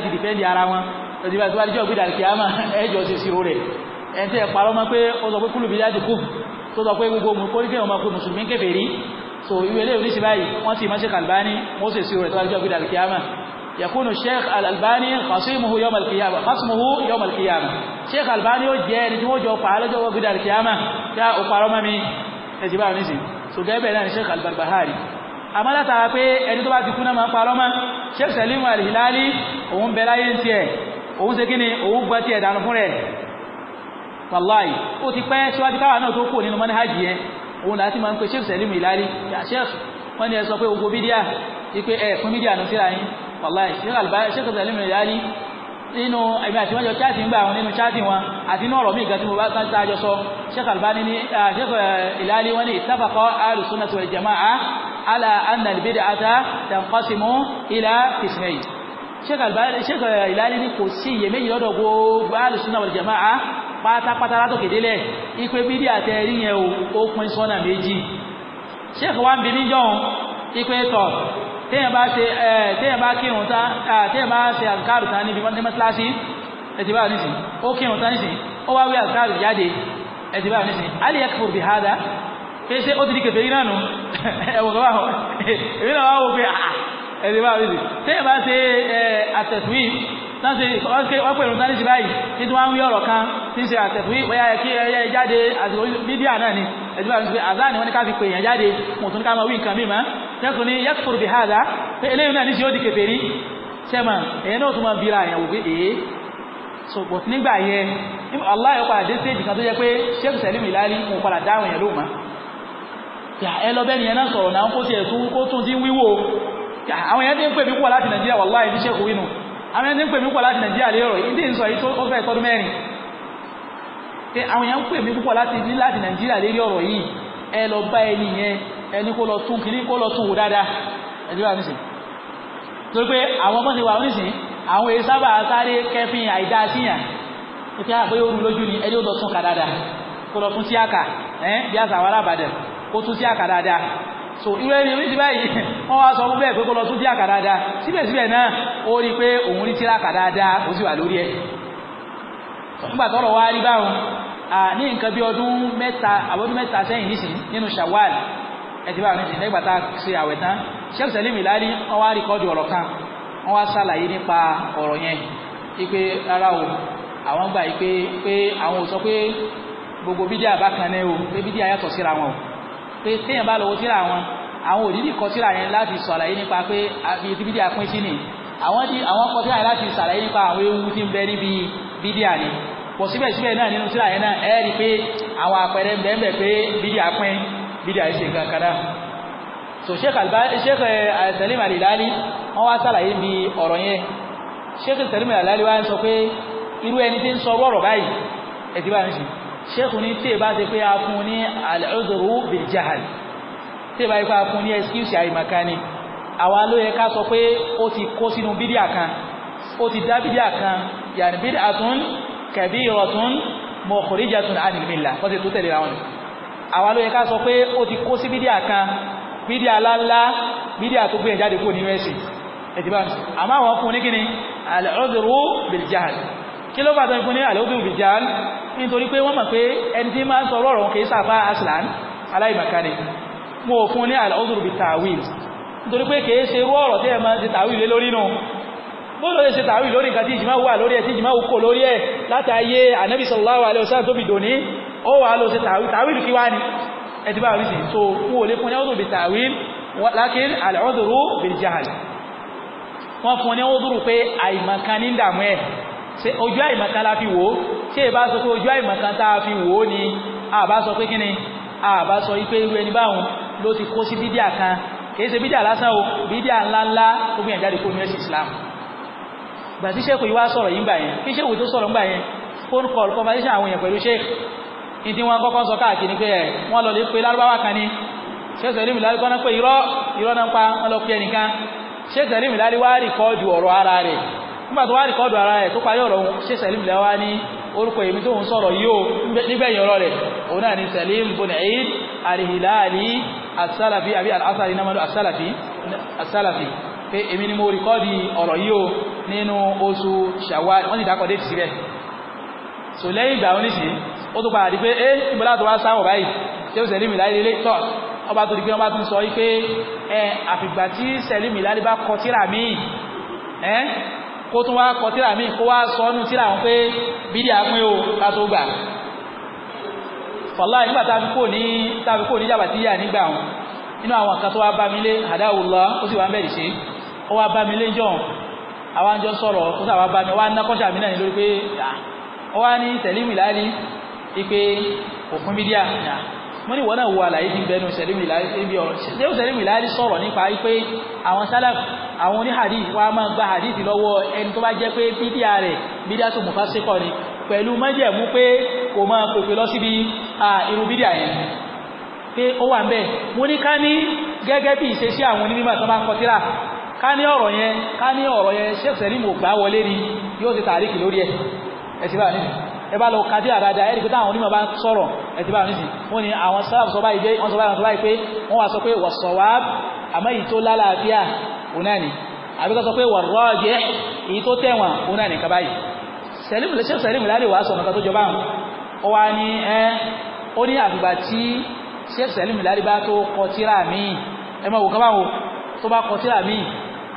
kàlùbá ní tòtí bá ìtòwádìí jọ gbé dàrí kìámà ẹjọ́ ṣe ṣírò rẹ̀ ẹni tí ẹ parọ́ mọ́ pé ó sọ pé kúlù bí láti kú tó sọ pé gbogbo mú kórìkì ọmọ pé mùsùlùmí kèfèrí so ìwé ilé oníṣẹ́ báyìí wọ́n ti mọ́ṣẹ́ kalbani wọ́n ṣe ṣírò rẹ̀ tòwádìí jọ gbé dàrí kìámà yakunu sheikh al-albani khasimuhu yawm al-qiyamah khasmuhu yawm al-qiyamah sheikh albani ó jẹ́ ẹni tí wọ́n jọ pa alọ́jọ́ wọ́n gbéra kìámà dá ó parọ́ mọ́ mi ẹ̀jẹ̀ tó bá ti kú òun ṣe kí ni òun gbọ́ tí ẹ̀ dànù fún rẹ̀ wàláì ó ti pẹ́ síwájú káwa náà tó kù nínú mọ́níhájì yẹn òun láti máa ń pe sheikh sẹ́límù ìlàrí sheikh wọ́n ní ẹ sọ pé gbogbo bídíà ipe ẹ̀ fún bídíà nù síra yín wàláì sheikh sẹ́límù ìlàrí nínú ẹ̀mí àti wọ́n jọ chaati ń gbà wọn nínú chaati wọn àti inú ọ̀rọ̀ mi ìgbà tí mo bá tán tá a jọ sọ sheikh albani ní sheikh ìlàlí wọn ní ittafaqa ahlus sunnah wal jamaa'ah ala anna al-bid'ata tanqasimu ila qismayn sheikh Al-Albani ní kò sí iyèméjì lọ́dọ̀ gbogbo alùsùnà wal jama'a pátápátá látòkè délẹ̀ ipe bídí àtẹ̀rí yẹn ó pín sọ́nà méjì sheikh wa ń bi níjọ́ ipe tọ̀ téèyàn bá ṣe téèyàn bá kírun tá téèyàn bá ṣe àkàrù tá níbi wọ́n ti mọ́tíláṣí ẹ̀tì bá nísìn ó kírun tá nísìn ó wá wí àkàrù jáde ẹ̀tì bá nísìn alì yakfur bi hada pé ṣé ó ti di kẹfẹ́ yìí náà nù ẹ̀wọ̀n kan wà wọ́n èmi náà wá wò pé àà ah, ẹ̀rí bá rí rí tẹ́yìn bá ṣe àtẹ̀sùwì tánṣe wọ́n pè ní tánṣe báyìí ní tí wọ́n ń wí ọ̀rọ̀ kan tí ń ṣe àtẹ̀sùwì bóyá ẹ̀kí ẹ̀yẹ jáde àsìkò mídíà náà ni ẹ̀jú bá rí pé àzá ni wọ́n ní ká fi pè yàn jáde mo tún ká máa wí nǹkan mímọ́ tẹ́kùn ní yẹ́kùrù bí hàdá pé eléyìí náà ní ṣe ó di kèfèrí sẹ́mà èyàn náà tún máa bira àyàn wò pé so but nígbà yẹn Allah yóò padà dé stage kan tó yẹ pé Sheikh Salim Ilali mo padà dáhùn yẹn lóòmà ẹ lọ bẹ́ẹ̀ àwọn èèyàn ti ń pè mí pọ̀ láti nàìjíríà wàláhì ní ṣẹ́kù wínú àwọn èèyàn ti ń pè mí pọ̀ láti nàìjíríà lérò ìdí ìsọ yìí ó fẹ́ tọdún mẹ́rin àwọn èèyàn ń pè mí púpọ̀ láti láti nàìjíríà lérí ọ̀rọ̀ yìí ẹ lọ bá ẹni yẹn ẹni kó lọ tún kiri kó lọ tún wò dáadáa ẹjọ́ àmì sìn tó pé àwọn ọmọ ti wà nísìn àwọn èyí sábà sáré kẹfìn àìdá síyàn ìfi àgbẹ̀ yóò rú lójú ni ẹni ó lọ tún kà dáadáa kó lọ tún tíákà ẹ bí àṣà àwọn alábàdàn kó tún tíákà dáadáa so irú ẹni oníṣẹ́ báyìí wọ́n wá sọ fún bẹ́ẹ̀ lọ tún tí àkà dáadáa síbẹ̀síbẹ̀ náà ó rí i pé òun rí tíra àkà dáadáa ó sì wà lórí ẹ̀ nígbà tọ́rọ̀ wá rí báwọn ní nǹkan bí ọdún mẹ́ta àbọ̀dún mẹ́ta sẹ́yìn nísìn nínú Shawwal ẹ ti báwọn nísìn lẹ́gbàá tá a ṣe àwẹ̀ tán Sheikh Salim Ilali wọ́n wá rìkọ́dù ọ̀rọ̀ kan wọ́n wá ṣàlàyé nípa ọ̀rọ̀ yẹn ipe rárá o àwọn gbà yìí pé àwọn ò sọ pé gbogbo bídíà bákan náà o pé bídíà yàtọ̀ síra wọn o pé téèyàn bá lọ́wọ́ síra wọn àwọn òdìdí kọ síra yẹn láti sọ àlàyé nípa pé ibi bídí àpín sí ni àwọn tí àwọn kọ síra yẹn láti sàlàyé nípa àwọn ewu tí ń bẹ níbi bídí àní pọ̀ síbẹ̀síbẹ̀ náà nínú síra yẹn náà ẹ rí i pé àwọn àpẹẹrẹ ń bẹ́ẹ̀ pé bídí àpín bídí àìsè kankan náà so sheikh albani sheikh salim alilali wọn wá sàlàyé bí ọ̀rọ̀ yẹn sheikh salim alilali wá sọ pé irú ẹni tí ń sọ ọ̀rọ̀ báyìí ẹ ti bá ń sìn ṣéèkù ní tí ìbá ti pé a fún ní al-udhru bil-jahl tí ìbá ipá fún ní excuse àìmọ̀ká ni àwa ló yẹ ká sọ pé ó ti kó sínú bídíà kan ó ti dá bídíà kan yàní bid'atun kabiratun mukhrijatun 'anil millah wọ́n ti tó tẹ̀lé ra wọn àwa ká sọ pé ó ti kó sí bídíà kan bídíà láńlá bídíà tó gbé ẹ̀ jáde kúrò nínú ẹ̀sìn àmọ́ àwọn fún ní kíni al-udhru bil kí ló bá tọ́ ikú ní àlóògùn ìbìjàn nítorí pé wọ́n mọ̀ pé ẹni tí máa ń sọ ọ̀rọ̀ kìí sàfá aslan aláìmọ̀kánì mo fún ní àlóògùn ìbì tàwíl nítorí pé kìí ṣe irú ọ̀rọ̀ tí ẹ máa ṣe tàwíl lé lórí nù bó ló ṣe tàwíl lórí nǹkan tí ìjìmá wà lórí ẹ tí ìjìmá kò lórí ẹ látàyé ànábì sallallahu alaihi wasallam tó fi dòní so fún olè fún ní ọdún bí tàwíl lákín àlọ́dúrú bí jahal wọ́n fún ní ọdún pé àìmọ̀kan ṣe ojú àìmọ̀kan la fi wò ó ṣé ìbá sọ pé ojú àìmọ̀kan tá a fi wò ó ni àbá sọ pé kíni àbá sọ pé irú ẹni báwọn ló ti kó sí bídíà kan kìí ṣe bídíà lásán o bídíà ńláńlá ó gbìyànjú jáde kó ní ẹ̀sìn Islam gbà tí ṣéèkù yìí wá sọ̀rọ̀ yìí gbà yẹn kí ṣéèkù tó sọ̀rọ̀ gbà yẹn phone call conversation àwọn èèyàn pẹ̀lú ṣéèkù ní tí wọ́n kọ́kọ́ sọ káàkiri pé ẹ̀ wọ́n lọ lè pe lárúbáwá kan ni ṣéèkù ẹ̀rí mìlárí kọ́ná pé irọ́ irọ́ náà pa wọ́n lọ pe ẹnìkan ṣéèkù ẹ̀rí mìlárí wá rìkọ́ọ̀dù ọ̀rọ̀ ara rẹ̀ nígbà tó wá rìkọ́dù ara ẹ̀ tó parí ọ̀rọ̀ òun ṣé Salim lẹ́wà ní orúkọ èmi tó ń sọ̀rọ̀ yóò nígbẹ̀yìn ọ̀rọ̀ rẹ̀ òun náà ni Salim bun Eid al-Hilali as-Salafi àbí al-Asari namadu as-Salafi as-Salafi pé èmi ni mo rìkọ́dì ọ̀rọ̀ yóò nínú oṣù Shawwal wọ́n ti dákọ̀ déètì síbẹ̀ so lẹ́yìn ìgbà oníṣì ó tó padà di kó tún wá kọ tíra míì kó wá sọ nù tíra wọn pé bídíà pín o ká tó gbà wàláhì nígbà tá a fi kò ní tá a fi kò ní jàbàtíyà nígbà wọn inú àwọn kan tó wá bá mi lé àdáwòlá ó sì wá ń ṣe ó wá bá mi lé jọ̀hún àwọn àjọ sọ̀rọ̀ ó sà wá bá mi wá ná kọ́ṣà mi náà ní lórí pé ó wá ní tẹ̀lé mi láàlí ipe òfin bídíà wọ́n ní wọ́n náà wo àlàyé ti bẹnu sẹ̀lẹ́mìláàrí sọ̀rọ̀ nípa pé àwọn sálàf àwọn oníhàdí wọ́n máa gba hadith lọ́wọ́ ẹni tó bá jẹ́ pé bídíà rẹ̀ bídíà tó mùfá sí ni pẹ̀lú májẹ̀mú pé kò máa pèpè lọ síbi irú bídíà yẹn pé ó wà ń bẹ̀ wọ́n ní ká ní gẹ́gẹ́ bí ìṣesí àwọn onímọ̀ tó bá ń kọ síra ká ní ọ̀rọ̀ yẹn ká ní ọ̀rọ̀ yẹn ṣẹ́fẹ̀ẹ́ ní mò gbá wọlé ni yóò ti ẹ bá lọ kàdí àdáda ẹ rí pé táwọn onímọ̀ bá ń sọ̀rọ̀ ẹ ti bá wọn nídìí wọn ni àwọn sọ́wọ́ sọ báyìí dé wọn sọ báyìí sọ báyìí pé wọn wá sọ pé wọ̀sọ̀ wá àmọ́ èyí tó lálàáfíà òun náà ni àbí ká sọ pé wọ̀rọ̀ jẹ́ èyí tó tẹ̀wọ̀n òun náà nìkan báyìí sẹ́límù lẹ́sẹ̀ sẹ́límù láde wàá bá tó kọ tíra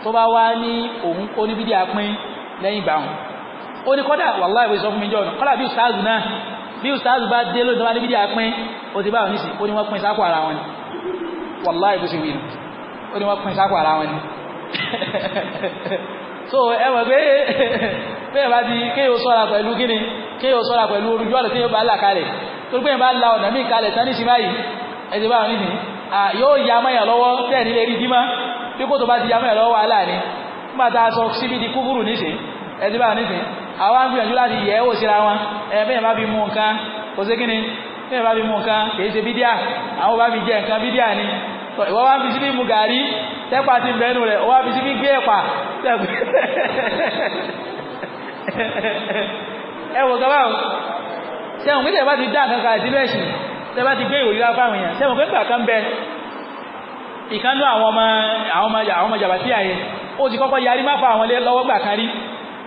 tó bá wá ní òun kó níbi díà pín lẹ́yìn ìgbà ó ní kọ́dà wàhálà ìwé sọ fún mi jọ ọ̀nà kọ́dà bí ustaazu náà bí ustaazu bá dé lónìí tó bá níbi díà pín ó ti báwọn nísì ó ní wọ́n pín sáko ara wọn ni wàhálà ìwé sì wí nù ó ní wọ́n pín sáko ara wọn ni so ẹ mọ̀ pé bẹ́ẹ̀ bá di kéèyàn sọ́ra pẹ̀lú kíni kéèyàn sọ́ra pẹ̀lú orújú ọ̀nà tí yóò bá là kalẹ̀ torí pé bá la ọ̀nà míì kalẹ̀ tán nísìnyí báyìí ẹ ti báwọn nísìnyí yóò ya mọ́yàn lọ́wọ́ tẹ́ẹ̀ nílé rí dímá bí kò tó bá ti ya mọ́yàn lọ́wọ́ wàhálà ni nígbà tá a sọ síbi di kúkúrú nísìnyí ẹtí bá nísìn àwa ń gbìyànjú láti yẹ̀ ẹ́wò síra wọn ẹ bẹ́ẹ̀ bá fi mú nǹkan kò sí kíni bẹ́ẹ̀ bá fi mú nǹkan kìí ṣe bídíà àwọn bá fi jẹ nǹkan bídíà ni ìwọ wá fi síbí mu gàrí tẹ́pà ti bẹ́nu rẹ̀ wá fi síbí gbé ẹ̀pà ẹ wò gaba o sẹ́wọ̀n pé tẹ̀bá ti dá kankan ìdílé ẹ̀sìn tẹ̀bá ti gbé ìwòrán fáwọn èèyàn sẹ́wọ̀n pé fa àwọn lọ́wọ́ gbà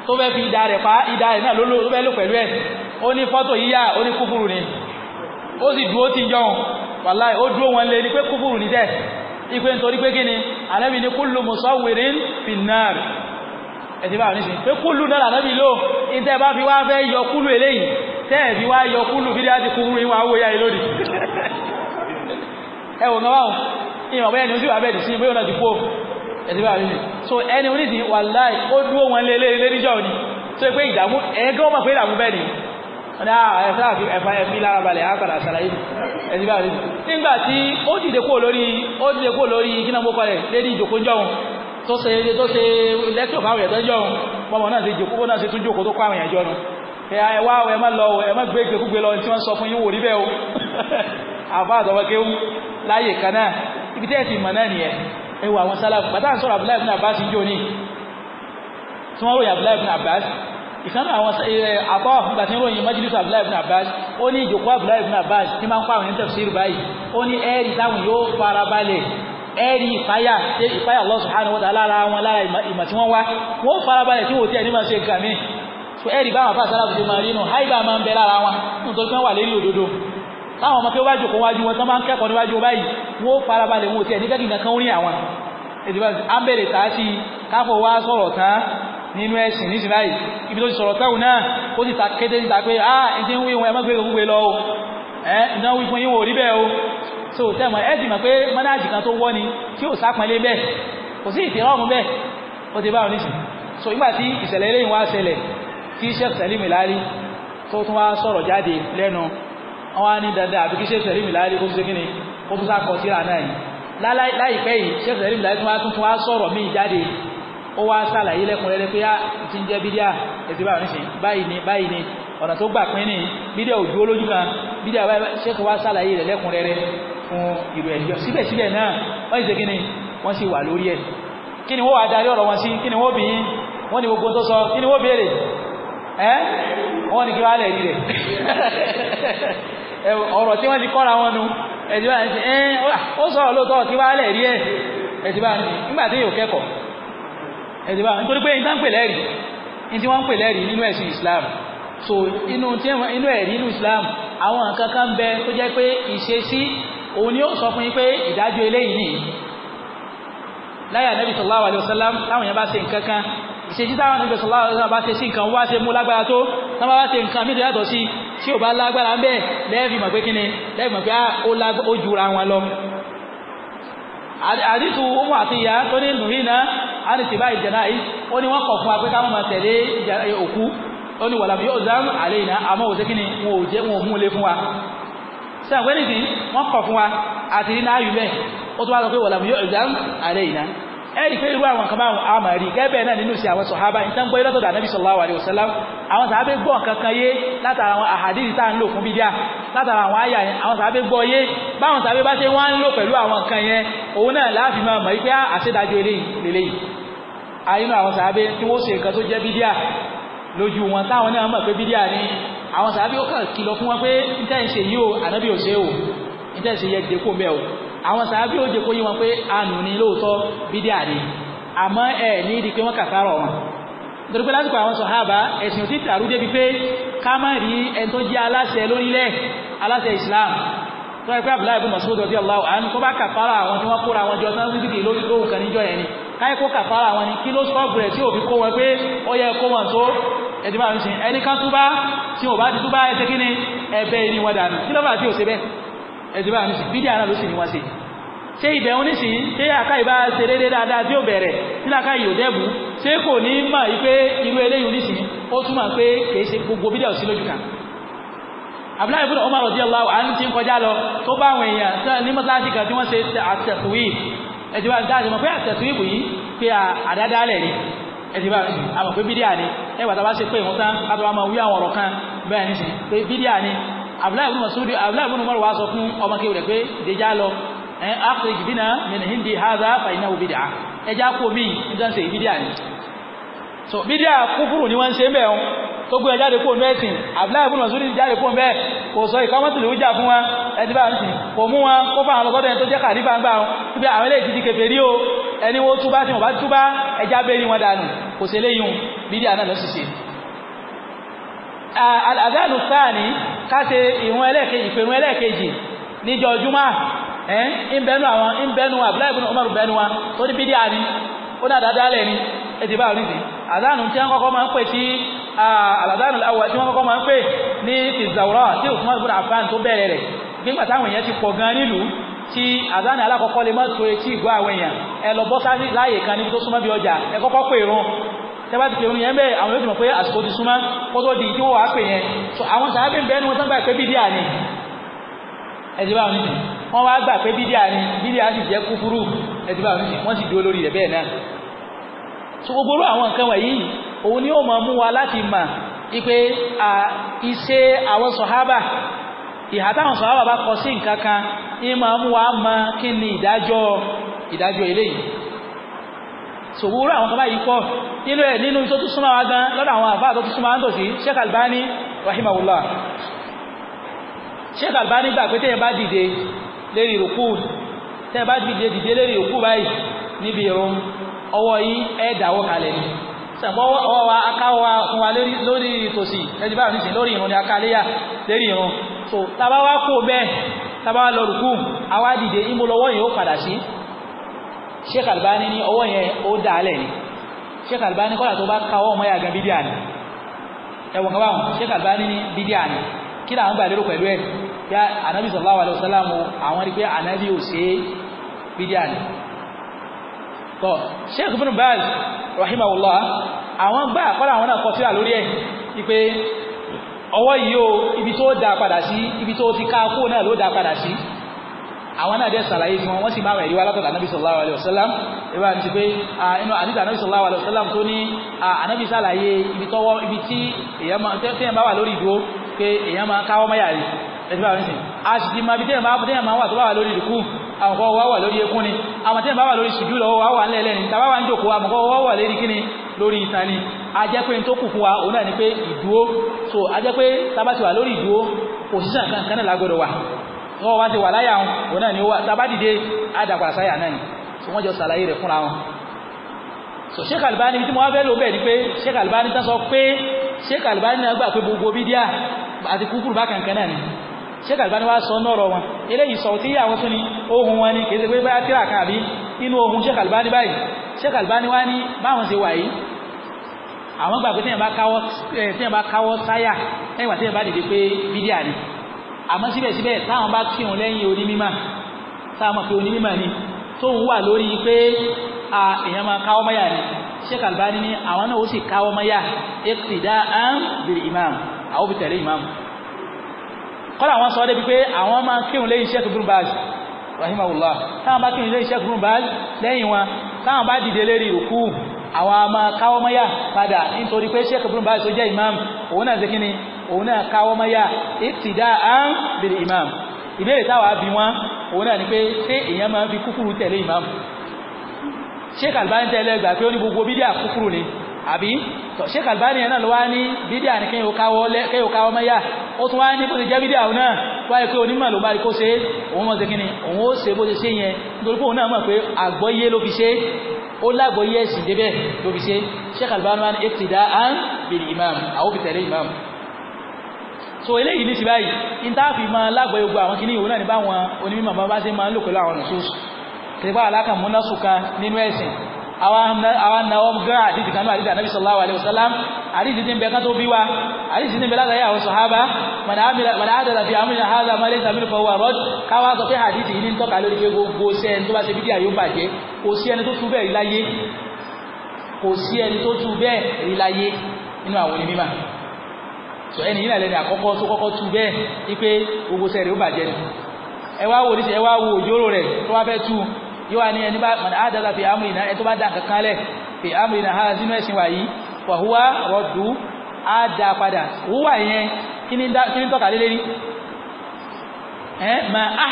tó fẹ́ fi ìdá rẹ̀ pa ìdá rẹ̀ náà lóló tó fẹ́ lò pẹ̀lú ẹ̀ ó ní fọ́tò yíyá ó ní kúfùrù ni ó sì dúró ti jọun wàláì ó dúró wọn lé ní pé kúfùrù ní tẹ̀ ipe nítorí pé kí ni ànábì ní kúlù musawwirin finnar ẹ̀sìn bá ní sí pé kúlù náà ànábì lò ìtẹ́ bá fi wá fẹ́ yọ kúlù eléyìí tẹ́ ẹ̀ fi wá yọ kúlù bí láti kúfùrù ìwà owó yá ìlódì ẹ̀wọ̀n kan báwọn ìwọ̀n bẹ́ẹ̀ ni ó sì wà bẹ́ẹ̀ sí ìwé ọ̀nà ti kú ẹ̀sìn so ẹni oníṣìí wàláì ó dúró wọn lé lé níjọ́ ni tó pé ìdààmú ẹ̀ẹ́gẹ́ wọ́n mọ̀ pé ìdààmú bẹ́ẹ̀ ni wọ́n ní ah, ẹ̀fẹ́ àfi ẹ̀fà ẹ̀fí lára balẹ̀ àkàrà àṣàlàyé ẹ̀sìn bá mi nígbà tí ó dìde kúrò lórí ó dìde kúrò lórí kí náà gbókọ̀ rẹ̀ lédi ìjòkójọ́ òun tó ṣe tó ṣe lẹ́kìọ̀ fáwọn ẹ̀tọ́ jọ òun mọ́mọ́ náà ṣe jòkó náà ṣe tún jòkó tó kọ́ àwọn ẹ̀jọ́ nu ẹ wá ẹ má lọ ẹ má gbé gbẹkúgbẹ lọ tí wọ́n sọ fún yín wò rí bẹ́ẹ̀ o àbá ẹwà àwọn sálàfù bàtà ń sọ̀rọ̀ Abdullahi ibn Abbas jò ní tí wọ́n ròyìn Abdullahi ibn Abbas ìkànnà àwọn àtọ́ ìgbà tí ń ròyìn májìlísù Abdullahi ibn Abbas ó ní ìjòkó Abdullahi ibn Abbas tí máa ń pàwọn ẹni tafsir báyìí ó ní ẹ́ẹ̀rì Allah subhanahu wa ta'ala lára wọn lára ìmọ̀ tí wọ́n wá wọ́n farabalẹ̀ tí wò tí ẹni máa ṣe nǹkan mi ẹ̀rí báwọn afáàsára fi ṣe máa rí nù háìbá máa ń táwọn ọmọ kí ó bá jòkó wájú wọn tán bá ń kẹ́kọ̀ọ́ níwájú wọn báyìí wọ́n farabalẹ̀ wọn ò tiẹ̀ ní kẹ́kì nǹkan orin àwọn ìdìbò ámbèrè tààṣì káfọ̀ wá sọ̀rọ̀ tán nínú ẹ̀sìn nísìn báyìí ibi tó ti sọ̀rọ̀ táwọn náà ó sì ta kété níta pé a ẹ̀ ti ń wí wọn ẹ̀ mọ́gbé gbogbo lọ o ẹ̀ ìdánwò ìpín yín wò rí bẹ́ẹ̀ o so tẹ́mọ̀ ẹ̀ sì mọ̀ pé mọ́nájì kan tó wọ́ ni tí ò sápẹ́lẹ́ bẹ́ẹ̀ kò sí ìtìrọ́ọ̀mù bẹ́ẹ̀ ó ti báwọn nísìn so ìgbà tí ìṣẹ̀lẹ̀ eléyìí wá ṣẹlẹ̀ tí Sheikh Salim Ilari tó tún wá sọ̀rọ̀ jáde lẹ́nu wọ́n wá ní dandan àbí kí ṣe sẹ̀rí mi láàrin kó tó ṣe kí ni kó tó sáà kọ síra náà yìí láìpẹ́ yìí ṣe sẹ̀rí mi láàrin tó tún wá sọ̀rọ̀ míì jáde ó wá sàlàyé lẹ́kùnrẹ́rẹ́ pé á ah, ti ń jẹ́ bídíà ètò ìbára níṣẹ́ báyìí ni báyìí ni ọ̀nà tó gbà pín ní bídíà òjú olójú kan bídíà báyìí ṣètò wá sàlàyé rẹ̀ lẹ́kùnrẹ́rẹ́ fún ìlú ẹ̀jọ́ síbẹ̀síbẹ̀ náà wọ́n ti ṣe kí ni wọ́n sì wà lórí ẹ̀ kí ni wọ́n wá darí ọ̀rọ̀ wọn sí kí ni wọ́n bìí wọ́n ni gbogbo tó sọ kí ni wọ́n béèrè ẹ́ wọ́n ní kí wọ́n lẹ̀ ọ̀rọ̀ tí wọ́n ti kọ́ra wọn nu ẹ̀dí bá ó sọ̀rọ̀ lóòótọ́ kí wọ́n lẹ̀ rí ẹ̀ ẹ̀dí bá yóò pé wọ́n Islam so inú be ẹ̀rí inú Islam àwọn nǹkan kan bẹ tó jẹ́ pé ni sọ fún yín pé ìdájọ́ eléyìí láyà yẹn ìṣèjì táwọn níbi sọlá ọ̀sán bá ṣe sí nǹkan wá ṣe mú lágbára tó náà bá ṣe nǹkan mí yàtọ̀ sí tí ò bá lágbára ń bẹ̀ lẹ́ẹ̀fì mọ̀ pé kíni lẹ́ẹ̀fì mọ̀ pé ah, ó jura wọn lọ. àdìsù ọmọ àti ìyá tó ní nùhínà àdìsù bá ìjẹ̀nà yìí ó ní wọ́n kọ̀ fún wa pé káwọn máa tẹ̀lé òkú ó ní wàlàmù yóò zám àlẹ́ ìná àmọ́ òṣè kíni wọn ò jẹ́ wọn ò mú lé fún wa. sẹ́wọ̀n pé nìsín wọ́n kọ̀ fún wa àti nínú ayù bẹ́ẹ̀ ó tún wá sọ pé wàlàmù yóò zám àlẹ́ ìná ẹ̀rí pé irú àwọn kama àmà rí gẹ́gẹ́ náà nínú sí àwọn sọ̀hábà ìtàn gbọ́ ilọ́tọ̀dà anábì sallallahu alaihi wasallam àwọn sàábé gbọ́ nǹkan kan yé látara àwọn àhàdìrì tá à ń lò fún bídíà látara àwọn àyà yẹn àwọn sàábé gbọ́ yé báwọn sàábé bá ṣe wá ń lò pẹ̀lú àwọn nǹkan yẹn òun náà láàfin máa mọ̀ pé ah, àṣedájú eléyìí àyínú àwọn sàábé tí wọ́n ṣe nǹkan tó jẹ́ bídíà lójú wọn táwọn náà mọ̀ àwọn sàábí ó jẹ́ kó yí wọn pé àánú ni lóòótọ́ bídíà ni àmọ́ ẹ̀ ní ìdí pé wọ́n kàfàrọ̀ wọn nítorí pé lásìkò àwọn sọ̀hábà ẹ̀sìn òtí tàrú débi pé ká má rí ẹni tó jẹ́ aláṣẹ lórílẹ̀ aláṣẹ Islam tó ẹgbẹ́ àbúlá ìbú Mas'ud radiyallahu anhu kó bá kàfàrà àwọn tí wọ́n kóra àwọn jọ tán síbi lórí lóhùn kan níjọ yẹn ni káyé kó kàfàrà àwọn ni kí ló sọ́ọ̀bù rẹ̀ tí òfin kó wọn pé ó yẹ kó wọn tó ẹ̀dínmọ̀ àrùn sí ẹnì kan túbá tí ò bá ti túbá ẹsẹ̀ kí ni ẹ̀bẹ̀ ìníwọ̀dà kí lọ́ba àti ẹ̀sìn báyìí nísìn bídíà náà ló sì ní wá sí ṣé ibẹ̀ ń nísìn ṣé àkáyì bá ṣe déédé dáadáa tí ó bẹ̀rẹ̀ nínú àkáyì ò dẹ́bu ṣé kò ní mà yí pé irú eléyìí nísìn ó túmọ̀ pé kìí ṣe gbogbo bídíà ò sí lójú kan abdullahi ibn umar radiyallahu anhu ti ń kọjá lọ tó bá àwọn èèyàn ní mọ́sálásí kan tí wọ́n ṣe àtẹ̀tùwì ẹ̀sìn báyìí ni ẹ̀sìn báyìí àmọ̀ pé bídíà ni ẹ̀wà tá a bá ṣe pé ìwọ̀n tán látọ̀ wá máa wí àwọn ọ̀rọ̀ kan bẹ́ẹ̀ ní sìn pé bídíà ni abdullahi ibn masudi abdullahi ibn umar wa sọ fún ọmọ kéwù rẹ̀ pé dèjà lọ ẹ akérè jìbìnà min hindi haza fàyínà òbí dà ẹjá kó mi nítorí ṣe ni so bídíà kúfùrù ni wọ́n ń ṣe ń bẹ̀ wọn tó gbé jáde kó nú ẹ̀sìn abdullahi ibn masudi jáde kó bẹ́ẹ̀ kò sọ ìkọ́mọ́tò lòún jà fún wa ẹni bá ń sìn kò mú wọn kó fáwọn ọlọ́sọ́dọ̀ ẹni tó ni wọn dànù kò sí eléyìí bídíà náà àdánù sáàní káṣe ìrún ẹlẹ́ẹ̀kejì ìpèrún ẹlẹ́ẹ̀kejì níjọ júmọ́ ẹ̀ ìbẹ̀nu àwọn ìbẹ̀nu Abdullahi ibn Umar bẹ̀nu wa tó ní bídíà ni ó náà dáadáa lẹ̀ ni ètò ìbá òní sí àdánù tí wọ́n kọ́kọ́ máa ń pè tí àdánù láwọ̀ tí wọ́n kọ́kọ́ máa ń pè ní ìzàwúrọ̀ tí Usman ibn Affan tó bẹ̀rẹ̀ rẹ̀ nígbà táwọn èèyàn ti pọ̀ gan nílùú tí àdánù alákọ̀ọ́kọ́ lè má so etí ìgbọ́ àwọn èèyàn ẹ lọ bọ́ sáyé láàyè kan níbi tó súnmọ́ bí ọjà ẹ kọ́kọ́ pè rún tẹ́bá ti pèrún yẹn bẹ́ẹ̀ àwọn yóò ti pé àsìkò ti súnmọ́ kó di tí wọ́n wá pè yẹn so àwọn sàábì ń bẹ́ẹ̀ ni wọ́n tán gbà pé bídíà ni ẹ̀sìn báwọn nìyí wọ́n wá gbà pé bídíà ni bídíà sì jẹ́ kúfúrú ẹ̀sìn báwọn nìyí wọ́n sì dúró lórí rẹ̀ bẹ́ẹ̀ náà so gbogbo àwọn nǹkan wọ̀nyí òun ni ó máa mú wa láti mà ipe iṣẹ́ àwọn sọ̀hábà ìhà táwọn sọ̀hábà bá kọ sí nǹkan kan ní máa mú wa mọ kí ni ìdájọ́ ìdájọ́ eléyìí sòwúrò àwọn kọba yìí pọ̀ nínú ẹ̀ nínú tó tún súnmọ́ wa gan lọ́dọ̀ àwọn àfáà tó tún súnmọ́ àńtò sí Sheikh Albani rahimahullah Sheikh Albani gbà pé tẹ́yẹ bá dìde lérí ìrùkú tẹ́yẹ bá dìde dìde lérí ìrùkú báyìí níbi ìrun ọwọ́ yìí ẹ̀ dàwọ́ kalẹ̀ ni sẹ̀pọ̀ ọwọ́ wa akáwọ́ wa fún wa lórí ìtòsí ẹjì bá nìsìn lórí ìrun ni akáléyà lérí ìrun so tàbá kó bẹ́ẹ̀ tàbá lọ rùkú àwa dìde ìmúlọ́wọ́ yìí ó padà sí Sheikh Albani ní ọwọ́ yẹn ó dà á lẹ̀ ni Sheikh Albani kọ́lá tó bá ka ọwọ́ ọmọ yà gan bídíà ni ẹ̀wọ̀n kan báwọn Sheikh Albani ní bídíà ni kí làwọn gbà lérò pẹ̀lú ẹ̀ yá anabi sallallahu alayhi wa sallam àwọn rí pé anabi ò ṣe bídíà ni. Sheikh Ibn Baz rahimahullah àwọn gbà kọ́lá àwọn náà kọ síra lórí ẹ̀ ipe ọwọ́ yìí o ibi tó dáa padà sí ibi tó ti ká kó náà ló dáa padà sí àwọn náà dẹ́ sàlàyé fún wọn sì máa rẹ̀ ríwá látọ̀dọ̀ anábì sallallahu alaihi wasallam ìwà àti pé inú àdìsà anábì sallallahu alaihi wasallam tó ní anábì sàlàyé ibi tọ́wọ́ ibi tí èèyàn bá wà lórí ìdúró pé èèyàn máa káwọ́ mọ́yà rí ẹ̀sìn bá rí sìn a sì ti máa bí téèyàn máa wà tó wà lórí ìdúkú àwọn kan wá wà lórí ekún ni àwọn téèyàn bá wà lórí sùjú lọ́wọ́ wá wà ńlẹ̀ẹ́lẹ́ ni tàbá wà ń jòkó àwọn kan wá wà lórí kíni lórí ìtàn ni a jẹ́ pé tó kù fún wa òun náà ni pé ìdúró so a jẹ́ pé tábà wà lórí ìdúró òṣìṣẹ́ nǹkan kan náà lágbọ́dọ̀ wà wọ́n wá ṣe wà láyà wọn òun náà ni wà tábàdìde àdàpàdà sáyà náà ni so wọ́n jọ ṣàlàyé rẹ̀ fúnra wọn so Sheikh Albani tí mo wá fẹ́ lò bẹ́ẹ̀ ni pé Sheikh Albani tán sọ pé Sheikh Albani náà gbà pé gbogbo bídíà àti kúkúrú bá kankan náà ni Sheikh Albani wá sọ nọ́rọ̀ wọn eléyìí sọ tí àwọn tún ni ohun wọn ni kì pé bá tíra kan àbí inú ohun Sheikh Albani báyìí Sheikh Albani wá ní báwọn ṣe wà yìí àwọn gbà pé téèyàn bá káwọ́ eh, táyà lẹ́yìn wà téèyàn bá dìde pé bídíà ni àmọ́ síbẹ̀síbẹ̀ táwọn bá kírun lẹ́yìn onímímọ̀ táwọn mọ̀ pé onímímọ̀ ni tóun wà lórí pé èèyàn máa káwọ́ mọ́yà ni Sheikh Albani ní àwọn náà ó sì káwọ́ mọ́yà iqtida'an bil imam àwọn òbí tẹ̀lé imam kọ́lá àwọn sọ débi pé àwọn máa kírun lẹ́yìn Sheikh Ibn Baz rahimahullah táwọn bá kírun lẹ́yìn Sheikh Ibn Baz lẹ́yìn wọn táwọn bá dìde lérí rùkú àwọn imam òun náà ṣe òun náà káwọ́ mọ́yà ìtìdá àn bèrè imam ìbéèrè táwa bí wọn òun náà ni pé ṣé èèyàn máa ń fi kúkúrú tẹ̀lé imam sheikh albani tẹ́lẹ̀ gbà pé ó ní gbogbo bídíà kúkúrú ni àbí tọ̀ sheikh albani yẹn náà ló wá ní bídíà ni kéèyàn káwọ́ mọ́yà ó tún wá ní bó ti jẹ́ bídíà òun ẹ̀sìn débẹ̀ ló fi ṣe é wá ní ètìdá àn bèrè imam àwọn fi tẹ̀lé imam so eléyìí ní ti báyìí ìntàfi máa lágbàá gbogbo àwọn kìíní ìwòrán ní báwọn onímọ̀ bá bá sí máa ń lò pẹ̀lú àwọn nùsùsù tẹ̀lẹ́pá aláka múnásùka nínú ẹ̀sìn àwọn náwó gán àdìsí kanú àdìsí ànábì sallallahu alaihi wasallam àdìsí tí ń bẹ kán tó bí wa àdìsí tí ń bẹ látàrí àwọn sàhábà mọ̀nà àdàlà fi àmì àhàzà máa lẹ́sà mílùkọ̀ wà rọ́d káwá sọ pé àdìsí yìí ń tọ́ka lórí pé gbogbo sẹ́ni tó bá ṣe bídíà yóò bàjẹ́ kò sí ẹni tó tú bẹ́ẹ̀ rí láyé kò sí ẹni tó tú bẹ́ẹ̀ rí láyé nínú àwọn onímọ̀ sọ ẹni yìí lẹ́ni àkọ́kọ́ tó kọ́kọ́ tú bẹ́ẹ̀ wípé gbogbo sẹ́rẹ̀ ó bàjẹ́ ni ẹ wá wò níṣẹ́ ẹ wá wo òjòrò rẹ̀ tó wá fẹ́ tú yóò wá ní ẹni bá mọ̀nà àdáta fi amú ìná ẹ tó bá dá nǹkan kan lẹ̀ fi amú ìná ha sínú ẹ̀sìn wà yìí fọ̀húwá rọ̀dù á dá padà wúwà yẹn kí ni tọ́ka lé lérí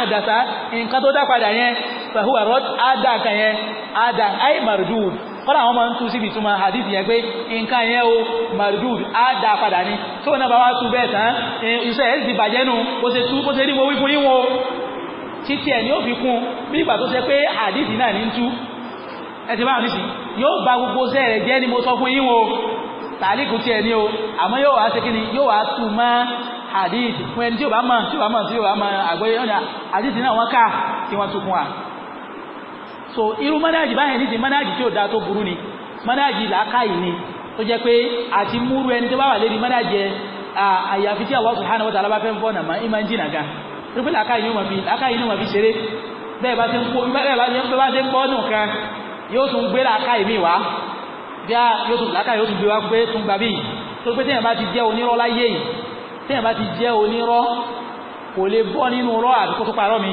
àdáta nǹkan tó dá padà yẹn fọ̀húwà rọ̀dù á dá nǹkan yẹn á dá áì màrúdùn kọ́lá àwọn máa ń tú síbi túmọ̀ hadith yẹn pé nǹkan yẹn o mardud á dá padà ni tó náà bá wá tú bẹ́ẹ̀ tán iṣẹ́ ẹ̀ ti bàjẹ́ nu bó ṣe tú bó ṣe rí mo wí fún yín wo títí ẹ̀ ni ó fi kún bí ìgbà tó ṣe pé hadith náà ní ń tú ẹ ti báwọn nísìn yóò ba gbogbo iṣẹ́ rẹ̀ jẹ́ ni mo sọ fún yín wo tàlíkù tiẹ̀ ni o àmọ́ yóò wá ṣe kí ni yóò wá tú mọ́ hadith fún ẹni tí ò bá mọ̀ tí ò bá mọ̀ tí ò bá mọ̀ àgbẹ̀yẹ̀ hadith náà wọ́n ká kí wọ́n tún fún so irú ma báyẹn ní ti mọ́nájì tí ò da tó burú ni mọ́nájì ni tó jẹ́ pé àti múrú ẹni tó bá wà lérí mọ́nájì ẹ àyàfi tí Allah subhanahu wa ta'ala fẹ́ ń fọ́ nàmá ìmọ̀ ń jìnà ga irú pé làákàyè ni wọ́n fi ṣeré bẹ́ẹ̀ bá ṣe ń pọ́ nù yóò tún gbé mi wá a yóò tún làákàyè yóò ti yìí ti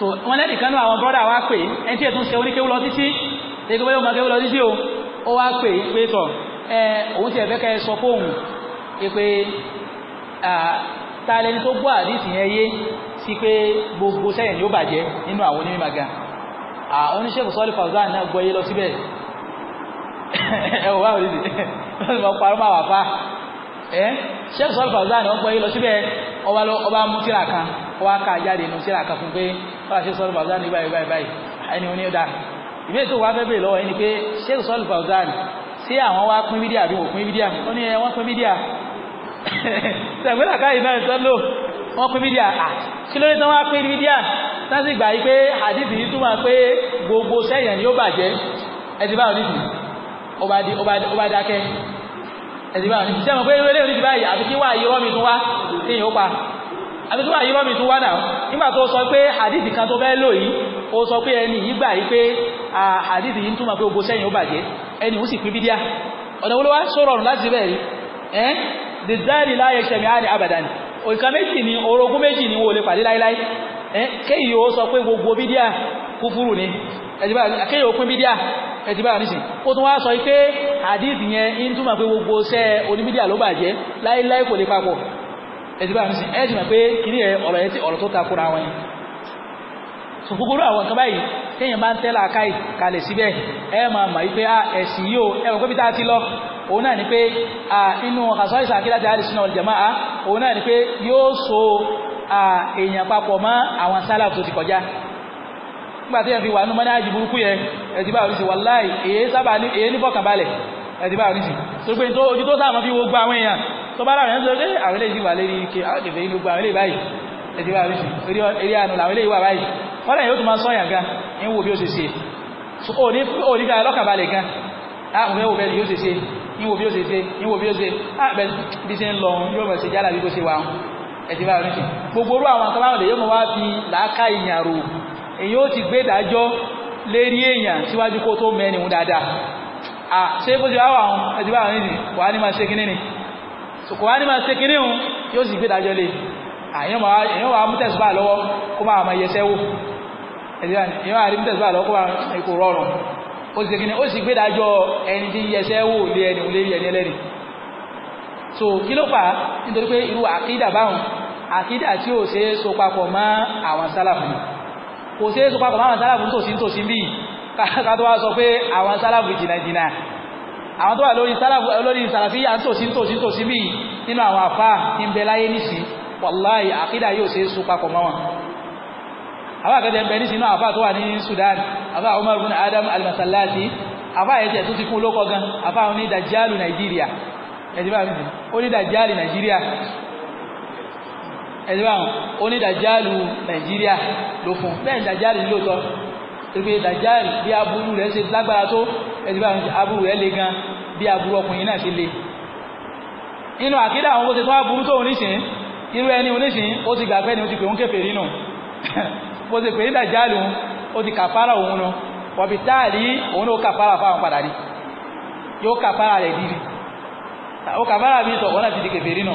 so wọn lẹ́nì kan náà àwọn brọ́dà wá pè ẹni tí ètò ń ṣe oníkéwú lọ títí ẹgbẹ́ bóyá ọmọ kéwú lọ títí o ó wá pè pé tọ̀ ẹ òun ti ẹ̀fẹ́ kẹ́ ẹ sọ fóun pé ta lẹni tó gbọ́ àdìsí yẹn yé sí pé gbogbo sẹ́yìn ni ó bàjẹ́ nínú àwọn onímọ̀ ga àwọn oníṣègùn sọ́ọ́lì fàwùzán náà gbọ́ yé lọ síbẹ̀ ẹwọ báwo lè lọ́sọ̀ bá parọ́ máa wà fá ẹ́ sheikh sọ́lù fàwùzán náà gbọ́ yé lọ síbẹ̀ ọba mú tíra kan ọba ká jáde nù tíra kan fún pé bá a ṣe sọ́ọ́lù fàwùzán ní báyìí báyìí báyìí ẹni wọn ni ó dá ìbéèrè tó wá fẹ́ bèèrè lọ́wọ́ ẹni pé ṣé sọ́ọ́lù fàwùzán ṣé àwọn wá pín bídíà àbí wò pín bídíà ó ní ẹ wọ́n pín bídíà ṣàgbélà káyìí náà sọ́ọ́lù wọ́n pín bídíà kí ló dé tán wá pín bídíà tán sì gbà yí pé àdìsí yìí túmọ̀ pé gbogbo sẹ́yìn ni ó bàjẹ́ ẹ ti bá òdìsí ó bá dákẹ́ ẹ ti bá òdìsí sẹ́wọ̀n pé eré òdìsí báyìí àfi kí wà yí rọ́mi tún wá téèyàn ó pa àbí tó wà yìí rọ́mì tó wá náà nígbà tó sọ pé hadithi kan tó fẹ́ lò yìí ó sọ pé ẹni yìí gbà yìí pé hadithi yìí ń túmọ̀ pé ogbó sẹ́yìn ó bàjẹ́ ẹni ó sì pín bídíà ọ̀nà wo ló láti bẹ̀rẹ̀ ni orogún méjì ni wọ́n lè pàdé láíláí ẹ́ kéyìí ó sọ pé gbogbo bídíà kúfúrú ni kéyìí ó pín bídíà ẹ̀tì báyìí nísìn ó tún wá sọ pé hadith yẹn ń túmọ̀ pé gbogbo sẹ́ oníbídíà ló bàjẹ́ láíláí kò lè papọ̀ ẹ̀sìn bá mi sìn ẹ̀sìn mọ̀ pé kìíní ẹ̀ ọ̀rọ̀ yẹn ti ọ̀rọ̀ tó ta kóra wọn yìí so kúkúrú àwọn nǹkan báyìí téèyàn bá ń tẹ́lá káì kalẹ̀ síbẹ̀ ẹ máa mọ̀ wípé ah, ẹ̀sìn yìí ó ẹ pé bí a ti lọ òun náà ni pé inú àṣọ ìsàn akíláta àdìsínà ọ̀jẹ̀má òun náà ni pé yóò so èèyàn papọ̀ mọ́ àwọn sálàfù tó ti kọjá nígbà tí ẹ fi wà ní mọ́nájì burúkú yẹn ẹ̀sìn bá oríṣi wàláì èyí sábà ní èyí nífọ̀kànbalẹ̀ ẹ̀sìn bá oríṣi tó ojú tó sáà mọ́ fi wo gba àwọn èèyàn tó bá láwọn ẹ̀ńsọ́ pé àwọn eléyìí sì wà lérí ike àwọn kẹfẹ́ ìlú gba àwọn eléyìí báyìí ẹ̀dí wà lóṣù eré àánú làwọn eléyìí wà báyìí kọ́lá yóò tún máa sọ́yàn gan ń wo bí ó ṣe ṣe ó ní ah, fẹ́ lọ́kàbalẹ̀ gan àwọn ẹ̀wò bẹ́ẹ̀ yóò ṣe ṣe ń wo bí ó ṣe ṣe ń wo bí ó ṣe àbẹ̀ ah, bí ṣe ń lọ yóò mọ̀ ṣe yálà ah, ni sòkò wá ní máa ṣe kiri hùn yóò sì gbé dájọ́ lé èèyàn wà á mú tẹ̀sùbà lọ́wọ́ kó máa máa yẹsẹ́ wò èèyàn wà á rí mú tẹ̀sùbà lọ́wọ́ kó ó sì kíni so kí ló fà á nítorí pé irú àkídà báwọn àkídà tí ò ṣeé so papọ̀ mọ́ àwọn sálàfù kò ṣeé so papọ̀ mọ́ àwọn sálàfù tòsí tòsí bíi ká tó wá sọ pé àwọn sálàfù jìnnà jìnnà àwọn tó wà lórí lórí sàlàfíyà ntòsí ntòsí ntòsí bíi nínú àwọn àfa ìbẹ̀ láyé nìsí wàláì àkídà yóò ṣe é so papọ̀ mọ́ wọn. àwa àkẹ́tẹ̀ ńbẹ nìsí náà àfa tó wà ní Sudan àfa Umar bin Adam al-Masallati àfa yẹn tiẹ̀ tó ti kún lóko gan àfa òní dàjálù Nàìjíríà ẹ̀dí bá mi sìn òní dàjálù Nàìjíríà ẹ̀dí bá mi òní dàjálù Nàìjíríà ló fún bẹ́ẹ̀ dàjálù lóòótọ́ pé dàjáàlì bí aburú rẹ̀ ṣe lágbára tó ẹni bá aburú rẹ̀ le gan bí aburú ọkùnrin náà ṣe le inú àkídà àwọn kóse tó wá burú tó oníṣìn irú ẹni oníṣìn ó ti gbàgbẹ́ ni ó ti pè ń kẹfẹ́ nínú bó ṣe pè ní dàjáàlì òun ó ti kàfàrà òun nu wọ̀bí táàrí òun ló kàfàrà fáwọn padà rí yóò kàfàrà rẹ̀ dìrì ó kàfàrà bí sọ̀kọ́ náà ti di kẹfẹ́ nínú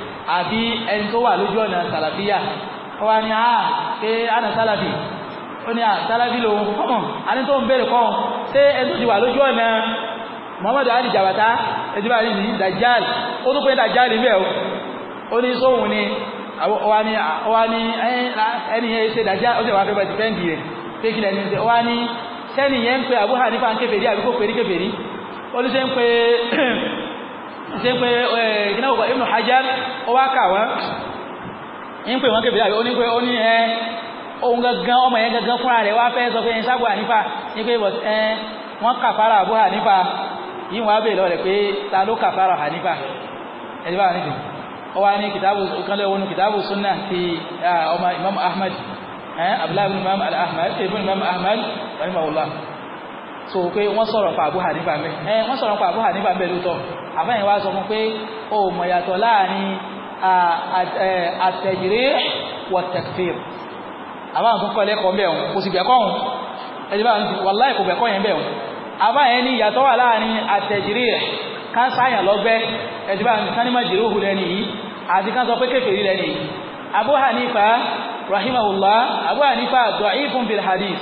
àbí ẹni tó wà lójú ọ̀nà sàlàfíà ó wá ní àá ah, pé àná sàlàfì ó ní à ah, sàlàfì lòun kọ́mọ̀ àní tó ń béèrè kọ́ ṣé ẹni tó ti wà lójú ọ̀nà Muhammad Ali Jabata ẹni tó bá rí ní dajjal ó tún pé dajjal níbẹ̀ o ó ní sóhun ni wá ní ẹni yẹn ṣe dajjal ó sì wá fẹ́ bá ti rẹ̀ pé kílẹ̀ ní ṣe wá ní sẹ́ni yẹn ń pe Abu Hanifa ń kèfèrí àbí kò pèrí kèfèrí ó ní ṣe ń ṣe pé ìgbìnà òkú Ibn Hajar ó wá kà wọ́n ń pè wọ́n kébìlà ó ní pé ó ní ẹ ohun gangan ọmọ yẹn gangan fúnra rẹ̀ wá fẹ́ sọ pé ẹni sábò Hanifa ní pé ẹ wọ́n kàfàrà Abu Hanifa yìí wọ́n á bèèrè lọ́rẹ̀ pé ta ló kàfàrà Hanifa ẹni bá nídìí ó wá ní kìtàbù ìkànlẹ̀ wọnú kìtàbù sunna ti ọmọ Imam Ahmad Abdullahi ibn Imam Ahmad ibn Imam Ahmad rahimahullah so pé wọ́n sọ̀rọ̀ pa Abu Hanifa mẹ́ ẹ wọ́n sọ̀rọ̀ pa Abu Hanifa mẹ́ lóòótọ́ àbáyẹn wá sọ fún pé o mọ̀ yàtọ̀ láàrin àtẹ̀jìrí wọ̀tẹ̀kfìr àbáyẹn tó kọ́ lẹ́kọ̀ọ́ bẹ̀ wọn kò sì bẹ̀kọ́ wọn ẹni bá wàláì kò bẹ̀kọ́ yẹn bẹ̀ wọn àbáyẹn ni yàtọ̀ wà láàrin àtẹ̀jìrí kan sáyàn lọ́gbẹ́ ẹni bá sánímà jìrí òhun lẹ́ni yìí àti kan sọ pé kéfèrí lẹ́ni yìí Abu Hanifa rahimahullah Abu Hanifa da'ifun bil hadith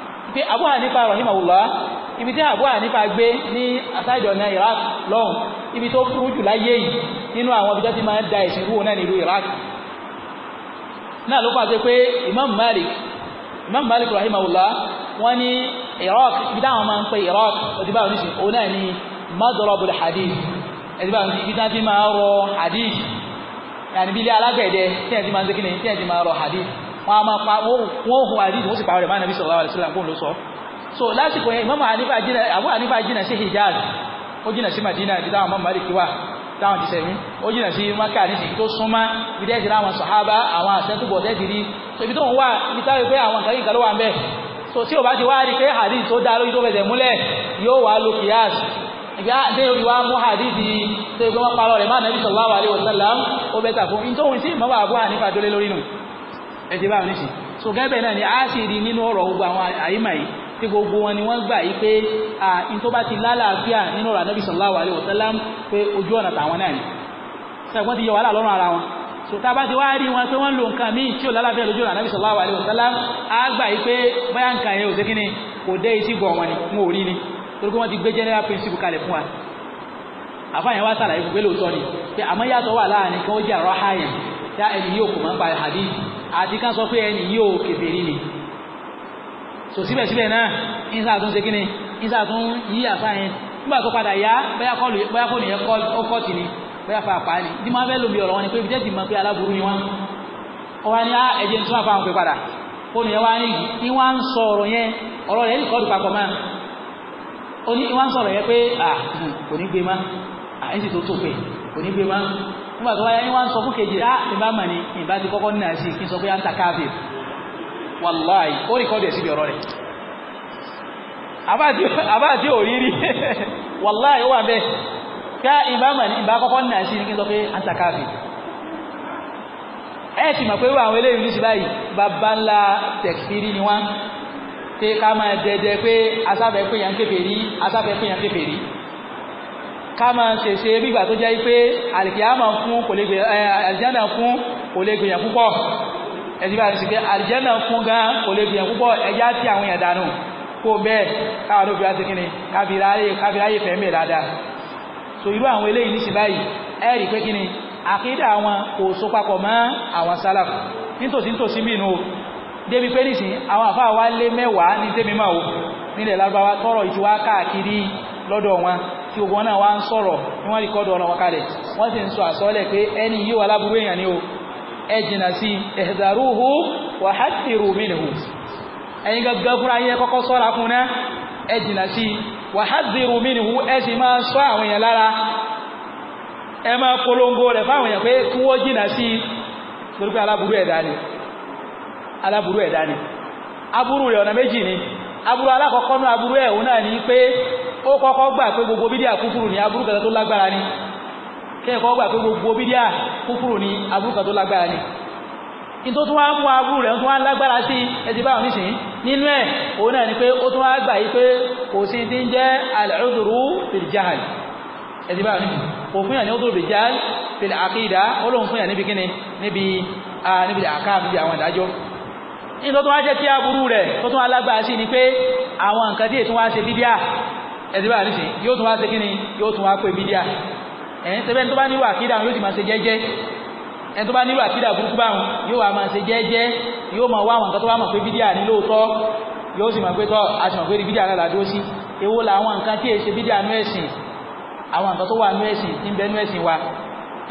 pé Abu Hanifa rahimahullah ibi tí Abu Hanifa gbé ní aside ọ̀nà Iraq lọ́hùn ibi tó kúrú jù láyé yìí nínú àwọn ibi tó ti máa ń da ẹ̀sìn rúwò náà nílùú Iraq náà ló pàṣẹ pé Imam Malik Imam Malik rahimahullah wọ́n ní Iraq ibi táwọn máa ń pe Iraq òdìbà oníṣẹ́ òun náà ní madrabul hadith ẹ̀dìbà ibi tí wọ́n ti máa ń rọ hadith yàní bí ilé alágbẹ̀dẹ tí ẹ̀ ti máa ń rọ hadith wọn a máa pa wọn ò hun àdìsí sì pàrọ̀ rẹ̀ máa nàbí sallallahu alaihi wasallam kó ló sọ so lásìkò yẹn Imam Hanifa jìnà Abu Hanifa jìnà sí Hijaz ó jìnà sí Madina ibi táwọn Imam Malik wà táwọn ti sẹ́yìn ó jìnà sí Maka ní ìsìnkú tó súnmọ́ ibi tẹ́sí láwọn sọ̀hábà àwọn àṣẹ́tùbọ̀ tẹ́sí rí so ibi tó ń wà ibi táwọn pé àwọn nǹkan kan so tí o bá ti wá rí pé hadith tó dá lórí tó fẹsẹ̀ múlẹ̀ yóò wá lo kiyas ìgbà tí o wá tó yẹ kó rẹ̀ má nàbí sallallahu alaihi wasallam ó bẹ́ta fún in tó ń sí ìmọ̀ Abu Hanifa dólé lórí nù ẹ ti níṣì so gẹ́gẹ́ náà ni a sì rí nínú ọ̀rọ̀ gbogbo àwọn àyímà yìí tí gbogbo wọn ni wọ́n gbà yí pé à n tó bá ti lálàáfíà nínú ọ̀rọ̀ anábì sallallahu alaihi wasallam pé ojú ọ̀nà tàwọn náà ni sẹ́gbọ́n ti yọ wàhálà lọ́rùn ara wọn so tá a bá ti wá rí wọn pé wọ́n lo nǹkan míì tí ò lálàáfíà lójú ọ̀nà anábì sallallahu alaihi wasallam á gbà yí pé báyà nǹkan yẹn ò sí kíni kò dé etí gbọ̀ wọn ni wọn ò rí ni torí pé wọ́n ti gbé general principle kalẹ̀ fún wa àfáàyàn wá sàlàyé fún lóòótọ́ ni pé àmọ́ yàtọ̀ wà láàrin kan ó jẹ́ àrọ́ háyàn dá ẹni yóò kò máa ń pa hadith àti ká sọ pé ẹni yóò kèfèrí ni so síbẹ̀síbẹ̀ náà ìsà tún ṣe kí ni ìsà tún yí àṣà yẹn nígbà tó padà yá bóyá kọ́ọ̀lù bóyá fóònù yẹn ó kọ́ọ̀tì ni bóyá fa àpá ni ìdí máa fẹ́ lómi ọ̀rọ̀ wọn ni pé ìdí ẹ̀sìn máa pé aláburú ni wọn ọwọ́ ni ẹ̀jẹ̀ ń tún àfa àwọn pé padà fóònù yẹn wá ní ní wá ń sọ ọ̀rọ̀ yẹn ọ̀rọ̀ rẹ̀ nìkọ́ọ̀dù papọ̀ máa ó ní wá ń sọ̀rọ̀ yẹn pé à kò ní gbé má à ń sì tó tó pé kò ní gbé má nígbà tó wáyé wá ń sọ fún kejì á ìbá mà ní ìbá ti kọ́kọ́ nínú àṣì kí n sọ pé à ń ta káfí wàláì ó rí kọ́dẹ̀ síbi ọ̀rọ̀ rẹ̀ àbáàdì òrírí wàláì ó wà bẹ́ẹ̀ ká ìbá mà ní ìbá kọ́kọ́ nínú àṣì kí n sọ pé à ń ta káfí ẹ ti mọ̀ pé wọ́n àwọn eléyìí ní sí báyìí ká máa ṣe ṣe bígbà tó jẹ́ pé àlìkìyàmà fún kò lè gbèyàn àlìjánà fún kò lè gbèyàn púpọ̀ ẹ̀sìn bá ti pé àlìjánà fún gan kò lè gbèyàn púpọ̀ ẹjá tí àwọn èèyàn kó bẹ́ẹ̀ káwọn ló fi wá sí kíni káfíráyè fẹ́mẹ̀ dáadáa so irú àwọn eléyìí níṣì báyìí ẹ rí pé kíni àkídà àwọn kò so papọ̀ mọ́ àwọn sálàf nítòsí nítòsí mìínú o débi wa lé mẹ́wàá ní tẹ́mi máa o nílẹ̀ wọn tí ogun náà wá ń sọ̀rọ̀ ní wọ́n rìkọ́dù ọ̀rọ̀ wọn kalẹ̀ wọ́n sì ń sọ àsọ́ọ́lẹ̀ pé ẹni yìí wà láburú èèyàn ni o ẹ jìnà sí ihdaruhu wa hadiru minhu ẹ̀yin gẹ́gẹ́ fúnra kọ́kọ́ sọ́ra fún náà sí wa hadiru minhu máa sọ àwọn èèyàn lára ẹ máa polongo rẹ̀ fáwọn èèyàn pé kí wọ́n jìnà sí torí pé ni aburú alákọ̀ọ́kọ́ náà aburú ẹ̀ òun náà ní pé ó kọ́kọ́ gbà pé gbogbo bídíà kúkúrú ni aburú kan tó lágbára ni kẹ́ẹ̀kọ́ gbà pé gbogbo bídíà kúkúrú ni aburú kan tó lágbára ni ìtò tó wá mú aburú rẹ̀ tó wá lágbára sí ẹ̀sìn báwọn nísìn nínú ẹ̀ òun náà ni pé ó tó wá gbà yí pé kò sí ti ń jẹ́ al-udhru fil jahl ẹ̀sìn báwọn nísìn òfin yà ní udhru fil jahl ó lóun fún yà níbi kíni níbi àkáàbí àwọn ìdájọ́ ní tó tún wá jẹ́ kí aburú rẹ̀ tó tún alágbára sí ni pé àwọn nǹkan tí ètò wá ṣe bídíà ẹ̀dínwá àdìsí yóò tún wá ṣe kíni yóò tún wá pé bídíà ẹ̀yìn tẹ́fẹ́ tó bá nílò àkídà yóò ti máa ṣe jẹ́jẹ́ ẹni tó bá nílò àkídà burúkú báwọn yóò wá máa ṣe jẹ́jẹ́ yóò máa wá àwọn nǹkan tó bá mọ̀ pé bídíà ní lóòótọ́ yóò sì máa pé tọ́ a sì máa pé bídíà náà làdó sí èwo làwọn nǹkan tí èṣe bídíà nú ẹ̀sìn àwọn nǹkan tó wà nú ẹ̀sìn tí ń bẹ nú ẹ̀sìn wa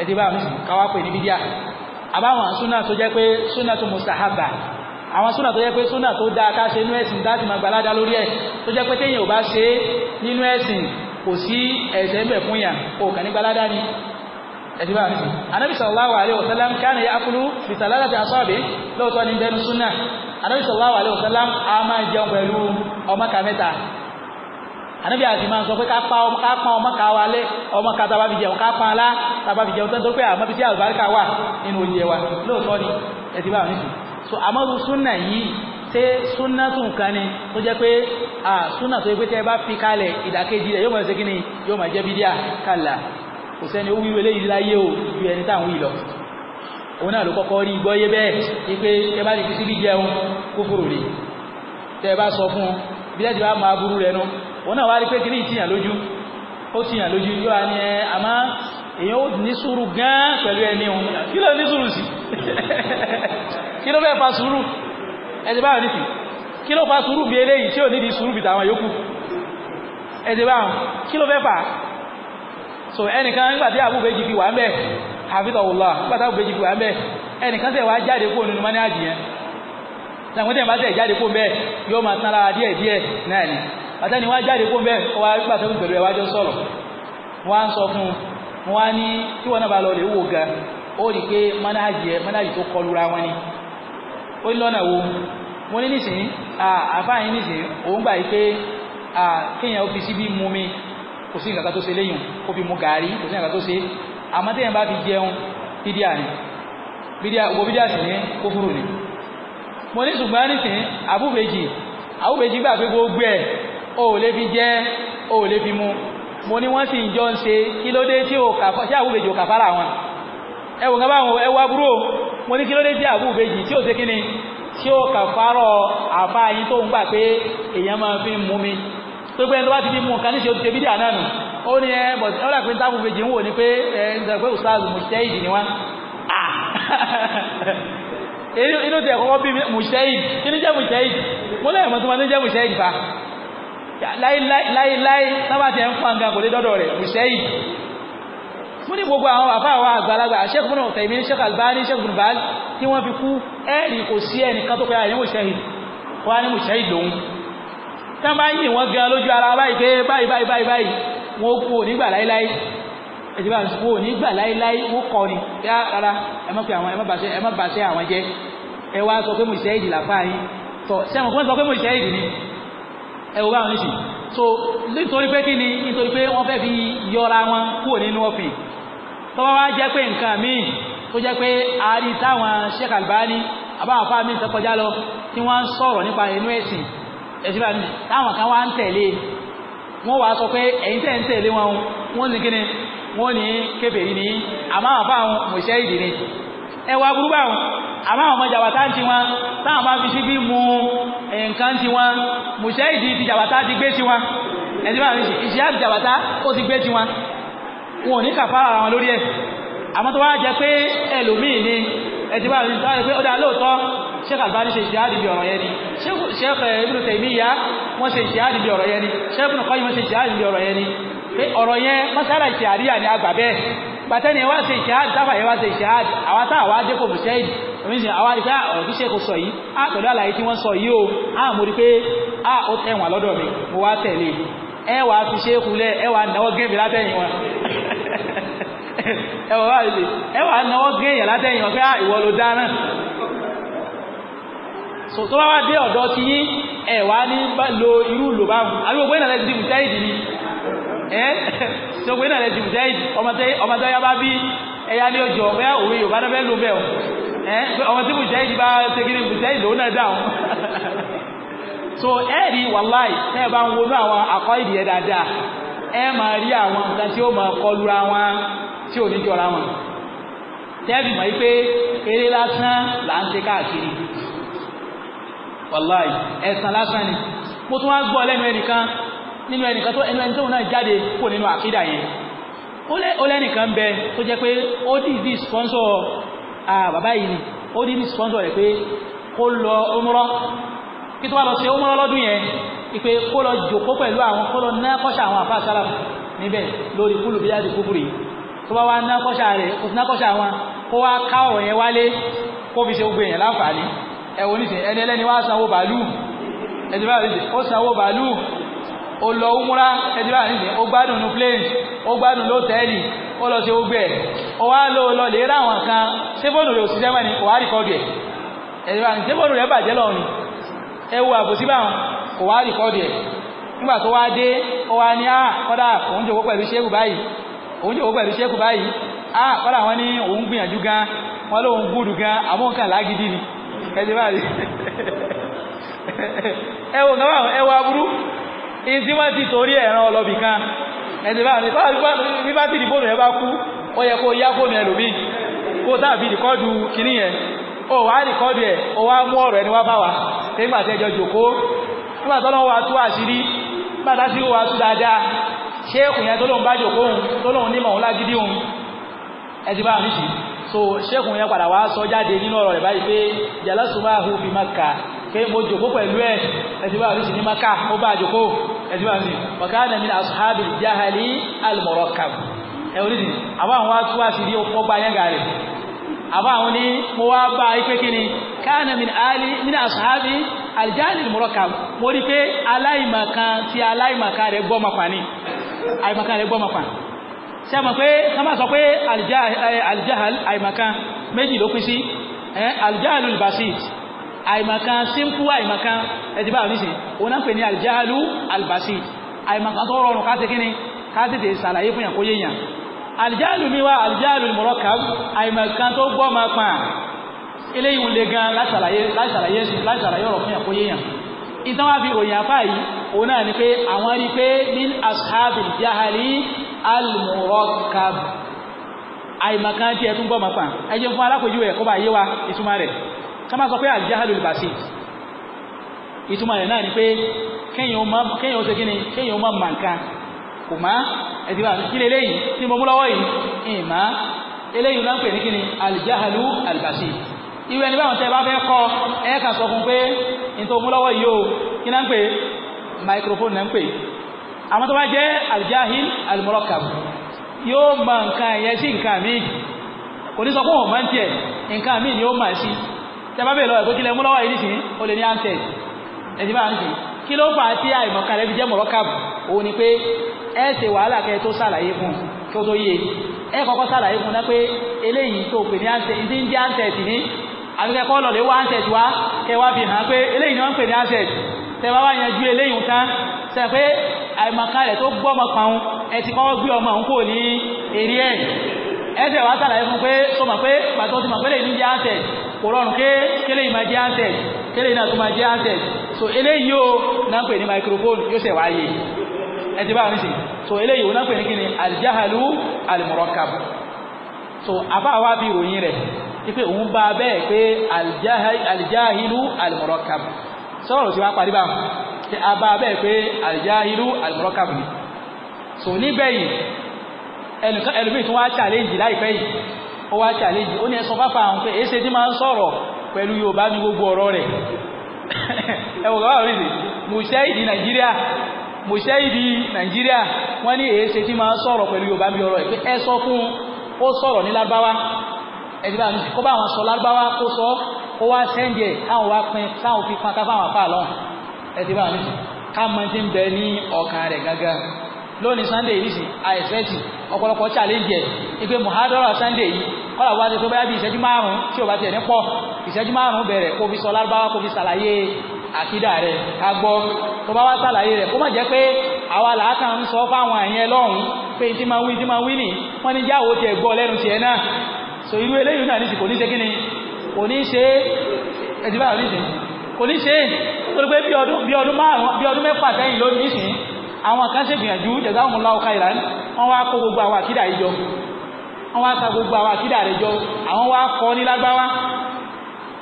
ẹ̀dínwá àdìsí káwá pè ní bídíà àbáwọn súnà tó jẹ́ pé súnà tó mustahaba àwọn súnà tó yẹ pé súnà tó dáa ká ṣe nínú ẹ̀sìn láti máa gbalada lórí ẹ̀ tó jẹ́ pé téèyàn ò bá ṣe nínú ẹ̀sìn kò sí ẹ̀ṣẹ̀ ń bẹ fún yàn kò kàn ní gbalada ni ẹ̀sìn bá mi. anabi sallallahu alayhi wa sallam kana ya'kulu fi salalati asabi lóòótọ́ ní dẹnu súnà anabi sallallahu alayhi wa sallam a máa jẹun pẹ̀lú ọmọ kà mẹ́ta anabi àti máa sọ pé ká pa ọmọ ká wa lé ọmọ ká tábà fi jẹun ká pa alá tábà fi jẹun ni ẹ̀sìn bá so àmọ́rú súnà yìí ṣé súnà tún kan ni tó jẹ́ pé à súnà tó yẹ pé tẹ́ bá fi kalẹ̀ ìdàkejì rẹ̀ yóò máa ṣe kí ni yóò máa jẹ́ bídíà kàlà kò sẹ́ni ó wí wẹlé yìí láyé o ju ẹni táwọn wí lọ òun náà ló kọ́kọ́ rí gbọ́ yé ni pé tẹ́ bá lè fi síbi jẹun kúfùrù rí tẹ́ bá sọ fún un bí lẹ́sìn ni ìtìyàn èyàn ó ní sùúrù gán pẹ̀lú ẹni ohun kí lọ ní sùúrù sí kí ló fẹ́ fa sùúrù ẹ̀sẹ̀ báwọn nìsí kí ló fa sùúrù bí eléyìí tí ò nídìí sùúrù bí tàwọn yòókù ẹ̀sẹ̀ báwọn kí ló fẹ́ fà so ẹnìkan nígbà tí àbúrò bèjì fi wà ń bẹ̀ àfitọ̀wòlá nígbà tí àbúrò bèjì fi wà ń bẹ̀ ẹnìkan tẹ̀ wá jáde kó nínú mọ́níàjì yẹn sàwọn tẹ̀ bá tẹ̀ jáde kó bẹ́ẹ̀ yóò máa tán lára díẹ̀ díẹ̀ náà ni àtẹ́ni wá jáde kó bẹ́ẹ̀ ó rí pé mọ́níàjì yẹn mọ́níàjì tó kọlura wọn ni ó lọ́nà wo mo ní nísìnyí àfáà yín nísìnyí òun gbà yí pé kéèyàn ó fi síbí mú mi kò sí nǹkan tó ṣe léyìn kó fi mu gàárì kò sí nǹkan tó ṣe àmọ́ téèyàn bá fi jẹun bídíà ni bídíà gbogbo bídíà sì ní kófúrò ni mo ní ṣùgbọ́n nísìnyí àbúbèjì àbúbèjì gbà pé gbogbo ẹ̀ o ò lè fi jẹ o ò lè fi mu mo ní wọ́n sì ń jọ ń ṣe kí ló dé tí àbúbèjì ò kàfàrà wọn ẹwọ nǹkan báwọn ẹwọ aburú mo ní kí ló dé tí àbú ìbejì tí ò ṣe kíni tí ó kà fárọ̀ àfa yín tó ń gbà pé èèyàn máa fi mú mi tó gbé ẹni tó bá ti fi mú nǹkan níṣẹ́ ṣe bídíà eh, eh, ni wá inú tẹ̀ kọ́kọ́ bí mujtahid kí ni jẹ́ mujtahid mo lẹ́yìn mọ́tò máa ń jẹ́ mujtahid fa láíláí láíláí sábà tẹ̀ ń mo ní gbogbo àwọn bàbá wa àgbàlagbà Sheikh Ibn Uthaymeen Sheikh Albani Sheikh Ibn Baz tí wọ́n fi kú ẹ̀rì kò sí ẹnìkan tó pẹ́yà níwò ṣẹ́hìn wá níwò ṣẹ́hìn lòun tán bá yìn wọ́n gan lójú ara báyìí pé báyìí báyìí báyìí báyìí wọ́n kú ò nígbà láíláí ẹ̀dí báyìí kú ò nígbà láíláí wọ́n kọ́ ni yá rárá ni ẹ wò so nítorí pé kí ni nítorí pé wọ́n fẹ́ fi yọra wọn kúrò nínú ọ̀fìn tọ́wọ́ wá jẹ́ pé nǹkan míì tó jẹ́ pé àárí táwọn Sheikh Albani àbáwọ̀fá mi tẹ́ kọjá lọ tí wọ́n ń sọ̀rọ̀ nípa inú ẹ̀sìn ẹ̀sìn báyìí táwọn kan wá ń tẹ̀lé e. wọ́n wá sọ pé ẹ̀yin tẹ̀ ń tẹ̀lé wọn wọ́n ní kíni wọ́n ní kébèrè ní àmọ́ àwọn fáwọn mọ̀ṣẹ́ ìdí ni ẹwà burúkú àwọn àmọ́ àwọn ọmọ jàbàtà ń ti wọn táwọn bá fi sí bí mu nǹkan ti wọn mọ̀ṣẹ́ ìdí ti jàbàtà ti gbé ti wọn ẹ̀sìn báyìí ìṣìyà ti jàbàtà ó ti gbé ti wọn wọn ò ní kàfàrà ara wọn lórí ẹ̀ àmọ́ tó wá jẹ́ pé ẹlòmíì ni ẹ̀tí bá rí sáré pé ó dá lóòótọ́ Sheikh Albani ṣe ìṣẹ́hàdì bí ọ̀rọ̀ yẹn ni Sheikh eh, Ibn Taymiyyah wọ́n ṣe ìṣẹ́hàdì bí ọ̀rọ̀ yẹn ni Sheikh Ibn Qayyim wọ́n ṣe ìṣẹ́hàdì bí ọ̀rọ̀ yẹn ni pé ọ̀rọ̀ yẹn mọ́sára ìṣẹ́hàdìyà ni àgbà bẹ́ẹ̀ pàtẹ́ni wá ṣe ìṣẹ́hàdì táfà yẹn wá ṣe ìṣẹ́hàdì àwa tá àwa dépò mùsẹ́yìn oníṣẹ́ àwa ìṣẹ́ ọ̀rọ̀ tí Sheikh sọ yìí á pẹ̀lú àlàyé tí wọ́n sọ yìí o á mú rí pé á ó tẹ̀wọ̀n lọ́dọ̀ mi mo wá tẹ̀lé e ẹ wà á fi ṣéèkù lẹ ẹ wà á náwó gẹ́gẹ́ látẹ̀yìn wọn ẹ wà lè ẹ náwó gẹ́gẹ́ látẹ̀yìn wọn pé ah, ìwọ ló dáná so tó bá wá dé ọ̀dọ̀ ti yín ẹ ní lo irú lò bá mu àbí gbogbo ìnàlẹ́ ti bùtẹ́ ìdì ni ẹ tó gbogbo ìnàlẹ́ ti bùtẹ́ ìdì ọmọ tó yá bá bí ẹ̀yà ni ọjọ́ bẹ́ẹ̀ òwe Yorùbá náà fẹ́ lò bẹ́ẹ̀ ọ ọmọ tí bùtẹ́ ìdì bá ṣe kí ni bùtẹ́ ìdì lòun náà dáhùn. so ẹ rí wàláì tẹ́ bá ń wọnú àwọn àkọ́ ìdí ẹ dáadáa ẹ máa rí àwọn nǹkan tí ó máa kọlura wọn tí ò ní jọra wọn tẹ́ẹ̀bì mọ̀ wípé eré lásán là ń ṣe káàkiri wàláì ẹ̀sán lásán ni mo tún wá gbọ́ lẹ́nu ẹnìkan nínú ẹnìkan tó ẹnu ẹni tóun náà jáde nínú àkídà sponsor bàbá yìí ni ó sponsor rẹ̀ pé kó lọ kí tó bá lọ ṣe ó mọ́rọ́ lọ́dún yẹn ìpè kó lọ jòkó pẹ̀lú àwọn kó lọ ná kọ́ṣà àwọn àfa sálà níbẹ̀ lórí kúlù bí láti kúkúrì tó bá wá ná kọ́ṣà rẹ̀ kó ná kọ́ṣà wọn kó wá ká ọ̀rọ̀ yẹn wálé kó fi ṣe gbogbo èèyàn láǹfààní ẹ̀wọ̀n nísìnyí ẹni ẹlẹ́ni wá sanwó bàálù ẹ̀dí bá rí ó sanwó bàálù ó lọ umra ẹ̀dí bá rí ó gbádùn nu plane ó gbádùn lótẹ́ẹ̀lì ó ẹwọ àbòsí báwọn kò wá rìkọ́dì ẹ̀ nígbà tó wá dé ó ní à ah, kọ́dà pẹ̀lú báyìí òun jòkó pẹ̀lú báyìí ah, kọ́dà wọn ni òun gbìyànjú gan wọn lóun gúdù gan àmọ́ nǹkan lágídí ni ẹ̀sìn báyìí ẹwọ ẹwọ aburú wọn ti torí kan bí bá ti bá kú ó yẹ kó ó wá rìkọ́dù ẹ̀ ó wá mú ọ̀rọ̀ ẹni wá bá wa nígbà tẹ́jọ jòkó nígbà tó wa tú àṣírí nígbà tá sí wa tú dáadáa ṣéèkù yẹn tó bá jòkó òun tó lóun nímọ̀ lágídí òun ẹ bá mi sí so ṣéèkù yẹn padà wá sọ jáde nínú ọ̀rọ̀ rẹ̀ báyìí pé jalasuma hu fi maka pé mo jòkó pẹ̀lú ẹ̀ ẹ ti bá mi sí ní maka ó bá jòkó ẹ ti bá mi sí wakana min asuhabi jahali almorokab ẹ àbá àwọn ní mo wá bá ipé kíni káàna min ali min ashabi aljani murakkab mo rí pé aláìmọ̀kan ti aláìmọ̀kan rẹ̀ gbọ́ mọ̀pá ni àìmọ̀kan rẹ̀ gbọ́ mọ̀pá ṣe mọ̀ pé sọ́mọ́ sọ pé aljahal eh, àìmọ̀kan méjì ló pín sí eh, aljahalul basit àìmọ̀kan simple àìmọ̀kan ẹ̀dìbà oníṣẹ́ òun náà pè ní aljahalu albasit àìmọ̀kan tó rọrùn ká tẹ́kíní ká àlìjáàlù mi wá àlìjáàlù murakkab àìmọ̀kan tó gbọ́ máa pa eléyìí ń le gan láṣàlàyé láṣàlàyé láṣàlàyé ọ̀rọ̀ fún ẹ̀kọ́ yéèyàn ìtàn wá fi ròyìn afá yìí òun náà ni pé àwọn rí pé min ashabil jahali al-murakkab àìmọ̀kan tí ẹ tún gbọ́ máa pa ẹ jẹ́ fún alákòjú ẹ̀kọ́ bá yé wa ìtumọ̀ rẹ̀ kò má ẹ̀dí bá kí lélẹ́yìn tí mo mú lọ́wọ́ yìí ìmá eléyìí náà ń pè ní kíni alìjáhalu alìbàṣì irú ẹni báwọn tẹ bá fẹ́ kọ́ ẹ kà sọ fún pé n tó mú yìí o kí náà ń pè microphone náà ń pè àwọn tó bá jẹ́ alìjáhil alìmọ́lọ́kàbù yóò mọ nǹkan ẹ̀yẹ sí nǹkan mi kò ní sọ pé òun máa ń tiẹ̀ nǹkan mi ni ó máa sí tẹ bá bèèrè lọ́wọ́ ìgbókí lẹ mú lọ́wọ́ yìí nìsín o lè ní àǹtẹ̀ ẹ̀dí bá ń sìn kí ló fà á tí àìmọ̀kan fi jẹ́ mọ̀lọ́kàbù òun ni pé ẹ ṣe wàhálà kẹ tó ṣàlàyé fún kí ó tó yé ẹ kọ́kọ́ ṣàlàyé fún náà pé eléyìí tó pè ní ansẹ̀ ní ń jẹ́ ansẹ̀ tì ní àbíkẹ́ kọ́ lọ̀lẹ́ wá ansẹ̀ wá kẹ wá fi hàn pé eléyìí ni wọ́n ń pè ní ansẹ̀ tẹ bá wá yanjú eléyìí tán sẹ pé àìmọ̀kan rẹ̀ tó gbọ́ ọmọ kan ẹ ti kọ́kọ́ gbé ọmọ òun kò ní eré ẹ̀ ẹ ṣe wá ṣàlàyé fún pé tó mọ̀ pé pàtó ti mọ̀ pé eléyìí ní jẹ́ ansẹ̀ kò rọrùn ké kéléyìí máa jẹ́ ansẹ̀ kéléyìí náà tó máa jẹ́ ansẹ̀ so eléyìí yóò náà pè ní microphone yóò ṣẹ̀ wáyé ẹ̀tí bá rìn sí so eléyìí wọn pè ní kí aljahalu almurakkab so àbá wa bí ìròyìn rẹ̀ ipe òun bá bẹ́ẹ̀ pé aljahilu almurakkab sọ́rọ̀ tí wọ́n parí bá ti a bá bẹ́ẹ̀ pé aljahilu almurakkab ni so níbẹ̀ yìí ẹlòmíì tún wá challenge láìpẹ́ yìí ó wá challenge ó ní ẹ̀sọ́ fáfá àwọn pé èsè tí máa ń sọ̀rọ̀ pẹ̀lú Yorùbá ní gbogbo ọ̀rọ̀ rẹ̀ ẹ̀wọ̀n kọ́ mùsẹ́ìdì nàìjíríà wọ́n ní èéṣe tí máa sọ̀rọ̀ pẹ̀lú yorùbá bí ọ̀rọ̀ ẹ̀ pé ẹ sọ fún ó sọ̀rọ̀ ní lárúbáwá ẹ̀dìbà mi kó bá àwọn sọ lárúbáwá kó sọ ó wá sẹ́ǹdì ẹ̀ káwọn wá pin káwọn fi pọn káfáwọn apá lọ́hùn ẹ̀dìbà mi ká mọ ti ń bẹ ní ọkàn rẹ̀ gángan lónìí sunday yìí sì àìsẹ́tì ọ̀pọ̀lọpọ̀ challenge ẹ̀ ipe muhadara sunday yìí kọ́lá wá ti pé báyà bí ìṣẹ́jú márùn-ún tí ò bá tiẹ̀ ní pọ̀ ìṣẹ́jú márùn-ún bẹ̀rẹ̀ kó fi sọ lárúbáwá kó fi ṣàlàyé àkídà rẹ̀ ká gbọ́ tó bá wá sàlàyé rẹ̀ kó má jẹ́ pé àwa làákà ń sọ fáwọn àyẹn lọ́hùn pé tí máa wí tí máa wí nì wọ́n ní jáwó tiẹ̀ gbọ́ lẹ́nu tiẹ̀ náà so irú eléyìí náà nísì kò ní ṣe kí ni kò ní ṣe ẹ̀dìbà nísì kò ní ṣe tó pé bí ọdún bí ọdún márùn bí ọdún mẹ́fà sẹ́yìn ló nísì àwọn kan ṣe gbìyànjú jẹ̀dáhùnmọ́lá ọkà ìlànà wọ́n wá kó gbogbo àwọn àkídà yìí jọ wọ́n wá sa gbogbo àwọn àkídà rẹ̀ jọ àwọn wá kọ́ ní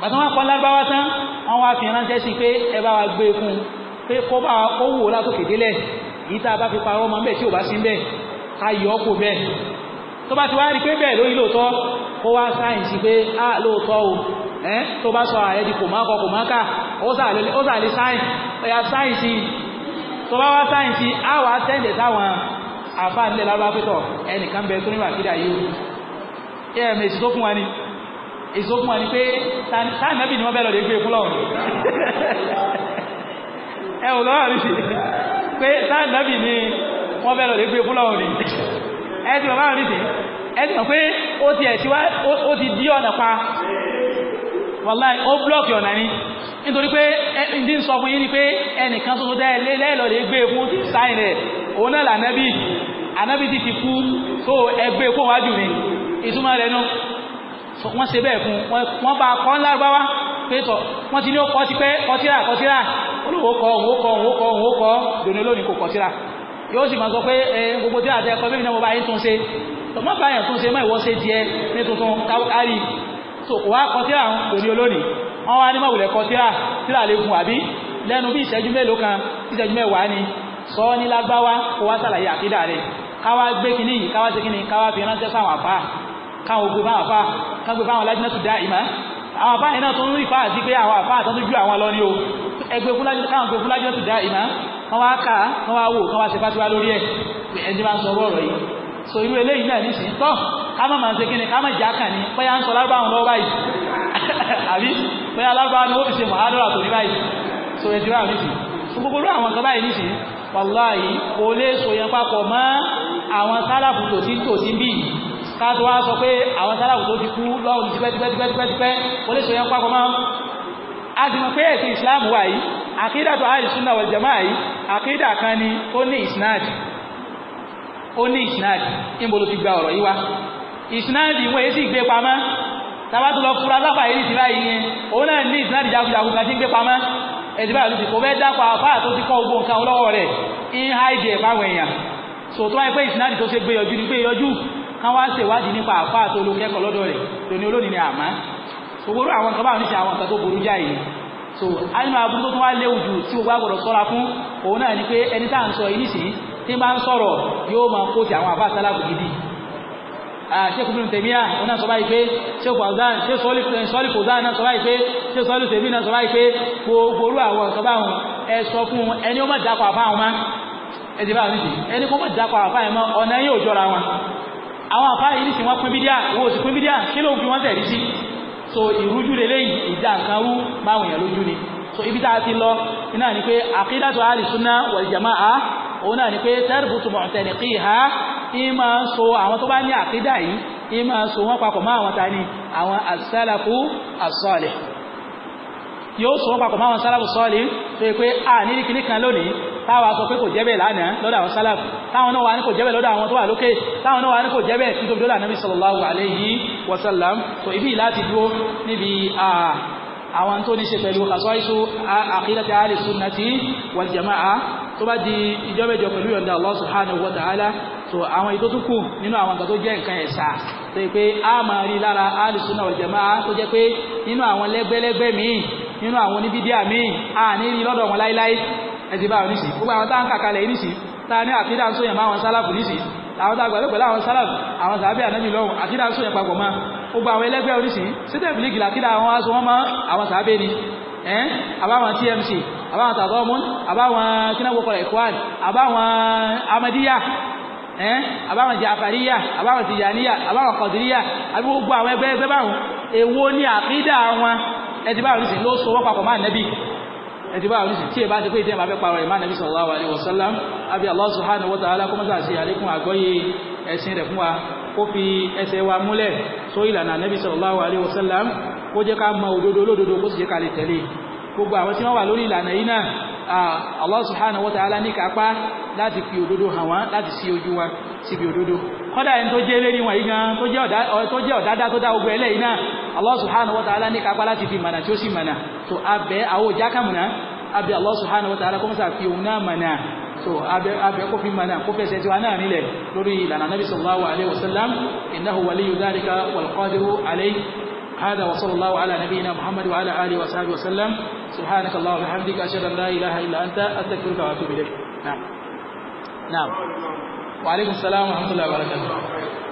bàtà wọn kọ́ lárúbáwá tán wọn wá fi ránṣẹ́ sí pé ẹ bá wa gbé e fún un pé kó bá kó wò ó látòkè délẹ̀ yìí tá a bá fi parọ́ ọmọ bẹ́ẹ̀ tí ò bá sí bẹ́ẹ̀ ká yọ ọ́ kó bẹ́ẹ̀ tó bá ti wá rí pé bẹ́ẹ̀ lórí lóòótọ́ kó wá sáyẹ̀nsì pé á lóòótọ́ o ẹ́ tó bá sọ ààrẹ di kòmákọ kòmáka ó sàlẹ̀ sáyẹ̀n ẹ̀yà sáyẹ̀nsì tó bá wá sáyẹ̀nsì á wà á tẹ́ǹdẹ̀ táwọn àfáà nílẹ̀ lárúbá pẹ́tọ̀ ẹnìkan bẹ tó níwà kídà èso fún wa ni pé táà nẹ́bì ni wọ́n bẹ́ẹ̀ lọ́dẹ̀ gbé e fún lọ́wọ́ ẹ ò lọ́wọ́ rí sí pé táà nẹ́bì ni wọ́n bẹ́ẹ̀ lọ́dẹ̀ gbé e fún lọ́wọ́ rí ẹ ti bàbá rí sí ẹ ti mọ̀ pé ó ti ẹ̀sí wá ó ti dí ọ̀nà pa wàláì ó blọ́ọ̀kì ọ̀nà ni nítorí pé ndí ń sọ fún yín ni pé ẹnìkan ṣoṣo dá ẹ lẹ́ẹ̀lọ́dẹ̀ gbé e fún sáìn rẹ̀ wọ́n ṣe bẹ́ẹ̀ fún wọ́n bá kọ́ ńlárúbáwá pétọ̀ wọ́n ti ní ó kọ́ ti pẹ́ kọtíra kọtíra olówó kọ òun ó kọ òun ó kọ òun ó kọ dòní lónìí kò kọtíra yóò sì máa sọ pé ẹ gbogbo tí àtẹ ẹkọ mímu náà mo bá yín tún ṣe tọmọ bá yàn tún ṣe mọ ìwọ ṣe tiẹ̀ ní tuntun kárí so kò wá kọtíra dòní olónìí wọ́n wá ní mọ̀wùlẹ̀ kọtíra tíra lè gun àbí lẹ́nu káwọn ògbé báwọn àfáà kágbé báwọn lájínátù dá ìmá àwọn àfáà yẹn náà tó ń rí fáà sí pé àwọn àfáà tó ń ju àwọn lọ ní o ẹgbẹ́ káwọn ògbé fún lájínátù dá ìmá wọ́n wá ká wọ́n wá wò wọ́n wá ṣe fásitì wá lórí ẹ̀ ẹni máa ń sọ ọ̀rọ̀ yìí so irú eléyìí náà ní sìn tọ́ ká má máa ń ṣe kí ni ká má jà kàn ní bóyá ń sọ lárúbáwọn lọ́wọ́ báyìí àbí bóyá lárúbáwọn ni wọ́n fi ṣe mọ̀hádọ́rà tó ní báyìí so ẹ̀ ti rà ní sìn fún gbogbo irú àwọn kan báyìí ní sìn wàláyìí kò lè so yẹn papọ̀ mọ́ àwọn sálàfù tòsí tòsí bíi káàtó wá sọ pé àwọn sálàwù tó ti kú lọ́rùn tipẹ́tipẹ́tipẹ́ oníṣòwò yẹn pápọ̀ máa a ti mọ̀ pé ẹ̀sìn islam wà yìí àkídà tó àìsí súnà wal jamaa yìí àkídà kan ni ó ní ìsìnáàdì ó ní ìsìnáàdì níbo ló ti gba ọ̀rọ̀ yìí wá ìsìnáàdì wọn èyí sì gbé pamọ́ tàbá tó lọ fura láfà yìí ti báyìí yẹn òun náà ní ìsìnáàdì jagunjagun kan tó ṣe gbé yọjú ni gbé yọjú kán wá ṣèwádìí nípa àfáà tó ló kẹ́kọ̀ọ́ lọ́dọ̀ rẹ̀ tó ní olónìí ni àmá gbogbo àwọn nǹkan báwọn ní ṣe àwọn nǹkan tó burú jáì ni so alima aburú tó tún wá léwu jù tí gbogbo agbọ̀dọ̀ sọ́ra fún òun náà ni pé ẹni tá à ń sọ yìí nìsín tí bá ń sọ̀rọ̀ yóò máa kó ti àwọn àfáà sálàbù gidi ṣéèkù bínú tèmíà òun náà sọ báyìí pé ṣéèkù azan ṣé sọ́ọ̀lì kò zan náà sọ báyìí pé ṣé sọ́ọ̀lì tèmí àfáà wọn ọ̀nà yóò jọra wọn àwọn àfáà yìí sì wọ́n pín bídíà wọ́n ò sì pín bídíà kí ló ń fi wọ́n tẹ̀lé sí so ìrújú lélẹ́yìn ìdá nǹkan rú báwọn èèyàn lójú ni so ibi tá a ti lọ iná ni pé àkídàtò àlìsúná wàlìjàmá a òun náà ni pé tẹ́rìbùtù mọ̀tẹ́nìkì ha ìmọ̀ so àwọn tó bá ní àkídà yìí ìmọ̀ so wọ́n papọ̀ mọ́ ta ni àwọn àsálàfù àsálẹ̀ yóò sọ papọ̀ máwọn sálàfù sọ́ọ̀lì tó yẹ pé a ní ní kìnnì kan lónìí táwa sọ pé kò jẹ́ bẹ́ẹ̀ lánàá lọ́dọ̀ àwọn sálàfù táwọn náà wà ní kò jẹ́ bẹ́ẹ̀ àwọn tó ní ṣe pẹ̀lú khasaisu aqidati ahli sunnati wal jama'a tó bá di ìjọ mẹ́jọ pẹ̀lú yọ̀ǹda Allah subhanahu wa ta'ala so àwọn ìdótúkù nínú àwọn nǹkan tó jẹ́ nǹkan ẹ̀sà tó yẹ pé a máa rí lára ahli sunnah wal jama'a tó jẹ́ pé nínú àwọn lẹ́gbẹ́lẹ́gbẹ́ míì nínú àwọn oníbídíà míì a ní rí lọ́dọ̀ wọn láíláí ẹ̀sì bá wọn nísì gbogbo àwọn tá ń kàkalẹ̀ gbogbo àwọn ẹlẹ́gbẹ́ oríṣi sítẹ̀bù lígì làkídà àwọn aṣọ wọn máa àwọn sàábé ni ẹ́n àbáwọn tmc àbáwọn tàbọ́mún àbáwọn kínáwókọ̀rẹ̀ kwan àbáwọn amadíyà ẹ́n àbáwọn jàfàríyà àbáwọn tìjàníyà àbáwọn kọ̀dìríyà àbí gbogbo àwọn ẹgbẹ́ ẹgbẹ́ báwọn èwo ni àkídà àwọn ẹtì báwọn oríṣi ló so wọ́pàpọ̀ máa nẹ́bí ẹtì báwo ní sì tí ẹ bá ti pé ìtẹ́ máa fẹ́ parọ́ ìmáà nàbí sallallahu alaihi wasallam àbí Allah subhanahu wa ta'ala kọ́mọ́sá sí àlékún àgọ́yé ẹ̀sìn rẹ̀ fún wa kó fi ẹsẹ̀ wa múlẹ̀ só ìlànà nàbí sallallahu alaihi wasallam kó jẹ́ ká wà lórí Allah subhanahu wa ta'ala ní kápá láti fi òdodo hàn wọ́n láti sí ojú wa síbi òdodo kọ́dà ẹni tó jẹ́ eléyìí wọ̀nyí gan tó jẹ́ ọ̀dádá tó dá ogun ẹlẹ́yìí náà Allah subhanahu wa ta'ala ní kápá láti fi mànà tí ó sì mànà tó abẹ́ àwọn òjá kàmùnà abẹ́ Allah subhanahu wa ta'ala kọ́mọ́sà fi òun náà mànà so abẹ abẹ kó fi mana kó fẹsẹ̀ tiwa náà nílẹ̀ lórí ìlànà nabi sallallahu alayhi wa sallam innahu waliyu dhalika wal qadiru هذا وصلى الله على نبينا محمد وعلى آله وصحبه وسلم سبحانك اللهم وبحمدك أشهد أن لا إله إلا أنت أستغفرك وأتوب إليك نعم نعم وعليكم السلام ورحمة الله وبركاته